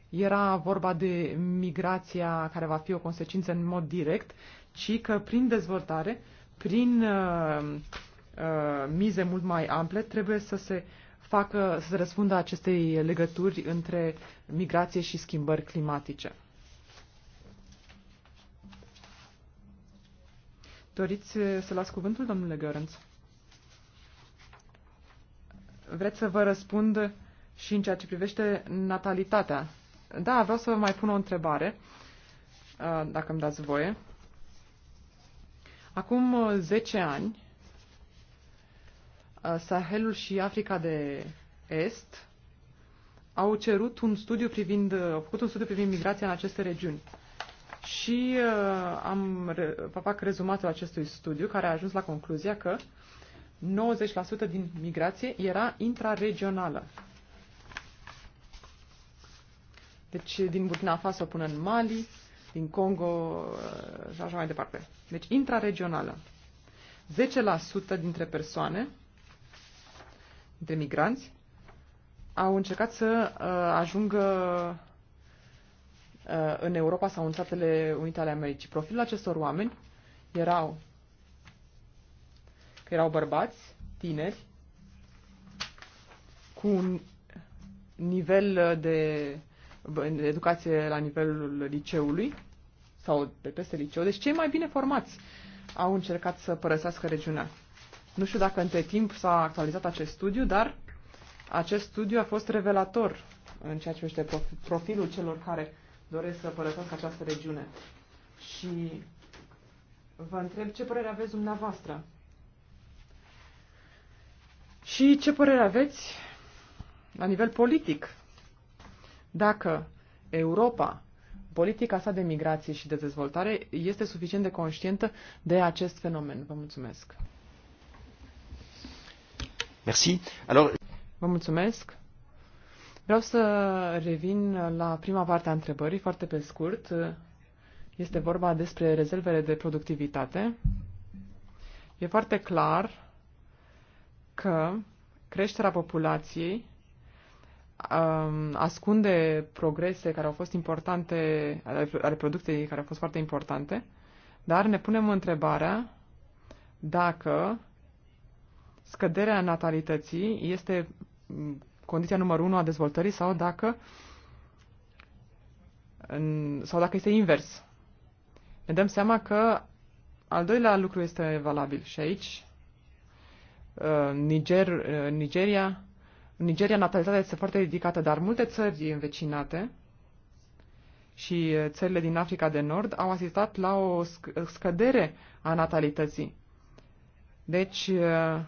era vorba de migrația care va fi o consecință în mod direct, ci că prin dezvoltare prin uh, uh, mize mult mai ample, trebuie să se facă, să se răspundă acestei legături între migrație și schimbări climatice. Doriți uh, să las cuvântul, domnule Gărânț? Vreți să vă răspund și în ceea ce privește natalitatea? Da, vreau să vă mai pun o întrebare, uh, dacă îmi dați voie. Acum 10 uh, ani, uh, Sahelul și Africa de Est au cerut un studiu privind, uh, au făcut un studiu privind migrația în aceste regiuni. Și uh, am fac rezumatul acestui studiu care a ajuns la concluzia că 90% din migrație era intraregională. Deci din Burkina Faso până în Mali, din Congo uh, și așa mai departe. Deci intraregională. 10% dintre persoane, dintre migranți, au încercat să uh, ajungă uh, în Europa sau în Statele Unite ale Americii. Profilul acestor oameni erau că erau bărbați, tineri, cu un nivel uh, de educație la nivelul liceului sau de peste liceu, deci cei mai bine formați au încercat să părăsească regiunea. Nu știu dacă între timp s-a actualizat acest studiu, dar acest studiu a fost revelator în ceea ce este profilul celor care doresc să părăsească această regiune. Și vă întreb ce părere aveți dumneavoastră. Și ce părere aveți la nivel politic dacă Europa, politica sa de migrație și de dezvoltare, este suficient de conștientă de acest fenomen. Vă mulțumesc. Merci. Alors... Vă mulțumesc. Vreau să revin la prima parte a întrebării, foarte pe scurt. Este vorba despre rezervele de productivitate. E foarte clar că creșterea populației ascunde progrese care au fost importante, ale producției care au fost foarte importante, dar ne punem întrebarea dacă scăderea natalității este condiția numărul unu a dezvoltării sau dacă sau dacă este invers. Ne dăm seama că al doilea lucru este valabil și aici uh, Niger, uh, Nigeria în Nigeria natalitatea este foarte ridicată, dar multe țări învecinate și țările din Africa de Nord au asistat la o scădere a natalității. Deci, eh,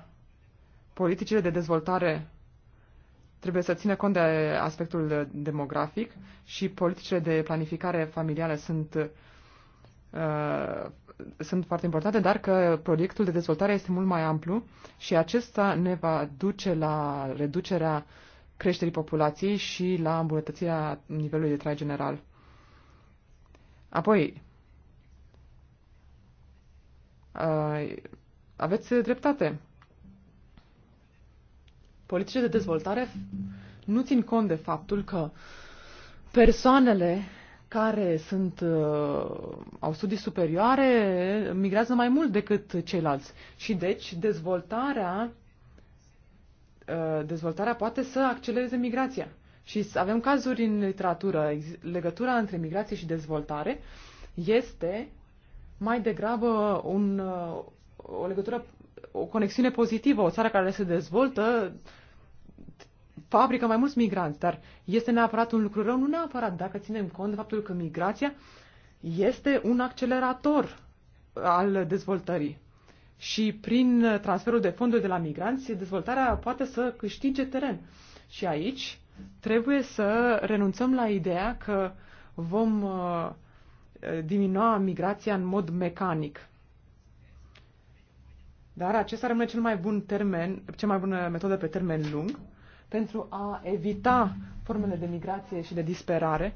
politicile de dezvoltare trebuie să țină cont de aspectul demografic și politicile de planificare familială sunt uh, sunt foarte importante, dar că proiectul de dezvoltare este mult mai amplu și acesta ne va duce la reducerea creșterii populației și la îmbunătățirea nivelului de trai general. Apoi, aveți dreptate. Politicile de dezvoltare nu țin cont de faptul că persoanele care sunt, uh, au studii superioare migrează mai mult decât ceilalți. Și deci dezvoltarea, uh, dezvoltarea poate să accelereze migrația. Și avem cazuri în literatură. Legătura între migrație și dezvoltare este mai degrabă un, uh, o legătură, o conexiune pozitivă. O țară care se dezvoltă fabrică mai mulți migranți, dar este neapărat un lucru rău? Nu neapărat, dacă ținem cont de faptul că migrația este un accelerator al dezvoltării. Și prin transferul de fonduri de la migranți, dezvoltarea poate să câștige teren. Și aici trebuie să renunțăm la ideea că vom uh, diminua migrația în mod mecanic. Dar acesta rămâne cel mai bun termen, cea mai bună metodă pe termen lung pentru a evita formele de migrație și de disperare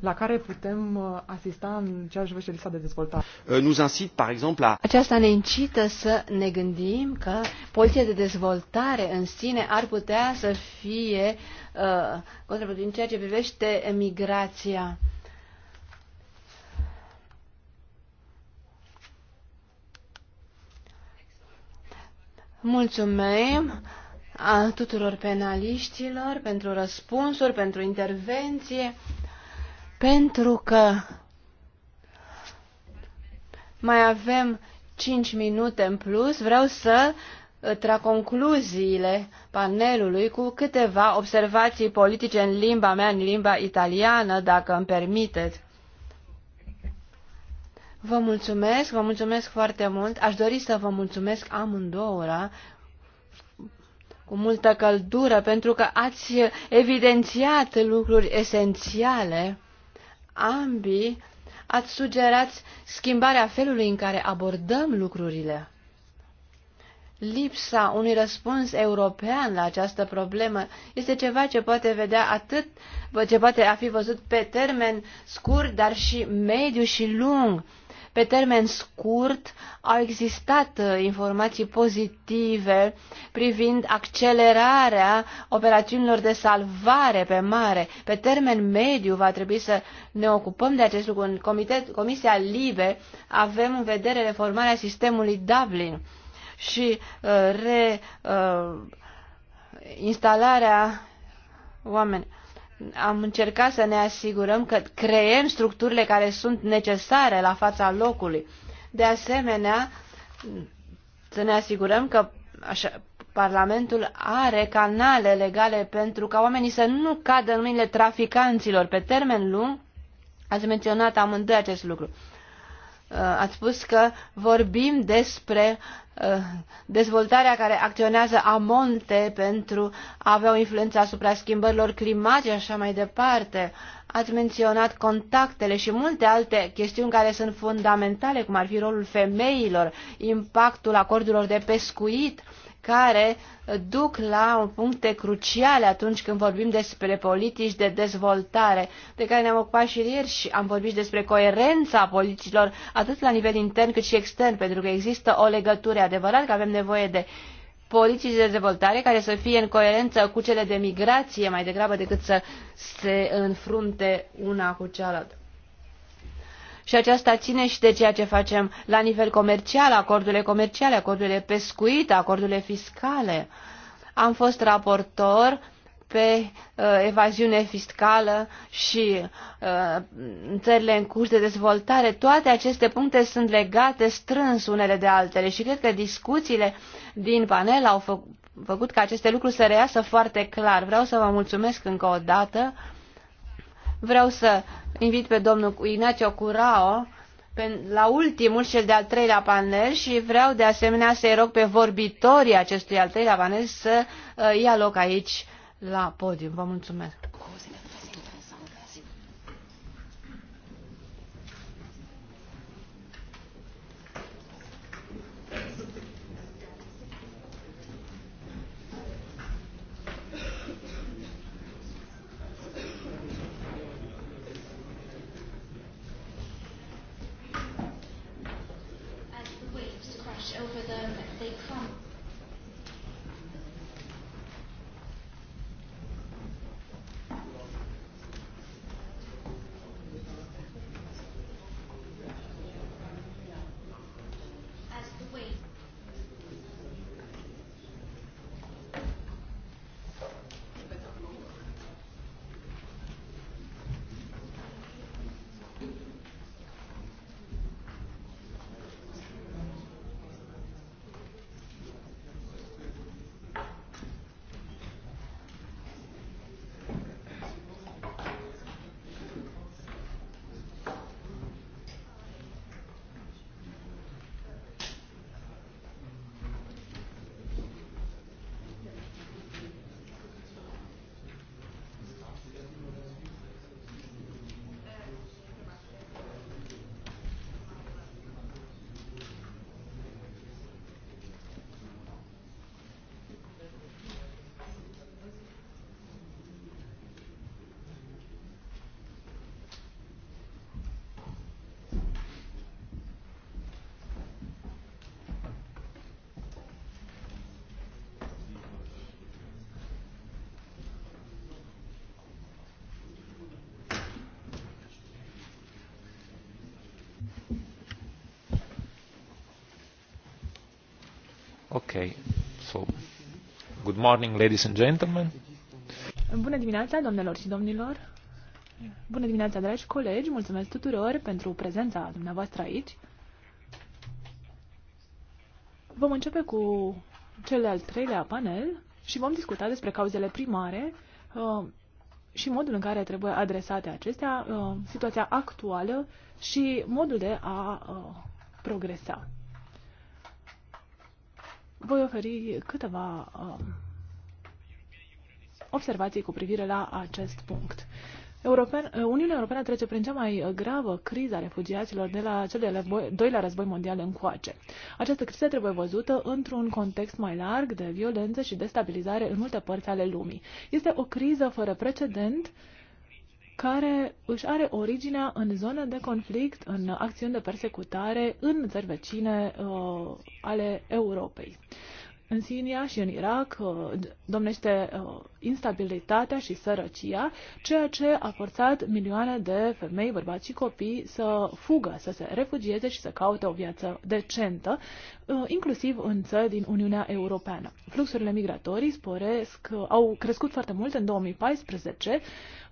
la care putem uh, asista în ceea ce privește lista de dezvoltare. Uh, nous incite, par exemple, la... Aceasta ne incită să ne gândim că poliția de dezvoltare în sine ar putea să fie uh, contraproductivă în ceea ce privește migrația. Mulțumim! a tuturor penaliștilor pentru răspunsuri, pentru intervenție, pentru că mai avem 5 minute în plus. Vreau să tra concluziile panelului cu câteva observații politice în limba mea, în limba italiană, dacă îmi permiteți. Vă mulțumesc, vă mulțumesc foarte mult. Aș dori să vă mulțumesc amândouă cu multă căldură pentru că ați evidențiat lucruri esențiale. Ambii ați sugerat schimbarea felului în care abordăm lucrurile. Lipsa unui răspuns european la această problemă este ceva ce poate vedea atât, ce poate a fi văzut pe termen scurt, dar și mediu și lung pe termen scurt au existat uh, informații pozitive privind accelerarea operațiunilor de salvare pe mare. Pe termen mediu va trebui să ne ocupăm de acest lucru. În comitet, Comisia Libe avem în vedere reformarea sistemului Dublin și uh, re, uh, instalarea oamenilor am încercat să ne asigurăm că creăm structurile care sunt necesare la fața locului. De asemenea, să ne asigurăm că așa, Parlamentul are canale legale pentru ca oamenii să nu cadă în mâinile traficanților pe termen lung. Ați menționat amândoi acest lucru. Uh, ați spus că vorbim despre uh, dezvoltarea care acționează amonte pentru a avea o influență asupra schimbărilor climatice și așa mai departe. Ați menționat contactele și multe alte chestiuni care sunt fundamentale, cum ar fi rolul femeilor, impactul acordurilor de pescuit care uh, duc la puncte cruciale atunci când vorbim despre politici de dezvoltare, de care ne-am ocupat și ieri și am vorbit și despre coerența politicilor, atât la nivel intern cât și extern, pentru că există o legătură adevărat că avem nevoie de politici de dezvoltare care să fie în coerență cu cele de migrație mai degrabă decât să se înfrunte una cu cealaltă și aceasta ține și de ceea ce facem la nivel comercial, acordurile comerciale, acordurile pescuit, acordurile fiscale. Am fost raportor pe uh, evaziune fiscală și uh, țările în curs de dezvoltare. Toate aceste puncte sunt legate strâns unele de altele și cred că discuțiile din panel au fă- făcut ca aceste lucruri să reiasă foarte clar. Vreau să vă mulțumesc încă o dată Vreau să invit pe domnul Ignacio Curao la ultimul cel de-al treilea panel și vreau de asemenea să-i rog pe vorbitorii acestui al treilea panel să uh, ia loc aici la podium. Vă mulțumesc! Okay. So, good morning, ladies and gentlemen. Bună dimineața, domnilor și domnilor. Bună dimineața, dragi colegi. Mulțumesc tuturor pentru prezența dumneavoastră aici. Vom începe cu cel al treilea panel și vom discuta despre cauzele primare uh, și modul în care trebuie adresate acestea, uh, situația actuală și modul de a uh, progresa voi oferi câteva uh, observații cu privire la acest punct. European, uh, Uniunea Europeană trece prin cea mai gravă criză a refugiaților de la cel de doilea război mondial încoace. Această criză trebuie văzută într-un context mai larg de violență și destabilizare în multe părți ale lumii. Este o criză fără precedent uh, care își are originea în zonă de conflict, în acțiuni de persecutare în țări vecine uh, ale Europei în Siria și în Irak uh, domnește uh, instabilitatea și sărăcia, ceea ce a forțat milioane de femei, bărbați și copii să fugă, să se refugieze și să caute o viață decentă, uh, inclusiv în țări din Uniunea Europeană. Fluxurile migratorii sporesc, au crescut foarte mult în 2014,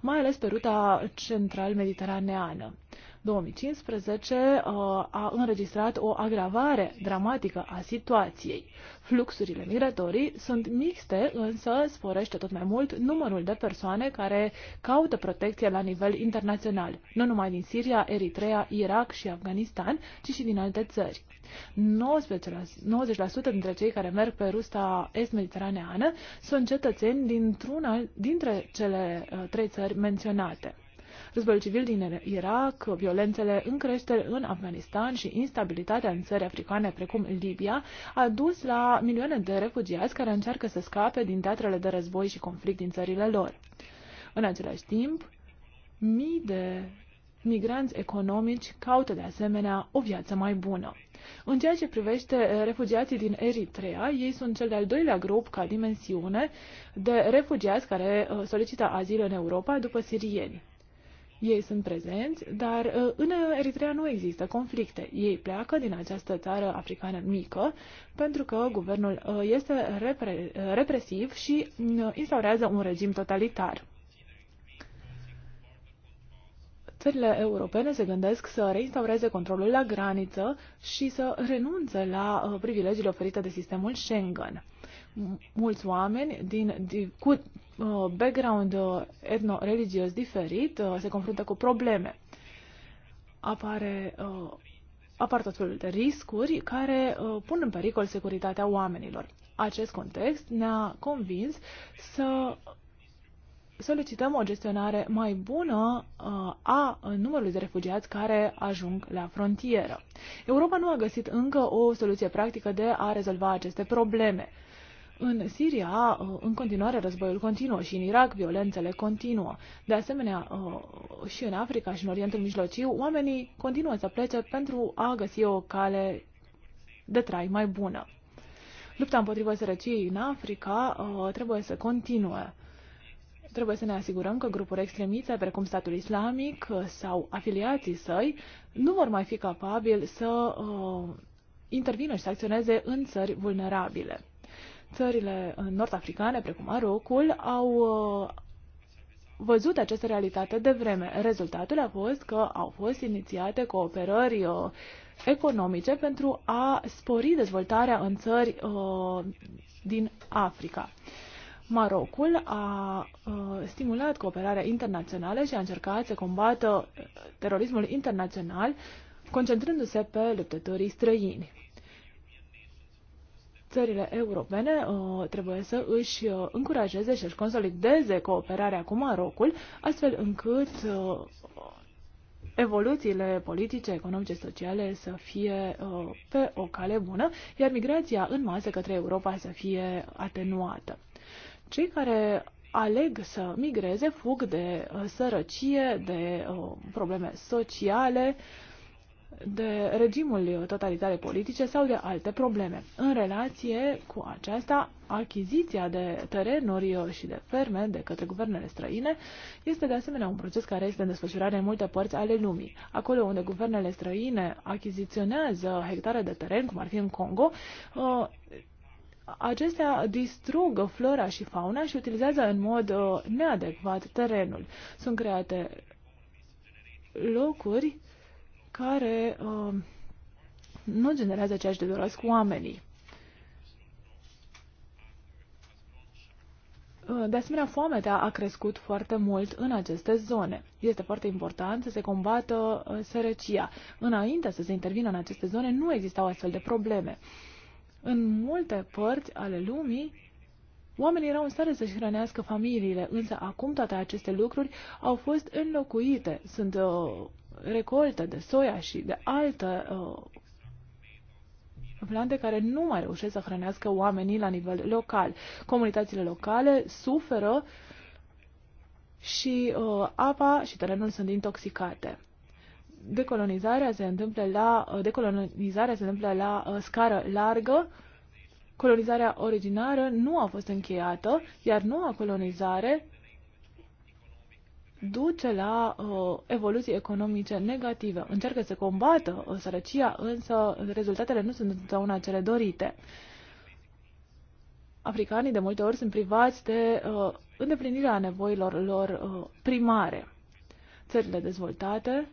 mai ales pe ruta central-mediteraneană. 2015 uh, a înregistrat o agravare dramatică a situației. Fluxurile migratorii sunt mixte, însă sporește tot mai mult numărul de persoane care caută protecție la nivel internațional, nu numai din Siria, Eritrea, Irak și Afganistan, ci și din alte țări. 90% dintre cei care merg pe rusta est-mediteraneană sunt cetățeni dintr-una dintre cele uh, trei țări menționate războiul civil din Irak, violențele în creștere în Afganistan și instabilitatea în țări africane precum Libia a dus la milioane de refugiați care încearcă să scape din teatrele de război și conflict din țările lor. În același timp, mii de migranți economici caută de asemenea o viață mai bună. În ceea ce privește eh, refugiații din Eritrea, ei sunt cel de-al doilea grup ca dimensiune de refugiați care eh, solicită azil în Europa după sirieni. Ei sunt prezenți, dar uh, în Eritrea nu există conflicte. Ei pleacă din această țară africană mică pentru că guvernul uh, este repre uh, represiv și instaurează un regim totalitar. Țările europene se gândesc să reinstaureze controlul la graniță și să renunțe la privilegiile oferite de sistemul Schengen mulți oameni din, din, cu uh, background uh, etno-religios diferit uh, se confruntă cu probleme. Apare, apar tot felul de riscuri care pun în pericol securitatea oamenilor. Acest context ne-a convins să solicităm o gestionare mai bună a numărului de refugiați care ajung la frontieră. Europa nu a găsit încă o soluție practică de a rezolva aceste probleme. În Siria, uh, în continuare, războiul continuă și în Irak violențele continuă. De asemenea, uh, și în Africa și în Orientul Mijlociu, oamenii continuă să plece pentru a găsi o cale de trai mai bună. Lupta împotriva sărăciei în Africa uh, trebuie să continue. Trebuie să ne asigurăm că grupuri extremiste, precum statul islamic sau afiliații săi, nu vor mai fi capabili să intervină și să acționeze în țări vulnerabile. Țările uh, nord-africane, precum Marocul, au uh, văzut această realitate de vreme. Rezultatul a fost că au fost inițiate cooperări uh, economice pentru a spori dezvoltarea în țări din Africa. Marocul a stimulat cooperarea internațională și a încercat să combată terorismul internațional, concentrându-se pe luptătorii străini țările europene uh, trebuie să își uh, încurajeze și își consolideze cooperarea cu Marocul, astfel încât uh, evoluțiile politice, economice, sociale să fie pe o cale bună, iar migrația în masă către Europa să fie atenuată. Cei care aleg să migreze fug de sărăcie, de probleme sociale, de regimul totalitare politice sau de alte probleme. În relație cu aceasta, achiziția de terenuri și de ferme de către guvernele străine este de asemenea un proces care este în desfășurare în multe părți ale lumii. Acolo unde guvernele străine achiziționează hectare de teren, cum ar fi în Congo, uh, acestea distrug flora și fauna și utilizează în mod uh, neadecvat terenul. Sunt create locuri care uh, nu generează ceea ce doresc oamenii. Uh, de asemenea, foamea a crescut foarte mult în aceste zone. Este foarte important să se combată uh, sărăcia. Înainte să se intervină în aceste zone, nu existau astfel de probleme. În multe părți ale lumii, oamenii erau în stare să-și hrănească familiile, însă acum toate aceste lucruri au fost înlocuite. Sunt recoltă de soia și de alte uh, plante care nu mai reușesc să hrănească oamenii la nivel local. Comunitățile locale suferă și uh, apa și terenul sunt intoxicate. Decolonizarea se întâmplă la, uh, decolonizarea se întâmplă la uh, scară largă, colonizarea originară nu a fost încheiată, iar noua colonizare duce la uh, evoluții economice negative. Încearcă să combată uh, sărăcia, însă rezultatele nu sunt întotdeauna cele dorite. Africanii de multe ori sunt privați de uh, îndeplinirea nevoilor lor uh, primare. Țările dezvoltate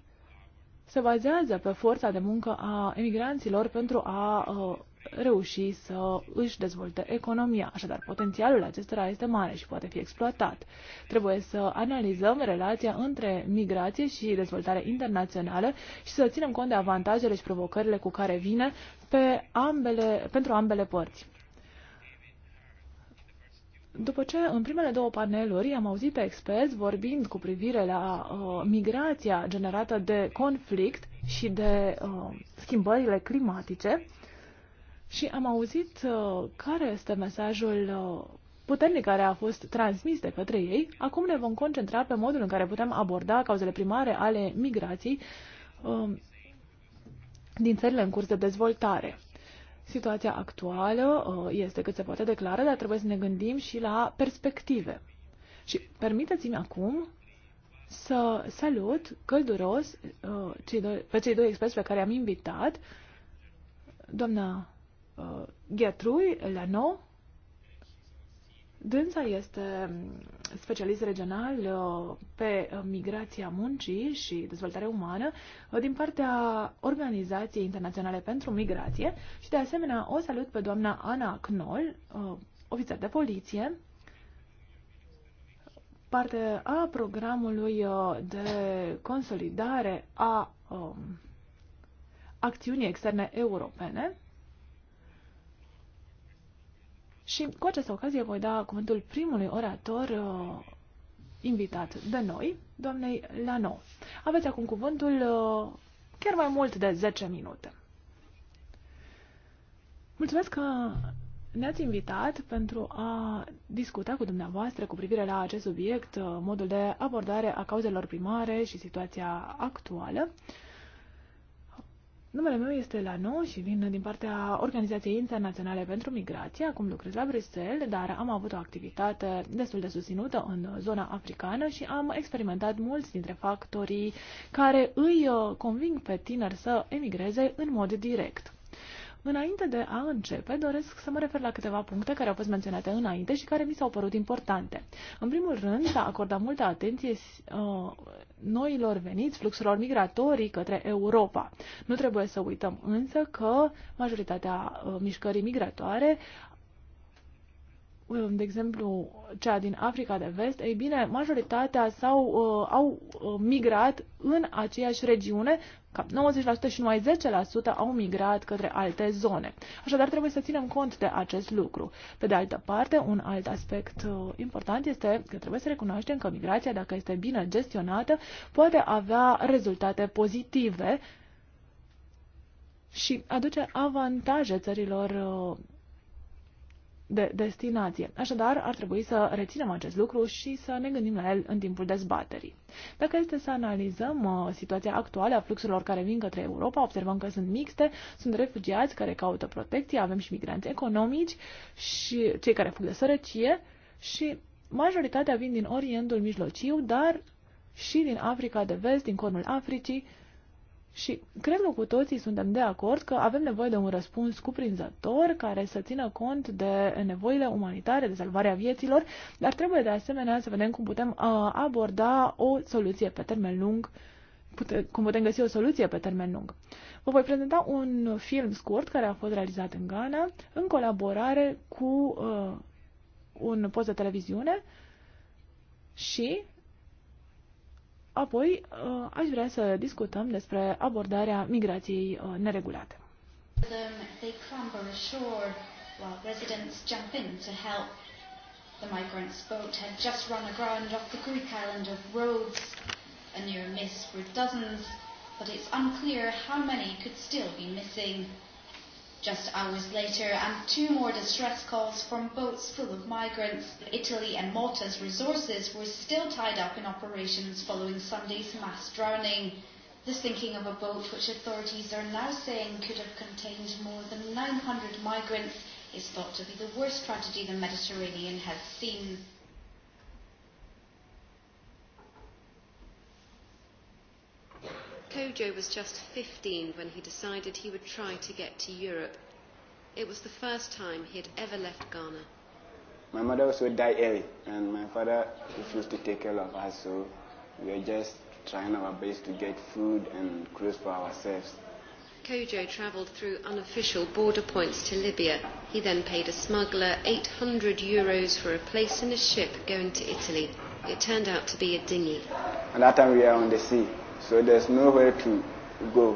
se bazează pe forța de muncă a emigranților pentru a uh, reuși să își dezvolte economia. Așadar, potențialul acestora este mare și poate fi exploatat. Trebuie să analizăm relația între migrație și dezvoltare internațională și să ținem cont de avantajele și provocările cu care vine pe ambele, pentru ambele părți. După ce în primele două paneluri am auzit pe experți vorbind cu privire la uh, migrația generată de conflict și de uh, schimbările climatice, și am auzit uh, care este mesajul uh, puternic care a fost transmis de către ei. Acum ne vom concentra pe modul în care putem aborda cauzele primare ale migrației uh, din țările în curs de dezvoltare. Situația actuală uh, este cât se poate declară, dar trebuie să ne gândim și la perspective. Și permiteți-mi acum să salut călduros uh, cei doi, pe cei doi experți pe care am invitat, doamna uh, Ghetrui, Leno. Dânsa este specialist regional uh, pe uh, migrația muncii și dezvoltare umană uh, din partea Organizației Internaționale pentru Migrație și de asemenea o salut pe doamna Ana Knoll, ofițer de poliție, parte a programului de consolidare a um, acțiunii externe europene și cu această ocazie voi da cuvântul primului orator uh, invitat de noi, doamnei Lano. Aveți acum cuvântul uh, chiar mai mult de 10 minute. Mulțumesc că ne-ați invitat pentru a discuta cu dumneavoastră cu privire la acest subiect, uh, modul de abordare a cauzelor primare și situația actuală. Uh, Numele meu este Lano și vin din partea Organizației Internaționale pentru Migrație. Acum lucrez la Bruxelles, dar am avut o activitate destul de susținută în zona africană și am experimentat mulți dintre factorii care îi uh, conving pe tineri să emigreze în mod direct. Înainte de a începe, doresc să mă refer la câteva puncte care au fost menționate înainte și care mi s-au părut importante. În primul rând, s-a acordat multă atenție uh, noilor veniți, fluxurilor migratorii către Europa. Nu trebuie să uităm însă că majoritatea uh, mișcării migratoare Um, de exemplu, cea din Africa de Vest, ei bine, majoritatea s-au, uh, au uh, migrat în aceeași regiune, cam 90% și numai 10% au migrat către alte zone. Așadar, trebuie să ținem cont de acest lucru. Pe de altă parte, un alt aspect uh, important este că trebuie să recunoaștem că migrația, dacă este bine gestionată, poate avea rezultate pozitive și aduce avantaje țărilor uh, de destinație. Așadar, ar trebui să reținem acest lucru și să ne gândim la el în timpul dezbaterii. Dacă este să analizăm uh, situația actuală a fluxurilor care vin către Europa, observăm că sunt mixte, sunt refugiați care caută protecție, avem și migranți economici și cei care fug de sărăcie și majoritatea vin din Orientul Mijlociu, dar și din Africa de Vest, din Cornul Africii și cred că cu toții suntem de acord că avem nevoie de un răspuns cuprinzător care să țină cont de nevoile umanitare, de salvarea vieților, dar trebuie de asemenea să vedem cum putem uh, aborda o soluție pe termen lung pute, cum putem găsi o soluție pe termen lung. Vă voi prezenta un film scurt care a fost realizat în Ghana în colaborare cu uh, un post de televiziune și Apoi, uh, aș vrea să discutăm despre abordarea migrației uh, neregulate. a near miss for dozens, but it's unclear how many could still be missing just hours later, and two more distress calls from boats full of migrants. Italy and Malta's resources were still tied up in operations following Sunday's mass drowning. The sinking of a boat, which authorities are now saying could have contained more than 900 migrants, is thought to be the worst tragedy the Mediterranean has seen. Kojo was just 15 when he decided he would try to get to Europe. It was the first time he had ever left Ghana. My mother also died early, and my father refused to take care of us, so we were just trying our best to get food and clothes for ourselves. Kojo travelled through unofficial border points to Libya. He then paid a smuggler 800 euros for a place in a ship going to Italy. It turned out to be a dinghy. At that time we were on the sea, So there's nowhere to go.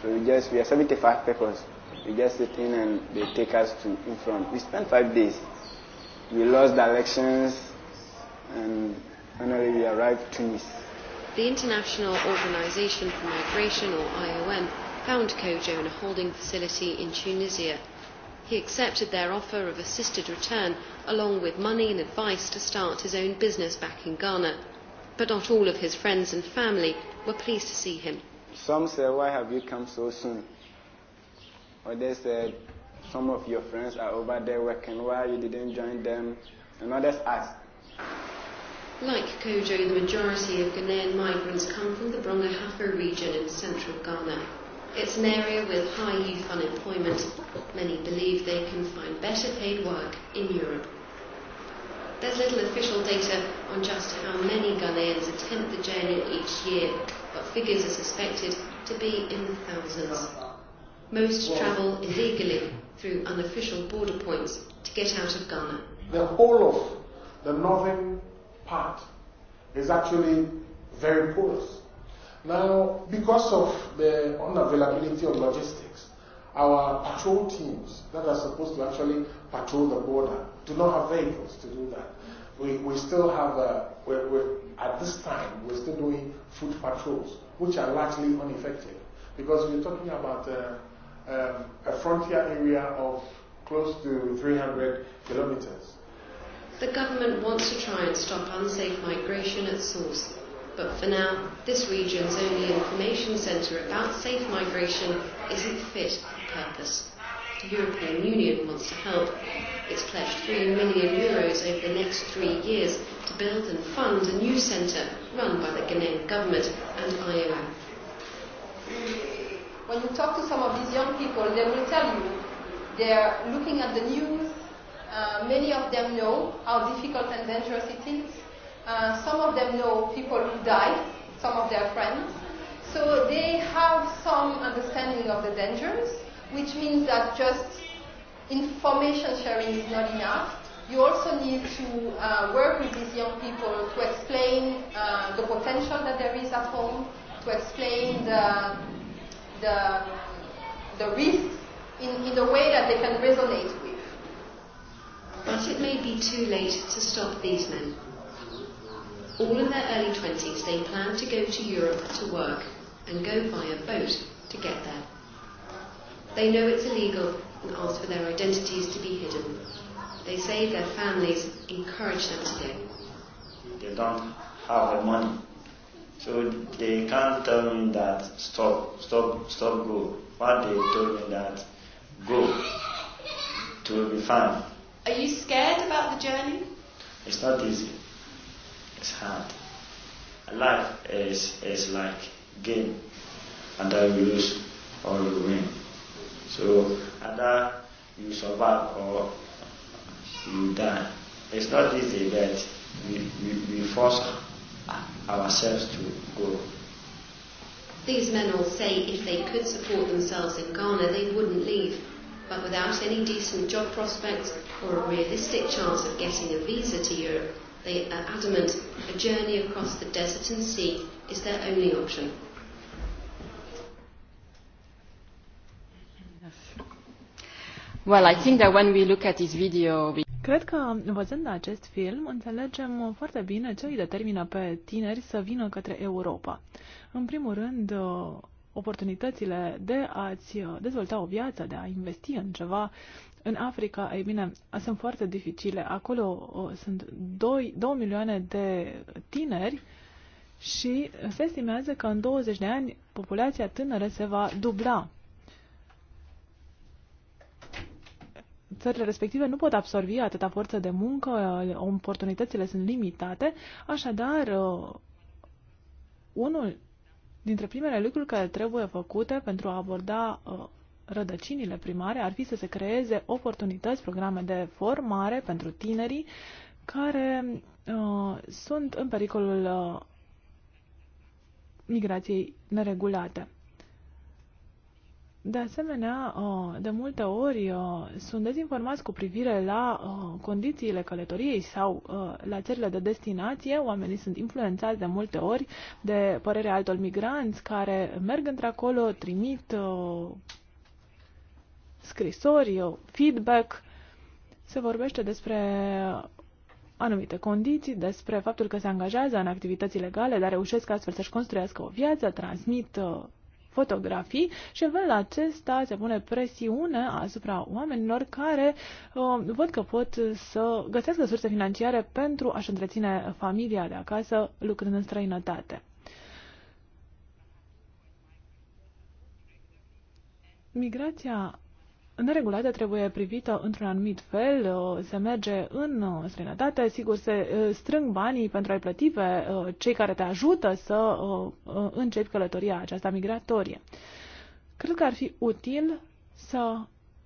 So we just, we are 75 people. We just sit in and they take us to in front. We spent five days. We lost directions and finally we arrived to Tunis. The International Organization for Migration, or IOM, found Kojo in a holding facility in Tunisia. He accepted their offer of assisted return along with money and advice to start his own business back in Ghana but not all of his friends and family were pleased to see him. Some said, Why have you come so soon? Or they said, Some of your friends are over there working, why you didn't join them? And others asked. Like Kojo, the majority of Ghanaian migrants come from the Bronga Hafa region in central Ghana. It's an area with high youth unemployment. Many believe they can find better paid work in Europe. There's little official data on just how many Ghanaians attempt the journey each year, but figures are suspected to be in the thousands. Most travel illegally through unofficial border points to get out of Ghana. The whole of the northern part is actually very porous. Now, because of the unavailability of logistics, our patrol teams that are supposed to actually patrol the border, do not have vehicles to do that. We, we still have, a, uh, we're, we're, at this time, we're still doing foot patrols, which are largely ineffective because we're talking about a, uh, a, um, a frontier area of close to 300 kilometers. The government wants to try and stop unsafe migration at source, but for now, this region's only information center about safe migration isn't fit for purpose the European Union wants to help. It's pledged 3 million euros over the next three years to build and fund a new centre run by the Ghanaian government and IOM. When you talk to some of these young people, they will tell you they are looking at the news. Uh, many of them know how difficult and dangerous it is. Uh, some of them know people who died, some of their friends. So they have some understanding of the dangers which means that just information sharing is not enough. You also need to uh, work with these young people to explain uh, the potential that there is at home, to explain the, the, the risks in, in a way that they can resonate with. But it may be too late to stop these men. All in their early 20s, they plan to go to Europe to work and go by a boat to get there. They know it's illegal and ask for their identities to be hidden. They say their families encourage them to go. They don't have the money. So they can't tell me that stop, stop, stop, go. What they told me that go to be fine. Are you scared about the journey? It's not easy. It's hard. Life is, is like game, and I will lose or win. So either you survive or you die. It's not easy, that we, we, we force ourselves to go. These men all say if they could support themselves in Ghana, they wouldn't leave. But without any decent job prospects or a realistic chance of getting a visa to Europe, they are adamant a journey across the desert and sea is their only option. Well, I think that when we look at this video... We... Cred că, văzând acest film, înțelegem foarte bine ce îi determină pe tineri să vină către Europa. În primul rând, oportunitățile de a-ți dezvolta o viață, de a investi în ceva. În Africa, ei bine, sunt foarte dificile. Acolo uh, sunt 2, 2 milioane de tineri și se estimează că în 20 de ani populația tânără se va dubla. țările respective nu pot absorbi atâta forță de muncă, oportunitățile sunt limitate, așadar uh, unul dintre primele lucruri care trebuie făcute pentru a aborda uh, rădăcinile primare ar fi să se creeze oportunități, programe de formare pentru tinerii care uh, sunt în pericolul uh, migrației neregulate. De asemenea, uh, de multe ori uh, sunt dezinformați cu privire la uh, condițiile călătoriei sau la țările de destinație. Oamenii sunt influențați de multe ori de părerea altor migranți care merg într-acolo, trimit scrisori, feedback. Se vorbește despre anumite condiții, despre faptul că se angajează în activități legale, dar reușesc astfel să-și construiască o viață, transmit fotografii și în felul acesta se pune presiune asupra oamenilor care uh, văd că pot să găsească surse financiare pentru a-și întreține familia de acasă lucrând în străinătate. Migrația neregulată trebuie privită într-un anumit fel, uh, se merge în uh, străinătate, sigur se uh, strâng banii pentru a-i plăti pe cei care te ajută să începi călătoria aceasta migratorie. Cred că ar fi util să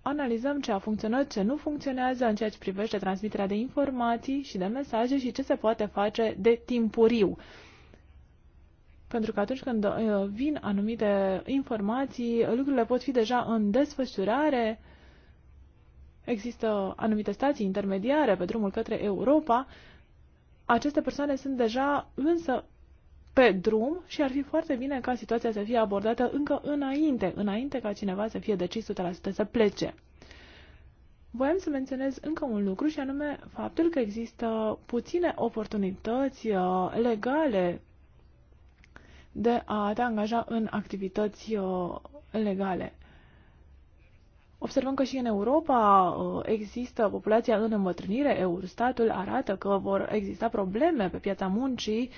analizăm ce a funcționat, ce nu funcționează în ceea ce privește transmiterea de informații și de mesaje și ce se poate face de timpuriu pentru că atunci când uh, vin anumite informații, lucrurile pot fi deja în desfășurare. Există anumite stații intermediare pe drumul către Europa. Aceste persoane sunt deja însă pe drum și ar fi foarte bine ca situația să fie abordată încă înainte, înainte ca cineva să fie decis 100% să plece. Voiam să menționez încă un lucru și anume faptul că există puține oportunități uh, legale de a te angaja în activități uh, legale. Observăm că și în Europa uh, există populația în îmbătrânire. Eurostatul arată că vor exista probleme pe piața muncii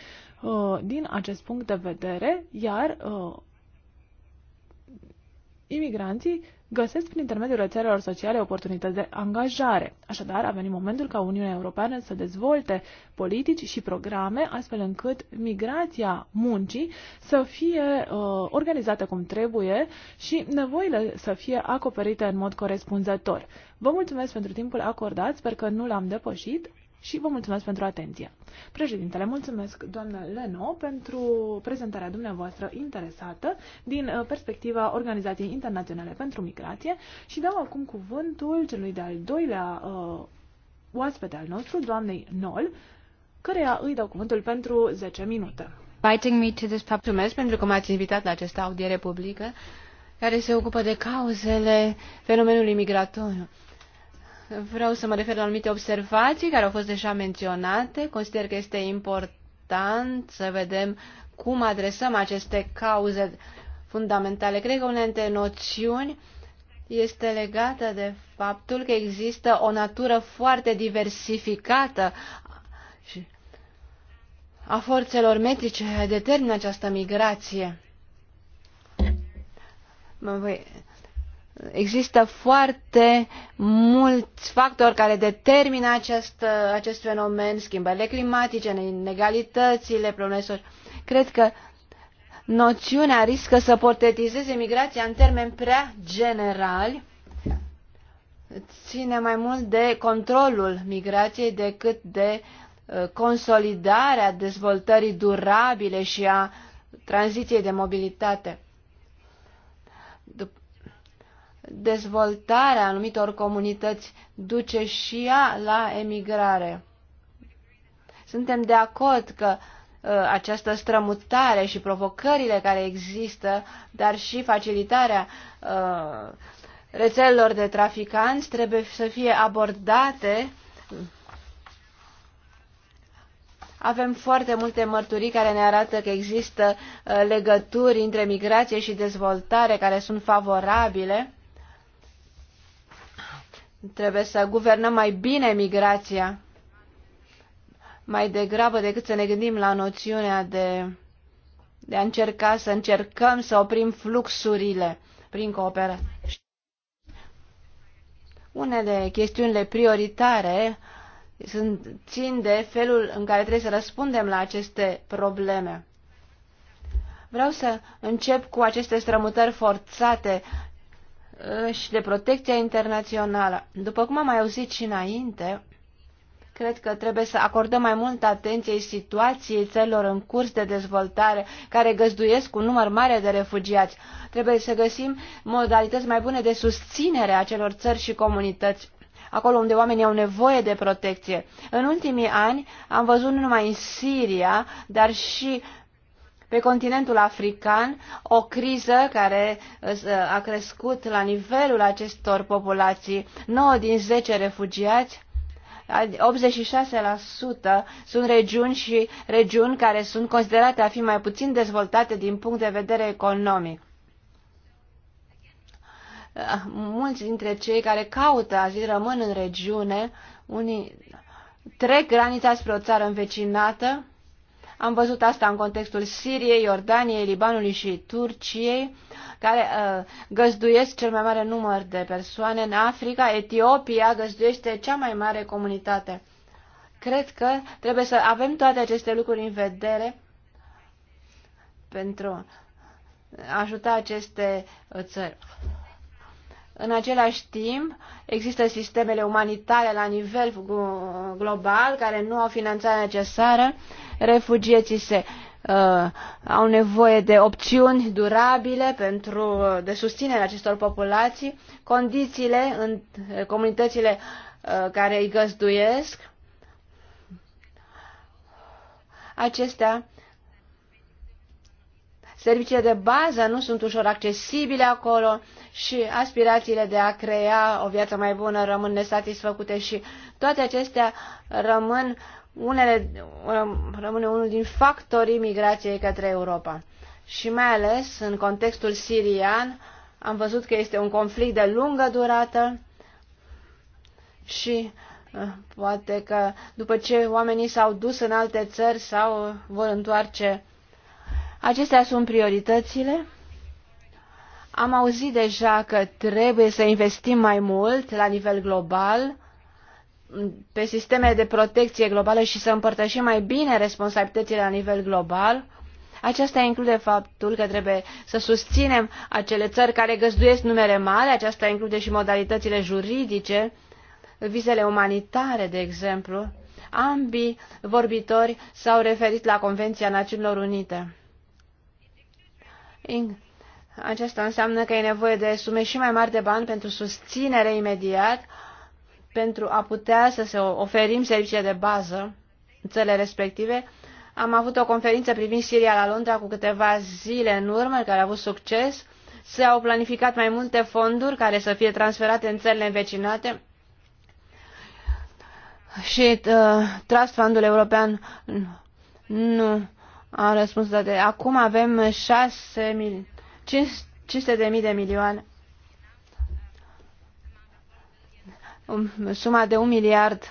uh, din acest punct de vedere, iar imigranții găsesc prin intermediul rețelelor sociale oportunități de angajare. Așadar, a venit momentul ca Uniunea Europeană să dezvolte politici și programe astfel încât migrația muncii să fie uh, organizată cum trebuie și nevoile să fie acoperite în mod corespunzător. Vă mulțumesc pentru timpul acordat, sper că nu l-am depășit și vă mulțumesc pentru atenție. Președintele, mulțumesc doamnă Leno pentru prezentarea dumneavoastră interesată din uh, perspectiva Organizației Internaționale pentru Migrație și dau acum cuvântul celui de-al doilea uh, oaspete al nostru, doamnei Nol, căreia îi dau cuvântul pentru 10 minute. Mulțumesc pentru că m-ați invitat la această audiere publică care se ocupă de cauzele fenomenului migrator vreau să mă refer la anumite observații care au fost deja menționate. Consider că este important să vedem cum adresăm aceste cauze fundamentale. Cred că una dintre noțiuni este legată de faptul că există o natură foarte diversificată a forțelor metrice determină această migrație. Mă voi Există foarte mulți factori care determină acest, acest fenomen, schimbările climatice, inegalitățile, probleme sociale. Cred că noțiunea riscă să portetizeze migrația în termeni prea generali, ține mai mult de controlul migrației decât de uh, consolidarea dezvoltării durabile și a tranziției de mobilitate dezvoltarea anumitor comunități duce și ea la emigrare. Suntem de acord că uh, această strămutare și provocările care există, dar și facilitarea uh, rețelelor de traficanți trebuie să fie abordate. Avem foarte multe mărturii care ne arată că există uh, legături între migrație și dezvoltare care sunt favorabile Trebuie să guvernăm mai bine migrația, mai degrabă decât să ne gândim la noțiunea de, de a încerca să încercăm să oprim fluxurile prin cooperare. Unele chestiunile prioritare sunt, țin de felul în care trebuie să răspundem la aceste probleme. Vreau să încep cu aceste strămutări forțate Uh, și de protecția internațională. După cum am mai auzit și înainte, cred că trebuie să acordăm mai multă atenție situației țărilor în curs de dezvoltare, care găzduiesc un număr mare de refugiați. Trebuie să găsim modalități mai bune de susținere a celor țări și comunități acolo unde oamenii au nevoie de protecție. În ultimii ani am văzut nu numai în Siria, dar și pe continentul african, o criză care uh, a crescut la nivelul acestor populații, 9 din 10 refugiați 86% sunt regiuni și regiuni care sunt considerate a fi mai puțin dezvoltate din punct de vedere economic. Uh, mulți dintre cei care caută azil rămân în regiune, unii trec granița spre o țară învecinată, am văzut asta în contextul Siriei, Iordaniei, Libanului și Turciei, care uh, găzduiesc cel mai mare număr de persoane în Africa. Etiopia găzduiește cea mai mare comunitate. Cred că trebuie să avem toate aceste lucruri în vedere pentru a ajuta aceste uh, țări. În același timp, există sistemele umanitare la nivel global care nu au finanțarea necesară. Refugieții se uh, au nevoie de opțiuni durabile pentru uh, de susținere acestor populații, condițiile în uh, comunitățile uh, care îi găzduiesc. Acestea serviciile de bază nu sunt ușor accesibile acolo și aspirațiile de a crea o viață mai bună rămân nesatisfăcute și toate acestea rămân unele, rămâne unul din factorii migrației către Europa. Și mai ales în contextul sirian am văzut că este un conflict de lungă durată și uh, poate că după ce oamenii s-au dus în alte țări sau vor întoarce Acestea sunt prioritățile. Am auzit deja că trebuie să investim mai mult la nivel global pe sisteme de protecție globală și să împărtășim mai bine responsabilitățile la nivel global. Aceasta include faptul că trebuie să susținem acele țări care găzduiesc numere mari, aceasta include și modalitățile juridice, vizele umanitare, de exemplu. Ambii vorbitori s-au referit la Convenția Națiunilor Unite. Aceasta înseamnă că e nevoie de sume și mai mari de bani pentru susținere imediat, pentru a putea să se oferim servicii de bază în țările respective. Am avut o conferință privind Siria la Londra cu câteva zile în urmă, care a avut succes. S-au planificat mai multe fonduri care să fie transferate în țările învecinate și uh, Trust Fundul European nu am răspuns de acum avem 6 mil, 500 de mii de milioane. Um, suma de un miliard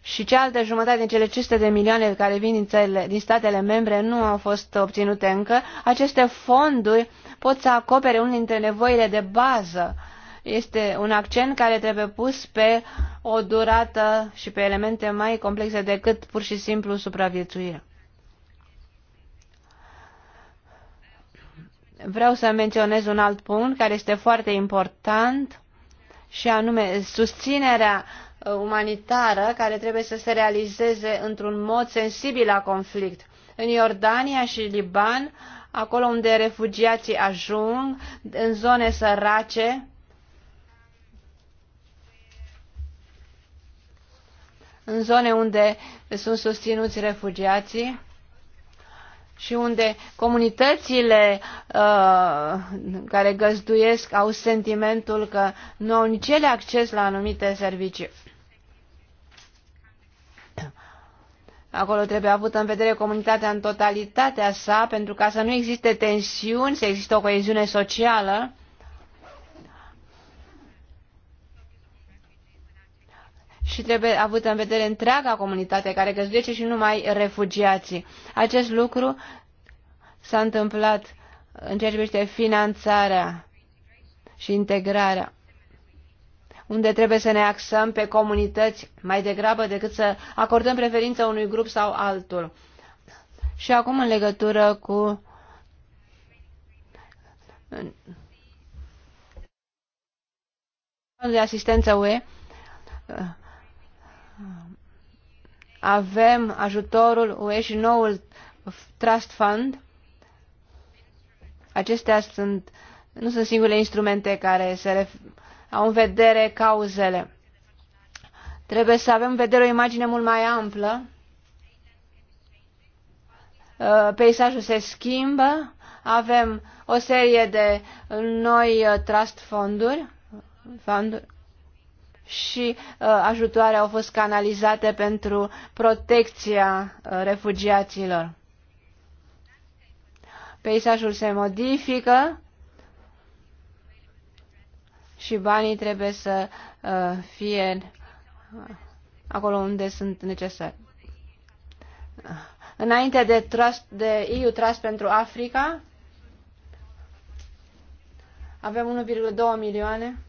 și cealaltă jumătate din cele 500 de milioane care vin din, țările, din statele membre nu au fost obținute încă. Aceste fonduri pot să acopere unul dintre nevoile de bază. Este un accent care trebuie pus pe o durată și pe elemente mai complexe decât pur și simplu supraviețuire. Vreau să menționez un alt punct care este foarte important și anume susținerea uh, umanitară care trebuie să se realizeze într-un mod sensibil la conflict. În Iordania și Liban, acolo unde refugiații ajung, în zone sărace, în zone unde sunt susținuți refugiații, și unde comunitățile uh, care găzduiesc au sentimentul că nu au nici ele acces la anumite servicii. Acolo trebuie avut în vedere comunitatea în totalitatea sa, pentru ca să nu existe tensiuni, să existe o coeziune socială. Uh, și trebuie avută în vedere întreaga comunitate care găzduiește și numai refugiații. Acest lucru s-a întâmplat în ceea ce privește finanțarea și integrarea unde trebuie să ne axăm pe comunități mai degrabă decât să acordăm preferință unui grup sau altul. Și acum în legătură cu de asistență UE, avem ajutorul UE și noul Trust Fund. Acestea sunt, nu sunt singurele instrumente care se ref, au în vedere cauzele. Trebuie să avem în vedere o imagine mult mai amplă. Uh, peisajul se schimbă, avem o serie de noi uh, trust fonduri, și uh, ajutoare au fost canalizate pentru protecția uh, refugiaților. Peisajul se modifică și banii trebuie să uh, fie uh, acolo unde sunt necesari. Înainte de, trust, de EU Trust pentru Africa, avem 1,2 milioane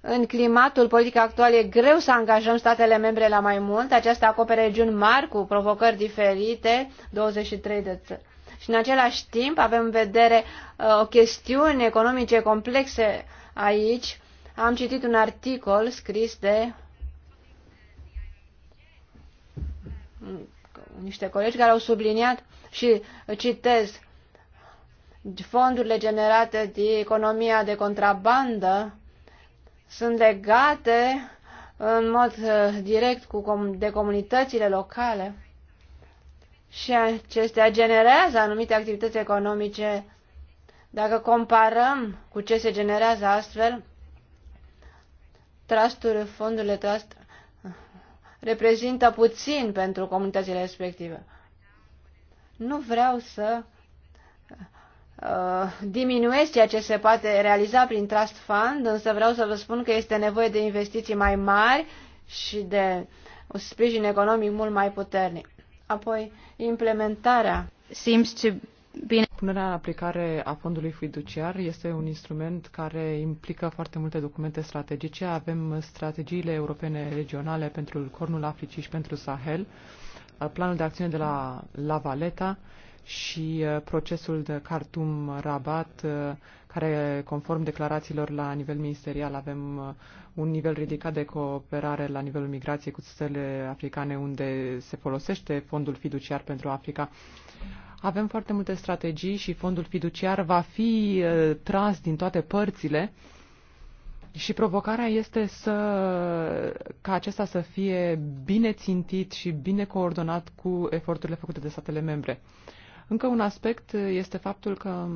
în climatul politic actual e greu să angajăm statele membre la mai mult. Aceasta acoperă regiuni mari cu provocări diferite, 23 de țări. Și în același timp avem în vedere uh, o chestiune economice complexe aici. Am citit un articol scris de niște colegi care au subliniat și citez fondurile generate de economia de contrabandă sunt legate în mod uh, direct cu, de comunitățile locale și acestea generează anumite activități economice. Dacă comparăm cu ce se generează astfel, trusturi, fondurile trust reprezintă puțin pentru comunitățile respective. Nu vreau să Uh, diminuez ceea ce se poate realiza prin trust fund, însă vreau să vă spun că este nevoie de investiții mai mari și de un sprijin economic mult mai puternic. Apoi, implementarea. Seems to be... Punerea în aplicare a fondului fiduciar este un instrument care implică foarte multe documente strategice. Avem strategiile europene regionale pentru Cornul Africii și pentru Sahel, uh, planul de acțiune de la La Valeta, și uh, procesul de Khartoum Rabat, uh, care, conform declarațiilor la nivel ministerial, avem uh, un nivel ridicat de cooperare la nivelul migrației cu țările africane, unde se folosește fondul fiduciar pentru Africa. Avem foarte multe strategii și fondul fiduciar va fi tras din toate părțile. Și provocarea este să, ca acesta să fie bine țintit și bine coordonat cu eforturile făcute de statele membre. Uh, încă un aspect este faptul că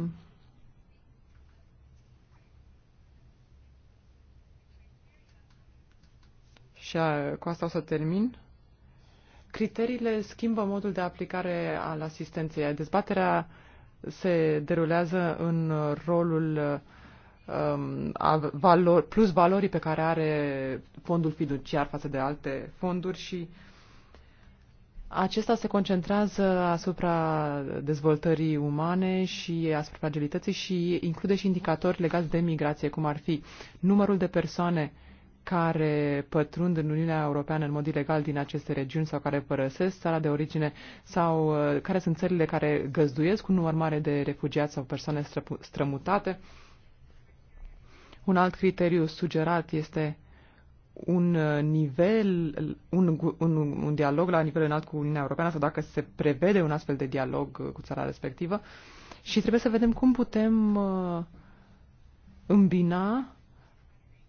și cu asta o să termin. Criteriile schimbă modul de aplicare al asistenței. Dezbaterea se derulează în rolul um, a valor, plus valorii pe care are fondul fiduciar față de alte fonduri și uh, acesta se concentrează asupra dezvoltării umane și asupra fragilității și include și indicatori legați de migrație, cum ar fi numărul de persoane care pătrund în Uniunea Europeană în mod ilegal din aceste regiuni sau care părăsesc țara de origine sau uh, care sunt țările care găzduiesc un număr mare de refugiați sau persoane strămutate. Un alt criteriu sugerat este un uh, nivel, un, un, un dialog la nivel înalt cu Uniunea Europeană sau dacă se prevede un astfel de dialog uh, cu țara respectivă și trebuie să vedem cum putem uh, îmbina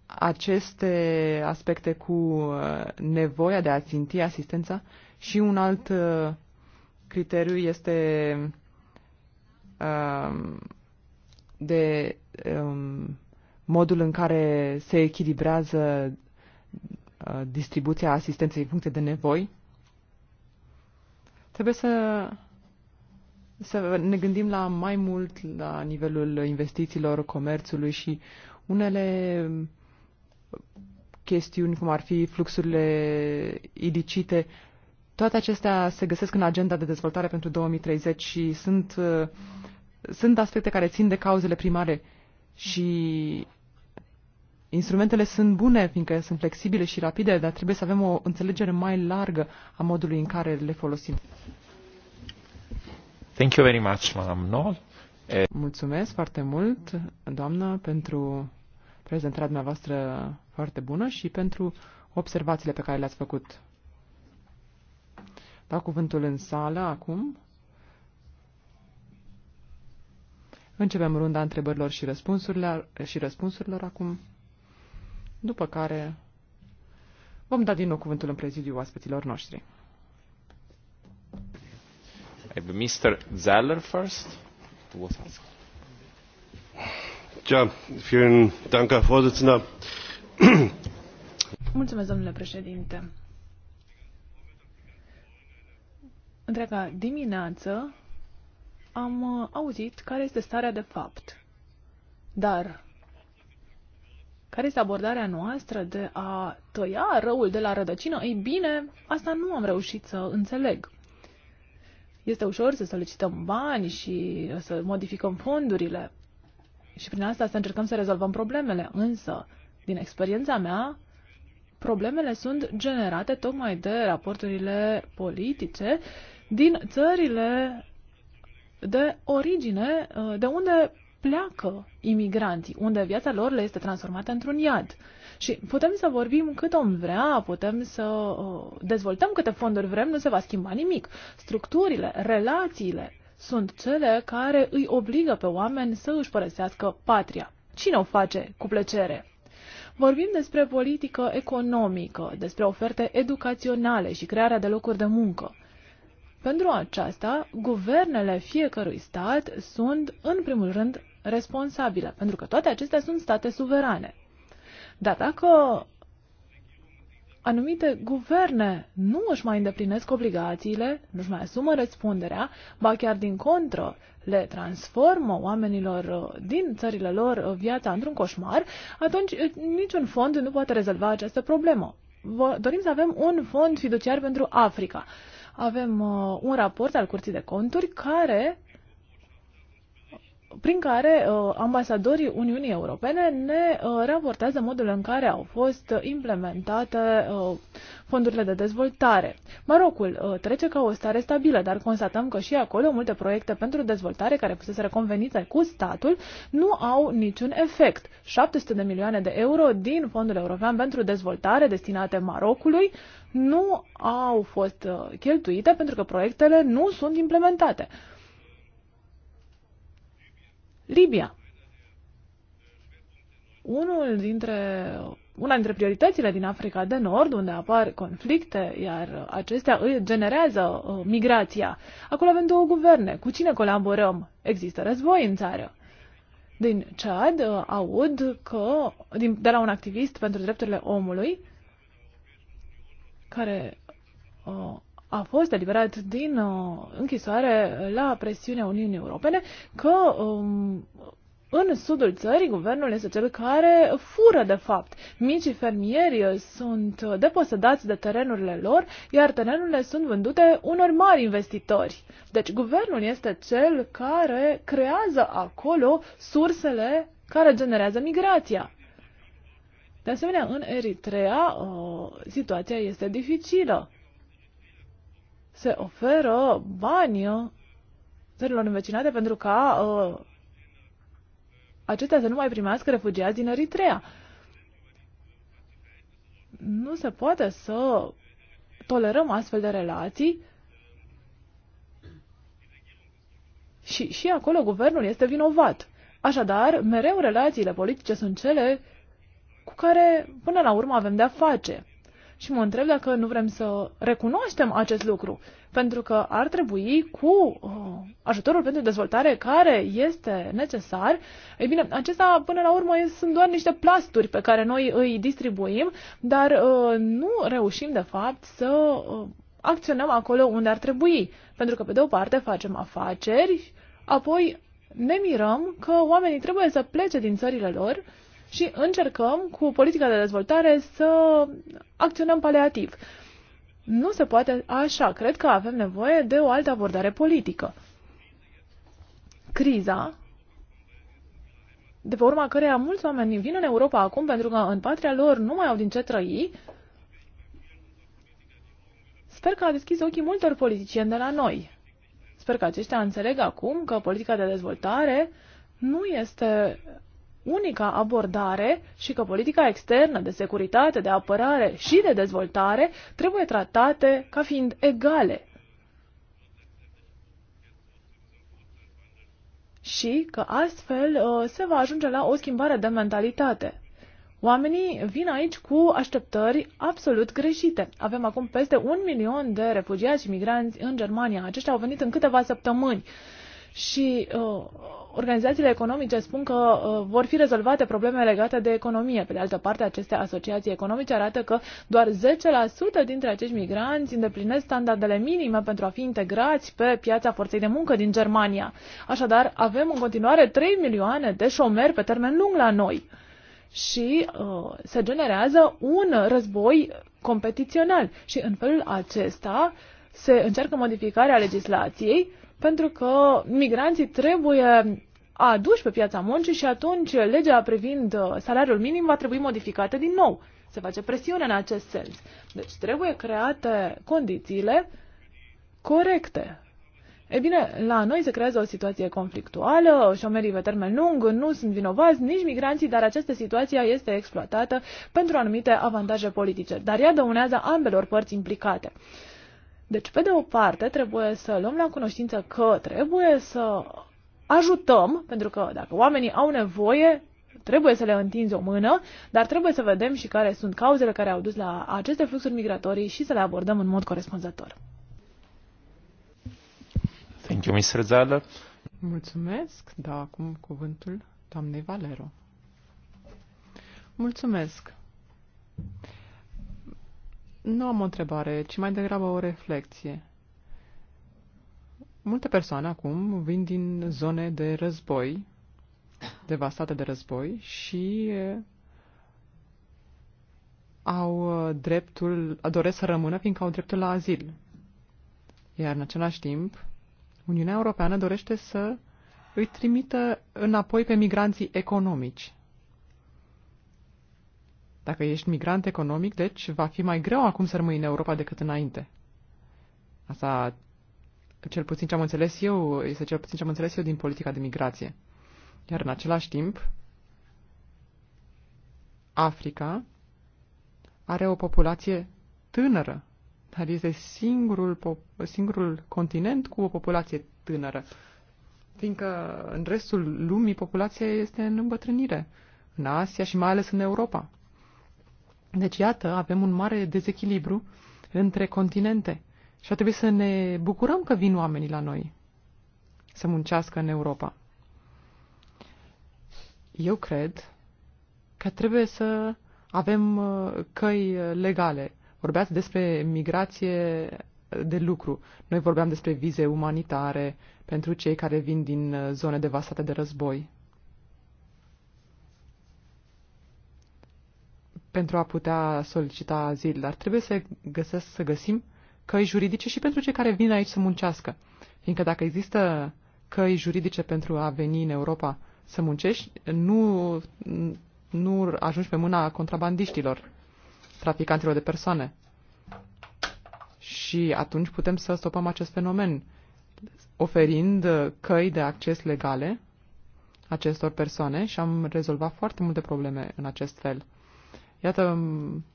aceste aspecte cu nevoia de a ținti asistența și un alt criteriu este um, de um, modul în care se echilibrează Uh, distribuția asistenței în funcție de nevoi, trebuie să, să ne gândim la mai mult la nivelul investițiilor, comerțului și unele chestiuni, cum ar fi fluxurile ilicite, toate acestea se găsesc în agenda de dezvoltare pentru 2030 și sunt, uh, sunt aspecte care țin de cauzele primare și Instrumentele sunt bune, fiindcă sunt flexibile și rapide, dar trebuie să avem o înțelegere mai largă a modului în care le folosim. Thank you very much, Madam Noll. Mulțumesc foarte mult, doamnă, pentru prezentarea dumneavoastră foarte bună și pentru observațiile pe care le-ați făcut. Dau cuvântul în sală acum. Începem runda întrebărilor și răspunsurilor, și răspunsurilor acum după care vom da din nou cuvântul în prezidiu oaspeților noștri. Mr. Zeller first. Tja, vielen Dank, Herr Vorsitzender. Mulțumesc, domnule președinte. Întreaga dimineață am uh, auzit care este starea de fapt. Dar care este abordarea noastră de a tăia răul de la rădăcină? Ei bine, asta nu am reușit să înțeleg. Este ușor să solicităm bani și să modificăm fondurile și prin asta să încercăm să rezolvăm problemele, însă, din experiența mea, problemele sunt generate tocmai de raporturile politice din țările de origine, uh, de unde pleacă imigranții, unde viața lor le este transformată într-un iad. Și putem să vorbim cât om vrea, putem să uh, dezvoltăm câte fonduri vrem, nu se va schimba nimic. Structurile, relațiile sunt cele care îi obligă pe oameni să își părăsească patria. Cine o face cu plăcere? Vorbim despre politică economică, despre oferte educaționale și crearea de locuri de muncă. Pentru aceasta, guvernele fiecărui stat sunt, în primul rând, responsabile, pentru că toate acestea sunt state suverane. Dar dacă anumite guverne nu își mai îndeplinesc obligațiile, nu își mai asumă răspunderea, ba chiar din contră, le transformă oamenilor uh, din țările lor uh, viața într-un coșmar, atunci uh, niciun fond nu poate rezolva această problemă. Dorim să avem un fond fiduciar pentru Africa. Avem un raport al Curții de Conturi care prin care uh, ambasadorii Uniunii Europene ne uh, raportează modul în care au fost implementate uh, fondurile de dezvoltare. Marocul uh, trece ca o stare stabilă, dar constatăm că și acolo multe proiecte pentru dezvoltare care să convenite cu statul nu au niciun efect. 700 de milioane de euro din Fondul European pentru Dezvoltare destinate Marocului nu au fost uh, cheltuite pentru că proiectele nu sunt implementate. Libia. Unul dintre, una dintre prioritățile din Africa de Nord, unde apar conflicte, iar acestea îi generează uh, migrația. Acolo avem două guverne. Cu cine colaborăm? Există război în țară. Din Chad uh, aud că, din, de la un activist pentru drepturile omului, care uh, a fost eliberat din uh, închisoare la presiunea Uniunii Europene că um, în sudul țării, guvernul este cel care fură, de fapt. Micii fermieri sunt deposedați de terenurile lor, iar terenurile sunt vândute unor mari investitori. Deci, guvernul este cel care creează acolo sursele care generează migrația. De asemenea, în Eritrea, uh, situația este dificilă se oferă bani țărilor învecinate pentru ca uh, acestea să nu mai primească refugiați din Eritrea. Nu se poate să tolerăm astfel de relații și, și acolo guvernul este vinovat. Așadar, mereu relațiile politice sunt cele cu care până la urmă avem de-a face. Și mă întreb dacă nu vrem să recunoaștem acest lucru, pentru că ar trebui cu uh, ajutorul pentru dezvoltare care este necesar, ei bine, acesta până la urmă sunt doar niște plasturi pe care noi îi distribuim, dar uh, nu reușim de fapt să uh, acționăm acolo unde ar trebui, pentru că pe de o parte facem afaceri, apoi ne mirăm că oamenii trebuie să plece din țările lor și încercăm cu politica de dezvoltare să acționăm paliativ. Nu se poate așa. Cred că avem nevoie de o altă abordare politică. Criza, de pe urma căreia mulți oameni vin în Europa acum pentru că în patria lor nu mai au din ce trăi, sper că a deschis ochii multor politicieni de la noi. Sper că aceștia înțeleg acum că politica de dezvoltare nu este unica abordare și că politica externă de securitate, de apărare și de dezvoltare trebuie tratate ca fiind egale. Și că astfel uh, se va ajunge la o schimbare de mentalitate. Oamenii vin aici cu așteptări absolut greșite. Avem acum peste un milion de refugiați și migranți în Germania. Aceștia au venit în câteva săptămâni și uh, organizațiile economice spun că uh, vor fi rezolvate probleme legate de economie. Pe de altă parte, aceste asociații economice arată că doar 10% dintre acești migranți îndeplinesc standardele minime pentru a fi integrați pe piața forței de muncă din Germania. Așadar, avem în continuare 3 milioane de șomeri pe termen lung la noi și uh, se generează un război competițional și în felul acesta se încearcă modificarea legislației pentru că migranții trebuie aduși pe piața muncii și atunci legea privind uh, salariul minim va trebui modificată din nou. Se face presiune în acest sens. Deci trebuie create condițiile corecte. E bine, la noi se creează o situație conflictuală, șomerii pe termen lung nu sunt vinovați, nici migranții, dar această situație este exploatată pentru anumite avantaje politice, dar ea dăunează ambelor părți implicate. Deci, pe de o parte, trebuie să luăm la cunoștință că trebuie să ajutăm, pentru că dacă oamenii au nevoie, trebuie să le întinzi o mână, dar trebuie să vedem și care sunt cauzele care au dus la aceste fluxuri migratorii și să le abordăm în mod corespunzător. Thank you, Mr. Zală. Mulțumesc. Da, acum cuvântul doamnei Valero. Mulțumesc. Nu am o întrebare, ci mai degrabă o reflexie. Multe persoane acum vin din zone de război, devastate de război, și eh, au eh, dreptul, doresc să rămână fiindcă au dreptul la azil. Iar în același timp, Uniunea Europeană dorește să îi trimită înapoi pe migranții economici. Dacă ești migrant economic, deci va fi mai greu acum să rămâi în Europa decât înainte. Asta, cel puțin ce am înțeles eu, este cel puțin ce am înțeles eu din politica de migrație. Iar în același timp, Africa are o populație tânără, dar este singurul, singurul continent cu o populație tânără, fiindcă în restul lumii populația este în îmbătrânire, în Asia și mai ales în Europa. Deci, iată, avem un mare dezechilibru între continente și ar trebui să ne bucurăm că vin oamenii la noi să muncească în Europa. Eu cred că trebuie să avem uh, căi uh, legale. Vorbeați despre migrație de lucru. Noi vorbeam despre vize umanitare pentru cei care vin din uh, zone devastate de război. pentru a putea solicita azil, dar trebuie să, găsesc, să găsim căi juridice și pentru cei care vin aici să muncească. Fiindcă dacă există căi juridice pentru a veni în Europa să muncești, nu, nu ajungi pe mâna contrabandiștilor, traficanților de persoane. Și atunci putem să stopăm acest fenomen, oferind căi de acces legale acestor persoane și am rezolvat foarte multe probleme în acest fel. Iată, um,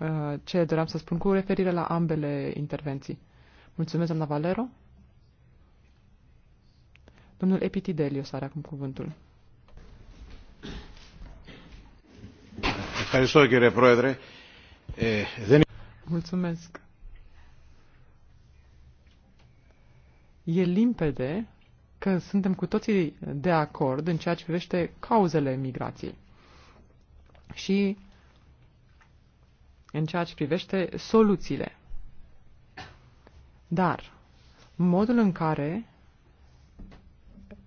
uh, ce doream să spun cu referire la ambele intervenții. Mulțumesc, doamna Valero. Domnul Epitidelios are acum cuvântul. Mulțumesc. E limpede că suntem cu toții de acord în ceea ce privește cauzele migrației și în ceea ce privește soluțiile. Dar modul în care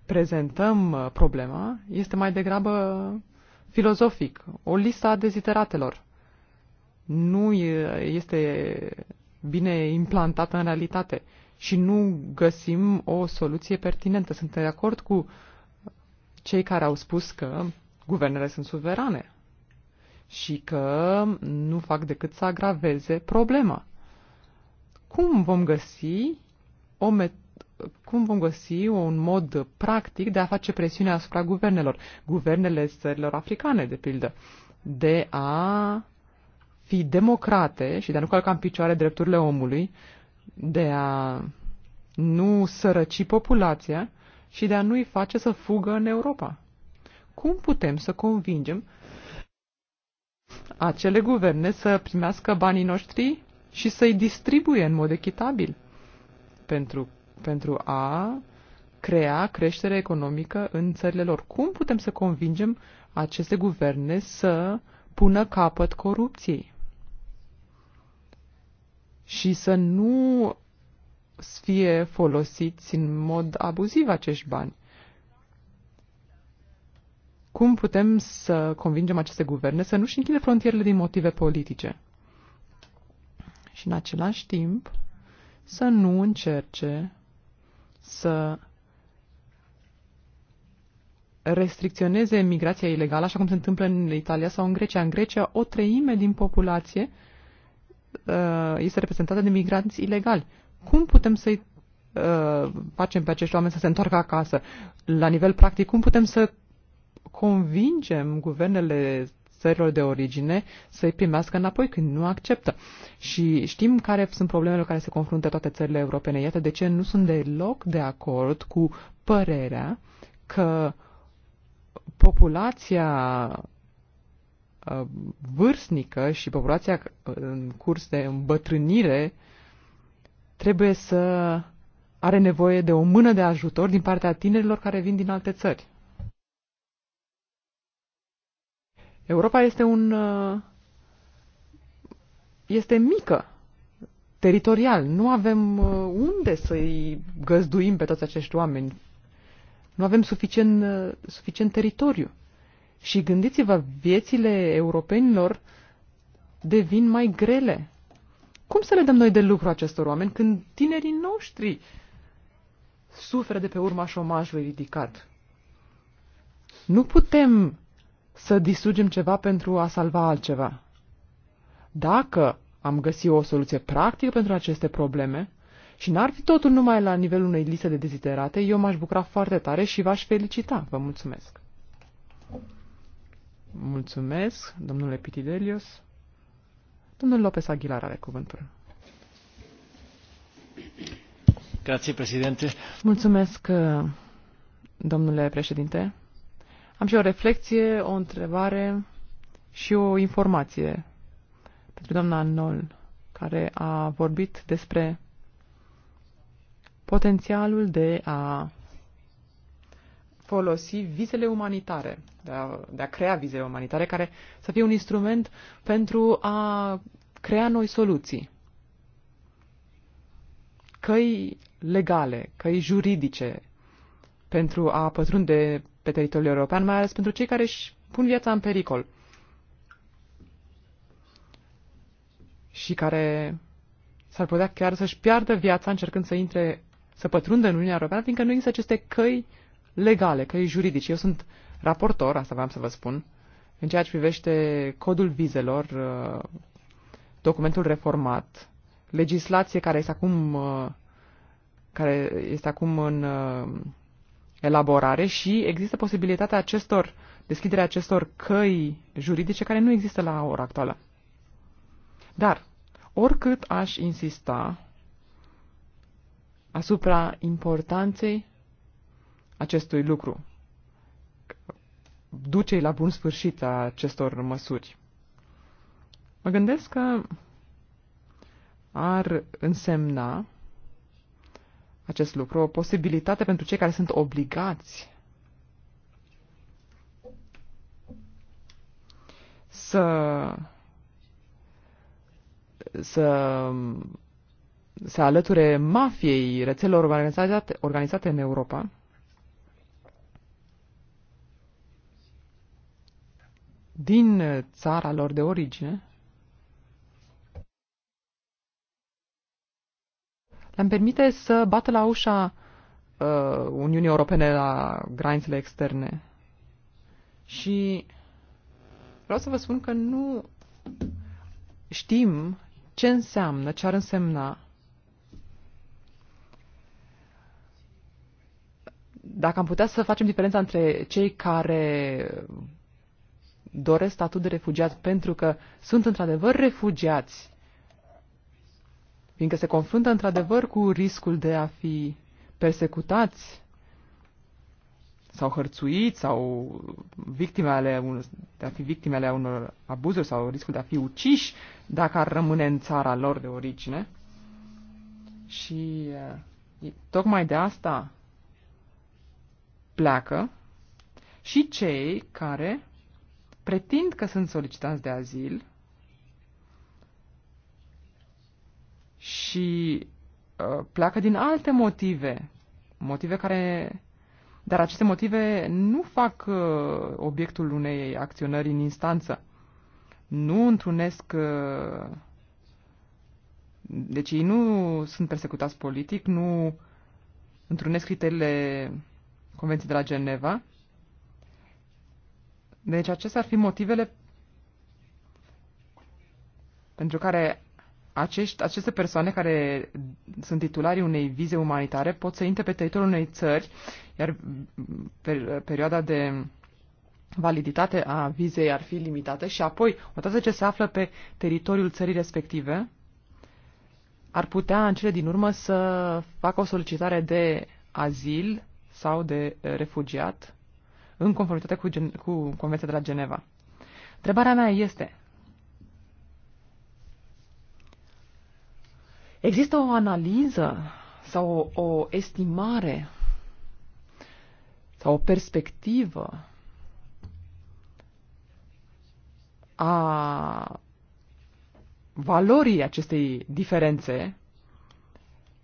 prezentăm uh, problema este mai degrabă filozofic, o listă a deziteratelor. Nu este bine implantată în realitate și nu găsim o soluție pertinentă. Sunt de acord cu cei care au spus că guvernele sunt suverane și că nu fac decât să agraveze problema. Cum vom găsi o met- cum vom găsi un mod practic de a face presiune asupra guvernelor, guvernele țărilor africane, de pildă, de a fi democrate și de a nu călca în picioare drepturile omului, de a nu sărăci populația și de a nu-i face să fugă în Europa. Cum putem să convingem acele guverne să primească banii noștri și să-i distribuie în mod echitabil pentru, pentru a crea creștere economică în țările lor. Cum putem să convingem aceste guverne să pună capăt corupției? și să nu fie folosiți în mod abuziv acești bani. Cum putem să convingem aceste guverne să nu-și închide frontierele din motive politice? Și în același timp să nu încerce să restricționeze migrația ilegală, așa cum se întâmplă în Italia sau în Grecia. În Grecia, o treime din populație uh, Uh, este reprezentată de migranți ilegali. Cum putem să-i uh, facem pe acești oameni să se întoarcă acasă? La nivel practic, cum putem să convingem guvernele țărilor de origine să-i primească înapoi când nu acceptă. Și știm care sunt problemele care se confruntă toate țările europene. Iată de ce nu sunt deloc de acord cu părerea că populația Uh, vârstnică și populația uh, în curs de îmbătrânire trebuie să are nevoie de o mână de ajutor din partea tinerilor care vin din alte țări. Europa este un. Uh, este mică teritorial. Nu avem unde să-i găzduim pe toți acești oameni. Nu avem suficient, suficient teritoriu. Și gândiți-vă, viețile europenilor devin mai grele. Cum să le dăm noi de lucru acestor oameni când tinerii noștri suferă de pe urma șomajului ridicat? Nu putem să distrugem ceva pentru a salva altceva. Dacă am găsit o soluție practică pentru aceste probleme și n-ar fi totul numai la nivelul unei liste de deziterate, eu m-aș bucura foarte tare și v-aș felicita. Vă mulțumesc! Mulțumesc, domnule Pitidelios. Domnul Lopez Aguilar are cuvântul. Grazie, președinte. Mulțumesc, domnule președinte. Am și o reflexie, o întrebare și o informație pentru doamna Nol, care a vorbit despre potențialul de a folosi vizele umanitare, de a, de a crea vizele umanitare, care să fie un instrument pentru a crea noi soluții. Căi legale, căi juridice pentru a pătrunde pe teritoriul european, mai ales pentru cei care își pun viața în pericol și care s-ar putea chiar să-și piardă viața încercând să intre, să pătrundă în Uniunea Europeană, fiindcă nu există aceste căi uh, legale, căi juridice. Eu sunt raportor, asta vreau să vă spun, în ceea ce privește codul vizelor, uh, documentul reformat, legislație care este acum, uh, care este acum în uh, elaborare și există posibilitatea acestor, deschiderea acestor căi juridice care nu există la ora actuală. Dar, oricât aș insista asupra importanței acestui lucru, ducei la bun sfârșit a acestor măsuri. Mă gândesc că ar însemna acest lucru o posibilitate pentru cei care sunt obligați să să se alăture mafiei rețelor organizate, organizate în Europa din uh, țara lor de origine, le-am permite să bată la ușa uh, Uniunii Europene la granițele externe. Și vreau să vă spun că nu știm ce înseamnă, ce ar însemna dacă am putea să facem diferența între cei care doresc statut de refugiat pentru că sunt într-adevăr refugiați, fiindcă se confruntă într-adevăr cu riscul de a fi persecutați sau hărțuiți sau victime ale unor, de a fi victime ale unor abuzuri sau riscul de a fi uciși dacă ar rămâne în țara lor de origine. Și eh, tocmai de asta pleacă și cei care pretind că sunt solicitanți de azil și uh, pleacă din alte motive, motive care dar aceste motive nu fac uh, obiectul unei acționări în instanță. Nu întrunesc. Uh, deci ei nu sunt persecutați politic, nu întrunesc criteriile Convenției de la Geneva deci acestea ar fi motivele pentru care acești, aceste persoane care sunt titularii unei vize umanitare pot să intre pe teritoriul unei țări, iar per, perioada de validitate a vizei ar fi limitată și apoi, odată ce se află pe teritoriul țării respective, ar putea în cele din urmă să facă o solicitare de azil sau de refugiat în conformitate cu, gen, cu Convenția de la Geneva. Întrebarea mea este, există o analiză sau o, o estimare sau o perspectivă a valorii acestei diferențe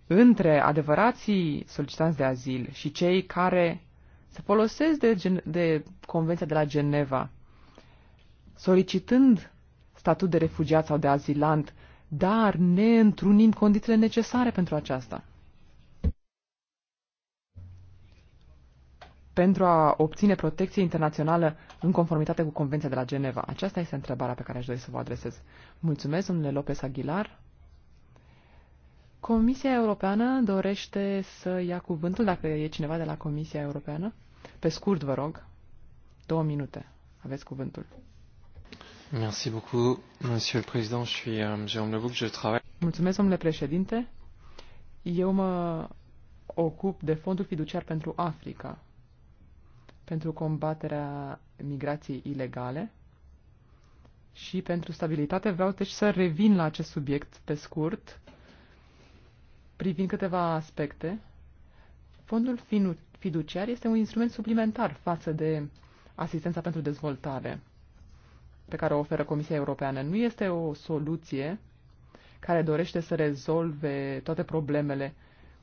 între adevărații solicitanți de azil și cei care se folosesc de, de Convenția de la Geneva, solicitând statut de refugiat sau de azilant, dar ne întrunind condițiile necesare pentru aceasta. Pentru a obține protecție internațională în conformitate cu Convenția de la Geneva? Aceasta este întrebarea pe care aș dori să vă adresez. Mulțumesc, domnule Lopez Aguilar. Comisia Europeană dorește să ia cuvântul, dacă e cineva de la Comisia Europeană. Pe scurt, vă rog, două minute. Aveți cuvântul. Merci beaucoup, Monsieur le Président. Je suis um, Jérôme Lebouc, je travaille. Mulțumesc, domnule președinte. Eu mă ocup de Fondul Fiduciar pentru Africa, pentru combaterea migrației ilegale și pentru stabilitate. Vreau deci să revin la acest subiect pe scurt, privind câteva aspecte Fondul fiduciar este un instrument suplimentar față de asistența pentru dezvoltare pe care o oferă Comisia Europeană. Nu este o soluție care dorește să rezolve toate problemele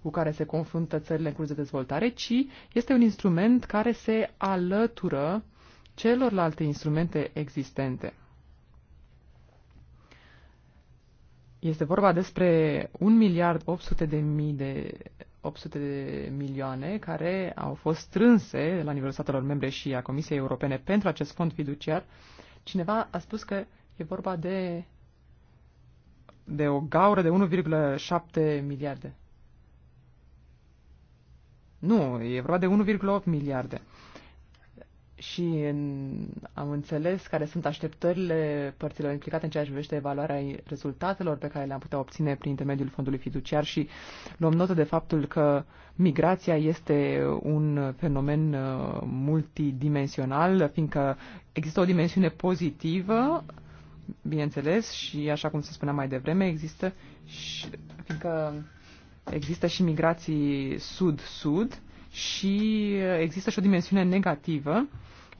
cu care se confruntă țările în curs de dezvoltare, ci este un instrument care se alătură celorlalte instrumente existente. Este vorba despre 1 miliard 800 de mii de 800 de milioane care au fost strânse la nivelul statelor membre și a Comisiei Europene pentru acest fond fiduciar, cineva a spus că e vorba de, de o gaură de 1,7 miliarde. Nu, e vorba de 1,8 miliarde și în, am înțeles care sunt așteptările părților implicate în ceea ce privește evaluarea rezultatelor pe care le-am putea obține prin intermediul fondului fiduciar și luăm notă de faptul că migrația este un fenomen uh, multidimensional, fiindcă există o dimensiune pozitivă, bineînțeles, și așa cum se spunea mai devreme, există și, fiindcă există și migrații sud-sud și există și o dimensiune negativă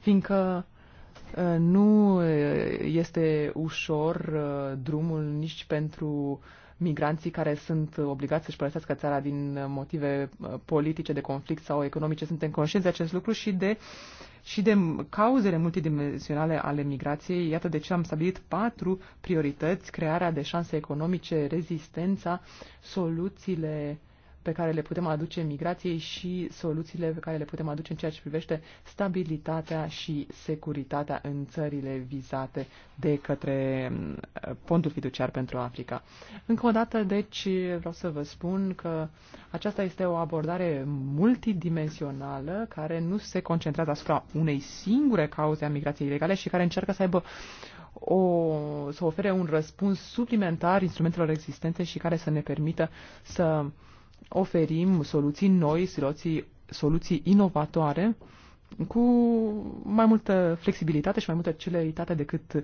fiindcă uh, nu uh, este ușor uh, drumul nici pentru migranții care sunt obligați să-și părăsească țara din motive politice, de conflict sau economice. Suntem conștienți de acest lucru și de, și de cauzele multidimensionale ale migrației. Iată de ce am stabilit patru priorități, crearea de șanse economice, rezistența, soluțiile uh, pe care le putem aduce migrației și soluțiile pe care le putem aduce în ceea ce privește stabilitatea și securitatea în țările vizate de către Pontul mm, Fiduciar pentru Africa. Încă o dată, deci, vreau să vă spun că aceasta este o abordare multidimensională care nu se concentrează asupra unei singure cauze a migrației ilegale și care încearcă să aibă o, să ofere un răspuns suplimentar instrumentelor existente și care să ne permită să uh, oferim soluții noi, soluții, soluții inovatoare cu mai multă flexibilitate și mai multă celeritate decât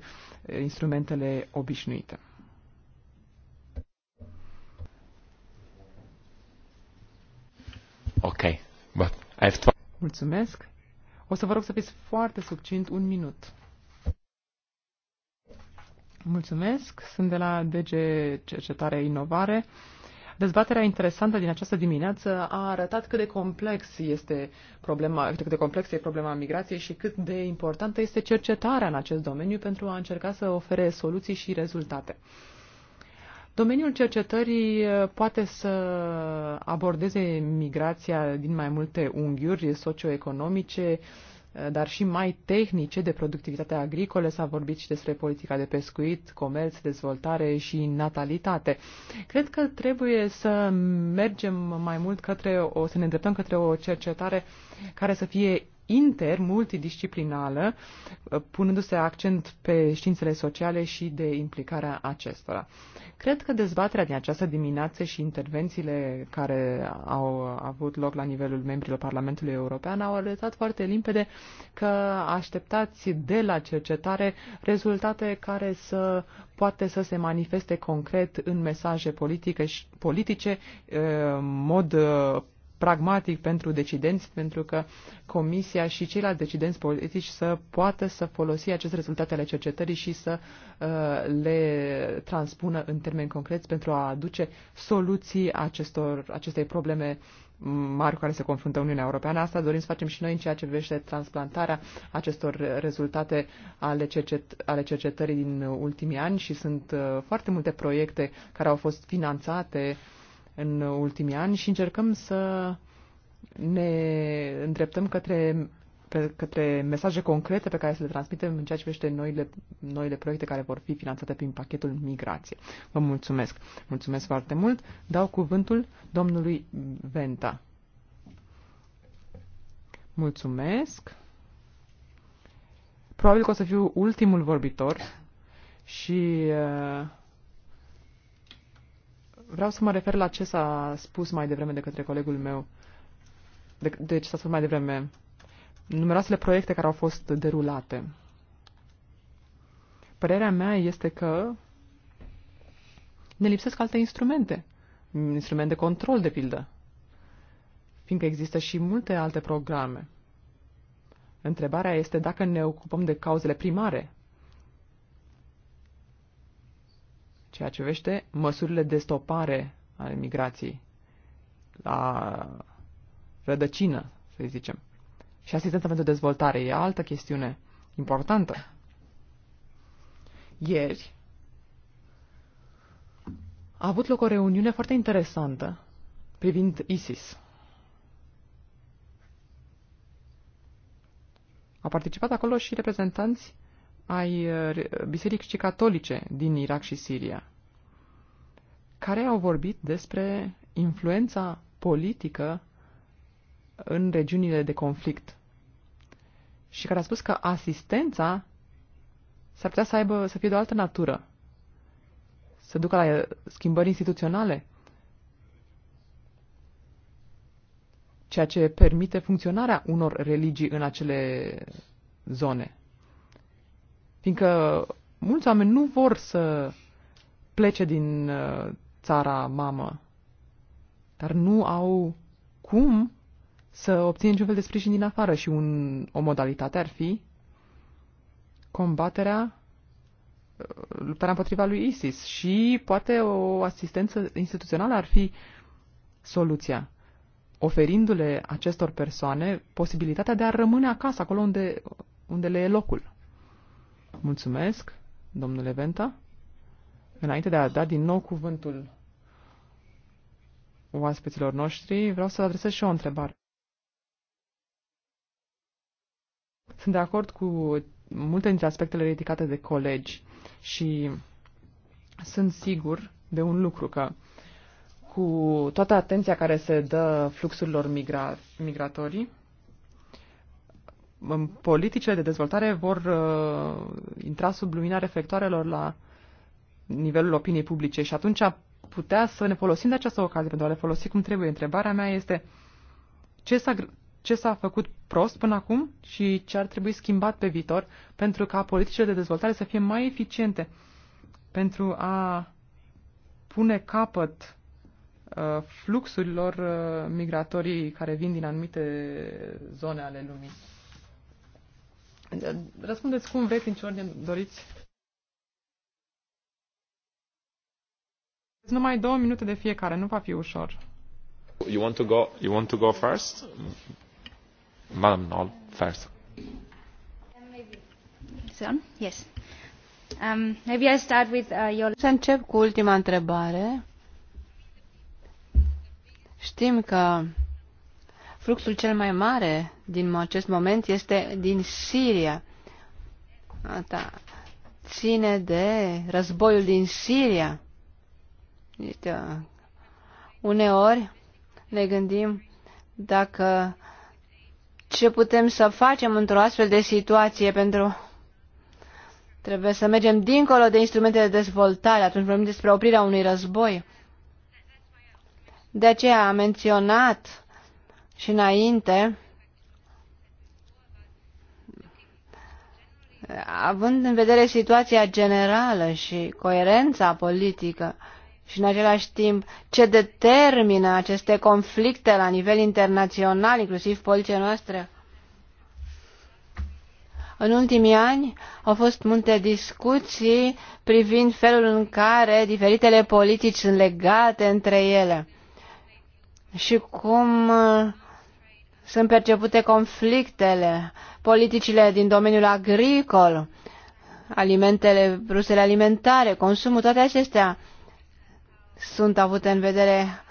eh, instrumentele obișnuite. Ok. But I have to... Mulțumesc. O să vă rog să fiți foarte succint un minut. Mulțumesc. Sunt de la DG Cercetare Inovare. Dezbaterea interesantă din această dimineață a arătat cât de complex este problema, cât de complex e problema migrației și cât de importantă este cercetarea în acest domeniu pentru a încerca să ofere soluții și rezultate. Domeniul cercetării uh, poate să abordeze migrația din mai multe unghiuri socioeconomice, Eh, dar și mai tehnice de productivitate agricole. S-a vorbit și despre politica de pescuit, comerț, dezvoltare și natalitate. Cred că trebuie să mergem mai mult către o, să ne îndreptăm către o cercetare care să fie intermultidisciplinală, punându-se accent pe științele sociale și de implicarea acestora. Cred că dezbaterea din această dimineață și intervențiile care au avut loc la nivelul membrilor Parlamentului European au arătat foarte limpede că așteptați de la cercetare rezultate care să poate să se manifeste concret în mesaje politice, politice mod pragmatic pentru decidenți, pentru că Comisia și ceilalți decidenți politici să poată să folosi aceste rezultate ale cercetării și să uh, le transpună în termeni concreți pentru a aduce soluții acestor, acestei probleme mari cu care se confruntă Uniunea Europeană. Asta dorim să facem și noi în ceea ce privește transplantarea acestor rezultate ale, cercet- ale cercetării din ultimii ani și sunt uh, foarte multe proiecte care au fost finanțate uh, în ultimii ani și încercăm să ne îndreptăm către, către mesaje concrete pe care să le transmitem în ceea ce privește noile, noile proiecte care vor fi finanțate prin pachetul migrație. Vă mulțumesc. Mulțumesc foarte mult. Dau cuvântul domnului Venta. Mulțumesc. Probabil că o să fiu ultimul vorbitor și uh, Vreau să mă refer la ce s-a spus mai devreme de către colegul meu. De, de deci ce s-a spus mai devreme. Numeroasele proiecte care au fost derulate. Părerea mea este că ne lipsesc alte instrumente. Instrumente de control, de pildă. Fiindcă există și multe alte programe. Întrebarea este dacă ne ocupăm de cauzele primare ceea ce vește măsurile de stopare ale migrației la rădăcină, să zicem. Și asistența pentru dezvoltare e altă chestiune importantă. Ieri a avut loc o reuniune foarte interesantă privind ISIS. A participat acolo și reprezentanți ai uh, bisericii catolice din Irak și Siria, care au vorbit despre influența politică în regiunile de conflict și care a spus că asistența s-ar putea să, aibă, să fie de o altă natură, să ducă la uh, schimbări instituționale, ceea ce permite funcționarea unor religii în acele zone. Fiindcă mulți oameni nu vor să plece din uh, țara mamă, dar nu au cum să obțină niciun fel de sprijin din afară și un, o modalitate ar fi combaterea uh, luptarea împotriva lui ISIS și poate o asistență instituțională ar fi soluția, oferindu-le acestor persoane posibilitatea de a rămâne acasă, acolo unde, unde le e locul. Mulțumesc, domnule Venta. Înainte de a da din nou cuvântul oaspeților noștri, vreau să adresez și o întrebare. Sunt de acord cu multe dintre aspectele ridicate de colegi și sunt sigur de un lucru că cu toată atenția care se dă fluxurilor migra- migratorii, politicile de dezvoltare vor uh, intra sub lumina reflectoarelor la nivelul opiniei publice și atunci putea să ne folosim de această ocazie pentru a le folosi cum trebuie. Întrebarea mea este ce s-a, ce s-a făcut prost până acum și ce ar trebui schimbat pe viitor pentru ca politicile de dezvoltare să fie mai eficiente pentru a pune capăt uh, fluxurilor uh, migratorii care vin din anumite zone ale lumii. Răspundeți cum vreți, în ce ordine doriți. Numai două minute de fiecare, nu va fi ușor. You want to go, you want to go first? Madam Noll, first. Yes. Um, maybe I start with uh, your... Să încep cu ultima întrebare. Știm că Fluxul cel mai mare din acest moment este din Siria. Asta ține de războiul din Siria. Este, uneori ne gândim dacă ce putem să facem într-o astfel de situație pentru Trebuie să mergem dincolo de instrumentele de dezvoltare atunci vorbim despre oprirea unui război. De aceea am menționat și înainte, având în vedere situația generală și coerența politică și în același timp ce determină aceste conflicte la nivel internațional, inclusiv poliția noastră, în ultimii ani au fost multe discuții privind felul în care diferitele politici sunt legate între ele și cum sunt percepute conflictele, politicile din domeniul agricol, alimentele, brusele alimentare, consumul, toate acestea sunt avute în vedere.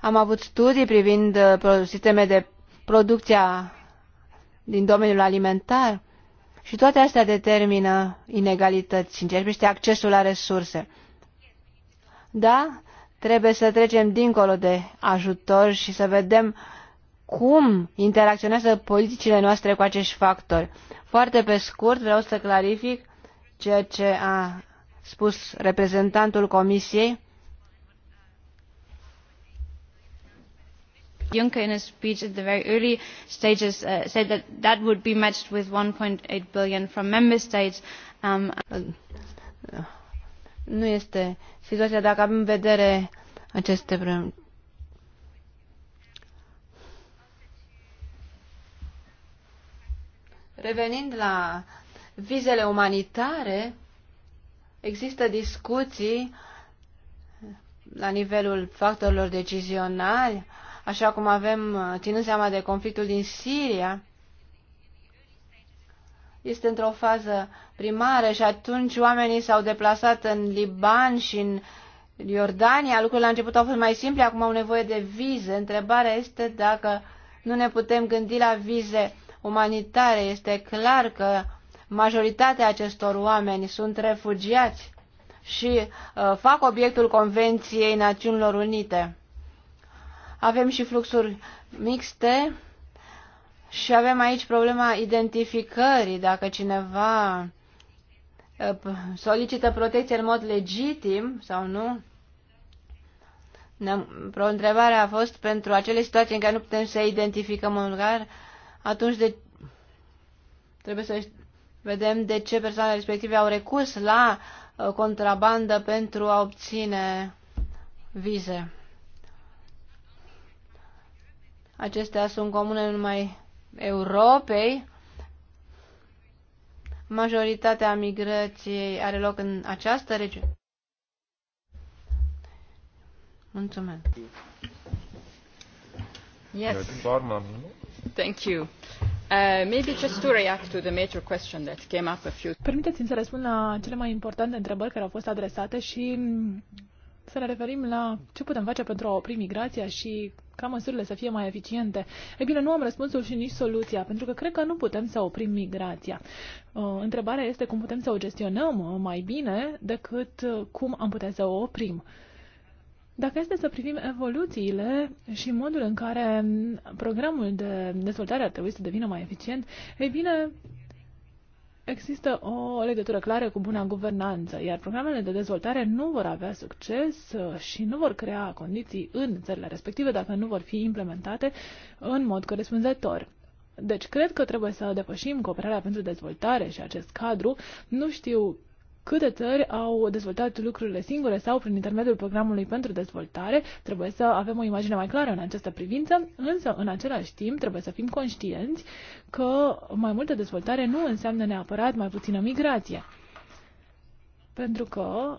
Am avut studii privind uh, sisteme de producția din domeniul alimentar și toate astea determină inegalități în ce privește accesul la resurse. Da, Trebuie să trecem dincolo de ajutor și să vedem cum interacționează politicile noastre cu acești factori. Foarte pe scurt vreau să clarific ceea ce a spus reprezentantul Comisiei. Juncker in his speech at the very early stages uh, said that that would be matched with 1.8 billion from member states. Um, nu este situația dacă avem în vedere aceste probleme. Revenind la vizele umanitare, există discuții la nivelul factorilor decizionali, așa cum avem, ținând seama de conflictul din Siria, este într-o fază primară și atunci oamenii s-au deplasat în Liban și în Iordania. Lucrurile la început au fost mai simple, acum au nevoie de vize. Întrebarea este dacă nu ne putem gândi la vize umanitare. Este clar că majoritatea acestor oameni sunt refugiați și uh, fac obiectul Convenției Națiunilor Unite. Avem și fluxuri mixte și avem aici problema identificării, dacă cineva ă, solicită protecție în mod legitim sau nu. o întrebare a fost pentru acele situații în care nu putem să identificăm un lugar, atunci de... trebuie să vedem de ce persoanele respective au recurs la ă, contrabandă pentru a obține vize. Acestea sunt comune numai Europei, majoritatea migrației are loc în această regiune. Mulțumesc. Yes. Thank you. Uh, maybe just to react to the major question that came up a few. Permiteți-mi să răspund la cele mai importante întrebări care au fost adresate și să ne referim la ce putem face pentru a opri migrația și ca măsurile să fie mai eficiente. Ei bine, nu am răspunsul și nici soluția, pentru că cred că nu putem să oprim migrația. Uh, întrebarea este cum putem să o gestionăm uh, mai bine decât uh, cum am putea să o oprim. Dacă este să privim evoluțiile și modul în care programul de dezvoltare ar trebui să devină mai eficient, ei bine, există o legătură clară cu buna guvernanță, iar programele de dezvoltare nu vor avea succes uh, și nu vor crea condiții în țările respective dacă nu vor fi implementate în mod corespunzător. Deci cred că trebuie să depășim cooperarea pentru dezvoltare și acest cadru. Nu știu câte țări au dezvoltat lucrurile singure sau prin intermediul programului pentru dezvoltare. Trebuie să avem o imagine mai clară în această privință, însă în același timp trebuie să fim conștienți că mai multă dezvoltare nu înseamnă neapărat mai puțină migrație. Pentru că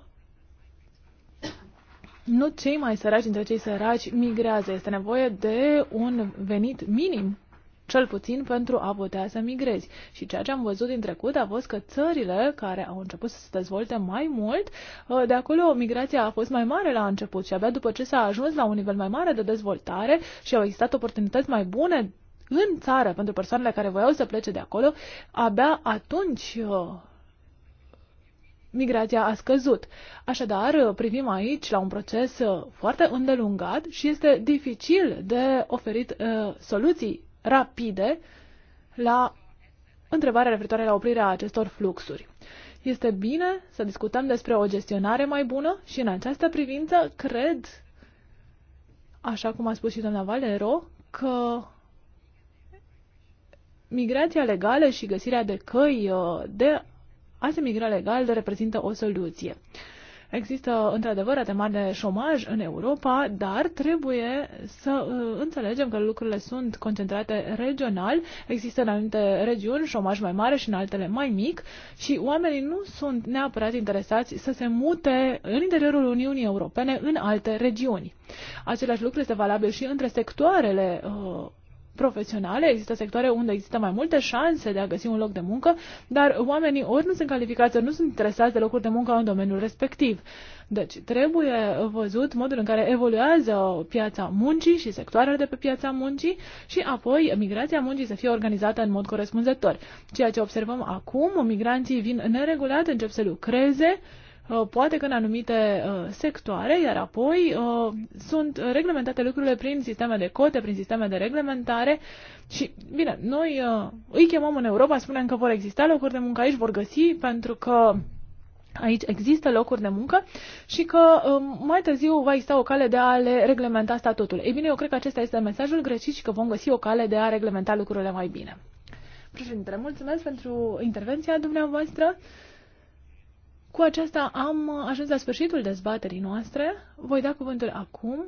nu cei mai săraci dintre cei săraci migrează. Este nevoie de un venit minim cel puțin pentru a putea să migrezi. Și ceea ce am văzut din trecut a fost că țările care au început să se dezvolte mai mult, uh, de acolo migrația a fost mai mare la început și abia după ce s-a ajuns la un nivel mai mare de dezvoltare și au existat oportunități mai bune în țară pentru persoanele care voiau să plece de acolo, abia atunci uh, migrația a scăzut. Așadar, uh, privim aici la un proces foarte îndelungat și este dificil de oferit uh, soluții rapide la întrebarea referitoare la oprirea acestor fluxuri. Este bine să discutăm despre o gestionare mai bună și în această privință cred, așa cum a spus și doamna Valero, că migrația legală și găsirea de căi uh, de a se migra legal reprezintă o soluție. Există într-adevăr rate mari de șomaj în Europa, dar trebuie să uh, înțelegem că lucrurile sunt concentrate regional. Există în anumite regiuni șomaj mai mare și în altele mai mic și oamenii nu sunt neapărat interesați să se mute în interiorul Uniunii Europene în alte regiuni. Același lucru este valabil și între sectoarele uh, profesionale, există sectoare unde există mai multe șanse de a găsi un loc de muncă, dar oamenii ori nu sunt calificați, ori nu sunt interesați de locuri de muncă în domeniul respectiv. Deci trebuie văzut modul în care evoluează piața muncii și sectoarele de pe piața muncii și apoi migrația muncii să fie organizată în mod corespunzător. Ceea ce observăm acum, migranții vin neregulat, încep să lucreze, Uh, poate că în anumite uh, sectoare, iar apoi uh, sunt reglementate lucrurile prin sisteme de cote, prin sisteme de reglementare și, bine, noi îi chemăm în Europa, spunem că vor exista locuri de muncă aici, vor găsi, pentru că aici există locuri de muncă și că um, mai târziu va exista o cale de a le reglementa statutul. Ei bine, eu cred că acesta este mesajul greșit și că vom găsi o cale de a reglementa lucrurile mai bine. Președintele, mulțumesc pentru intervenția dumneavoastră. Cu aceasta am ajuns la sfârșitul dezbaterii noastre. Voi da cuvântul acum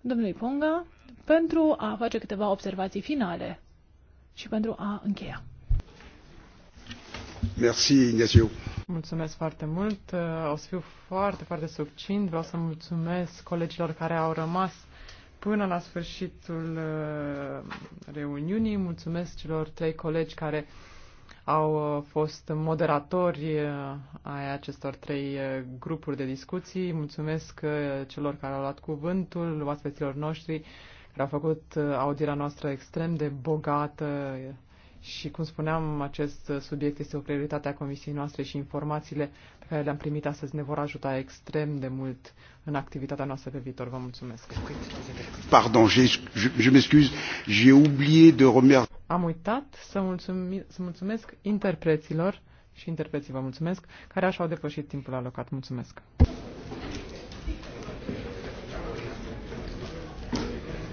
domnului Ponga pentru a face câteva observații finale și pentru a încheia. Merci, Ignacio. Mulțumesc foarte mult. O să fiu foarte, foarte succint. Vreau să mulțumesc colegilor care au rămas până la sfârșitul uh, reuniunii. Mulțumesc celor trei colegi care au uh, fost moderatori uh, ai acestor trei uh, grupuri de discuții. Mulțumesc celor care au luat cuvântul, oaspeților noștri, care au făcut audierea noastră extrem de bogată. Și, cum spuneam, acest subiect este o prioritate a comisiei noastre și informațiile pe care le-am primit astăzi ne vor ajuta extrem de mult în activitatea noastră pe viitor. Vă mulțumesc. Pardon, je, je m'excuse, j'ai oublié de remer... Am uitat să, mulțumi, să mulțumesc interpreților și interpreții vă mulțumesc, care așa au depășit timpul alocat. Mulțumesc.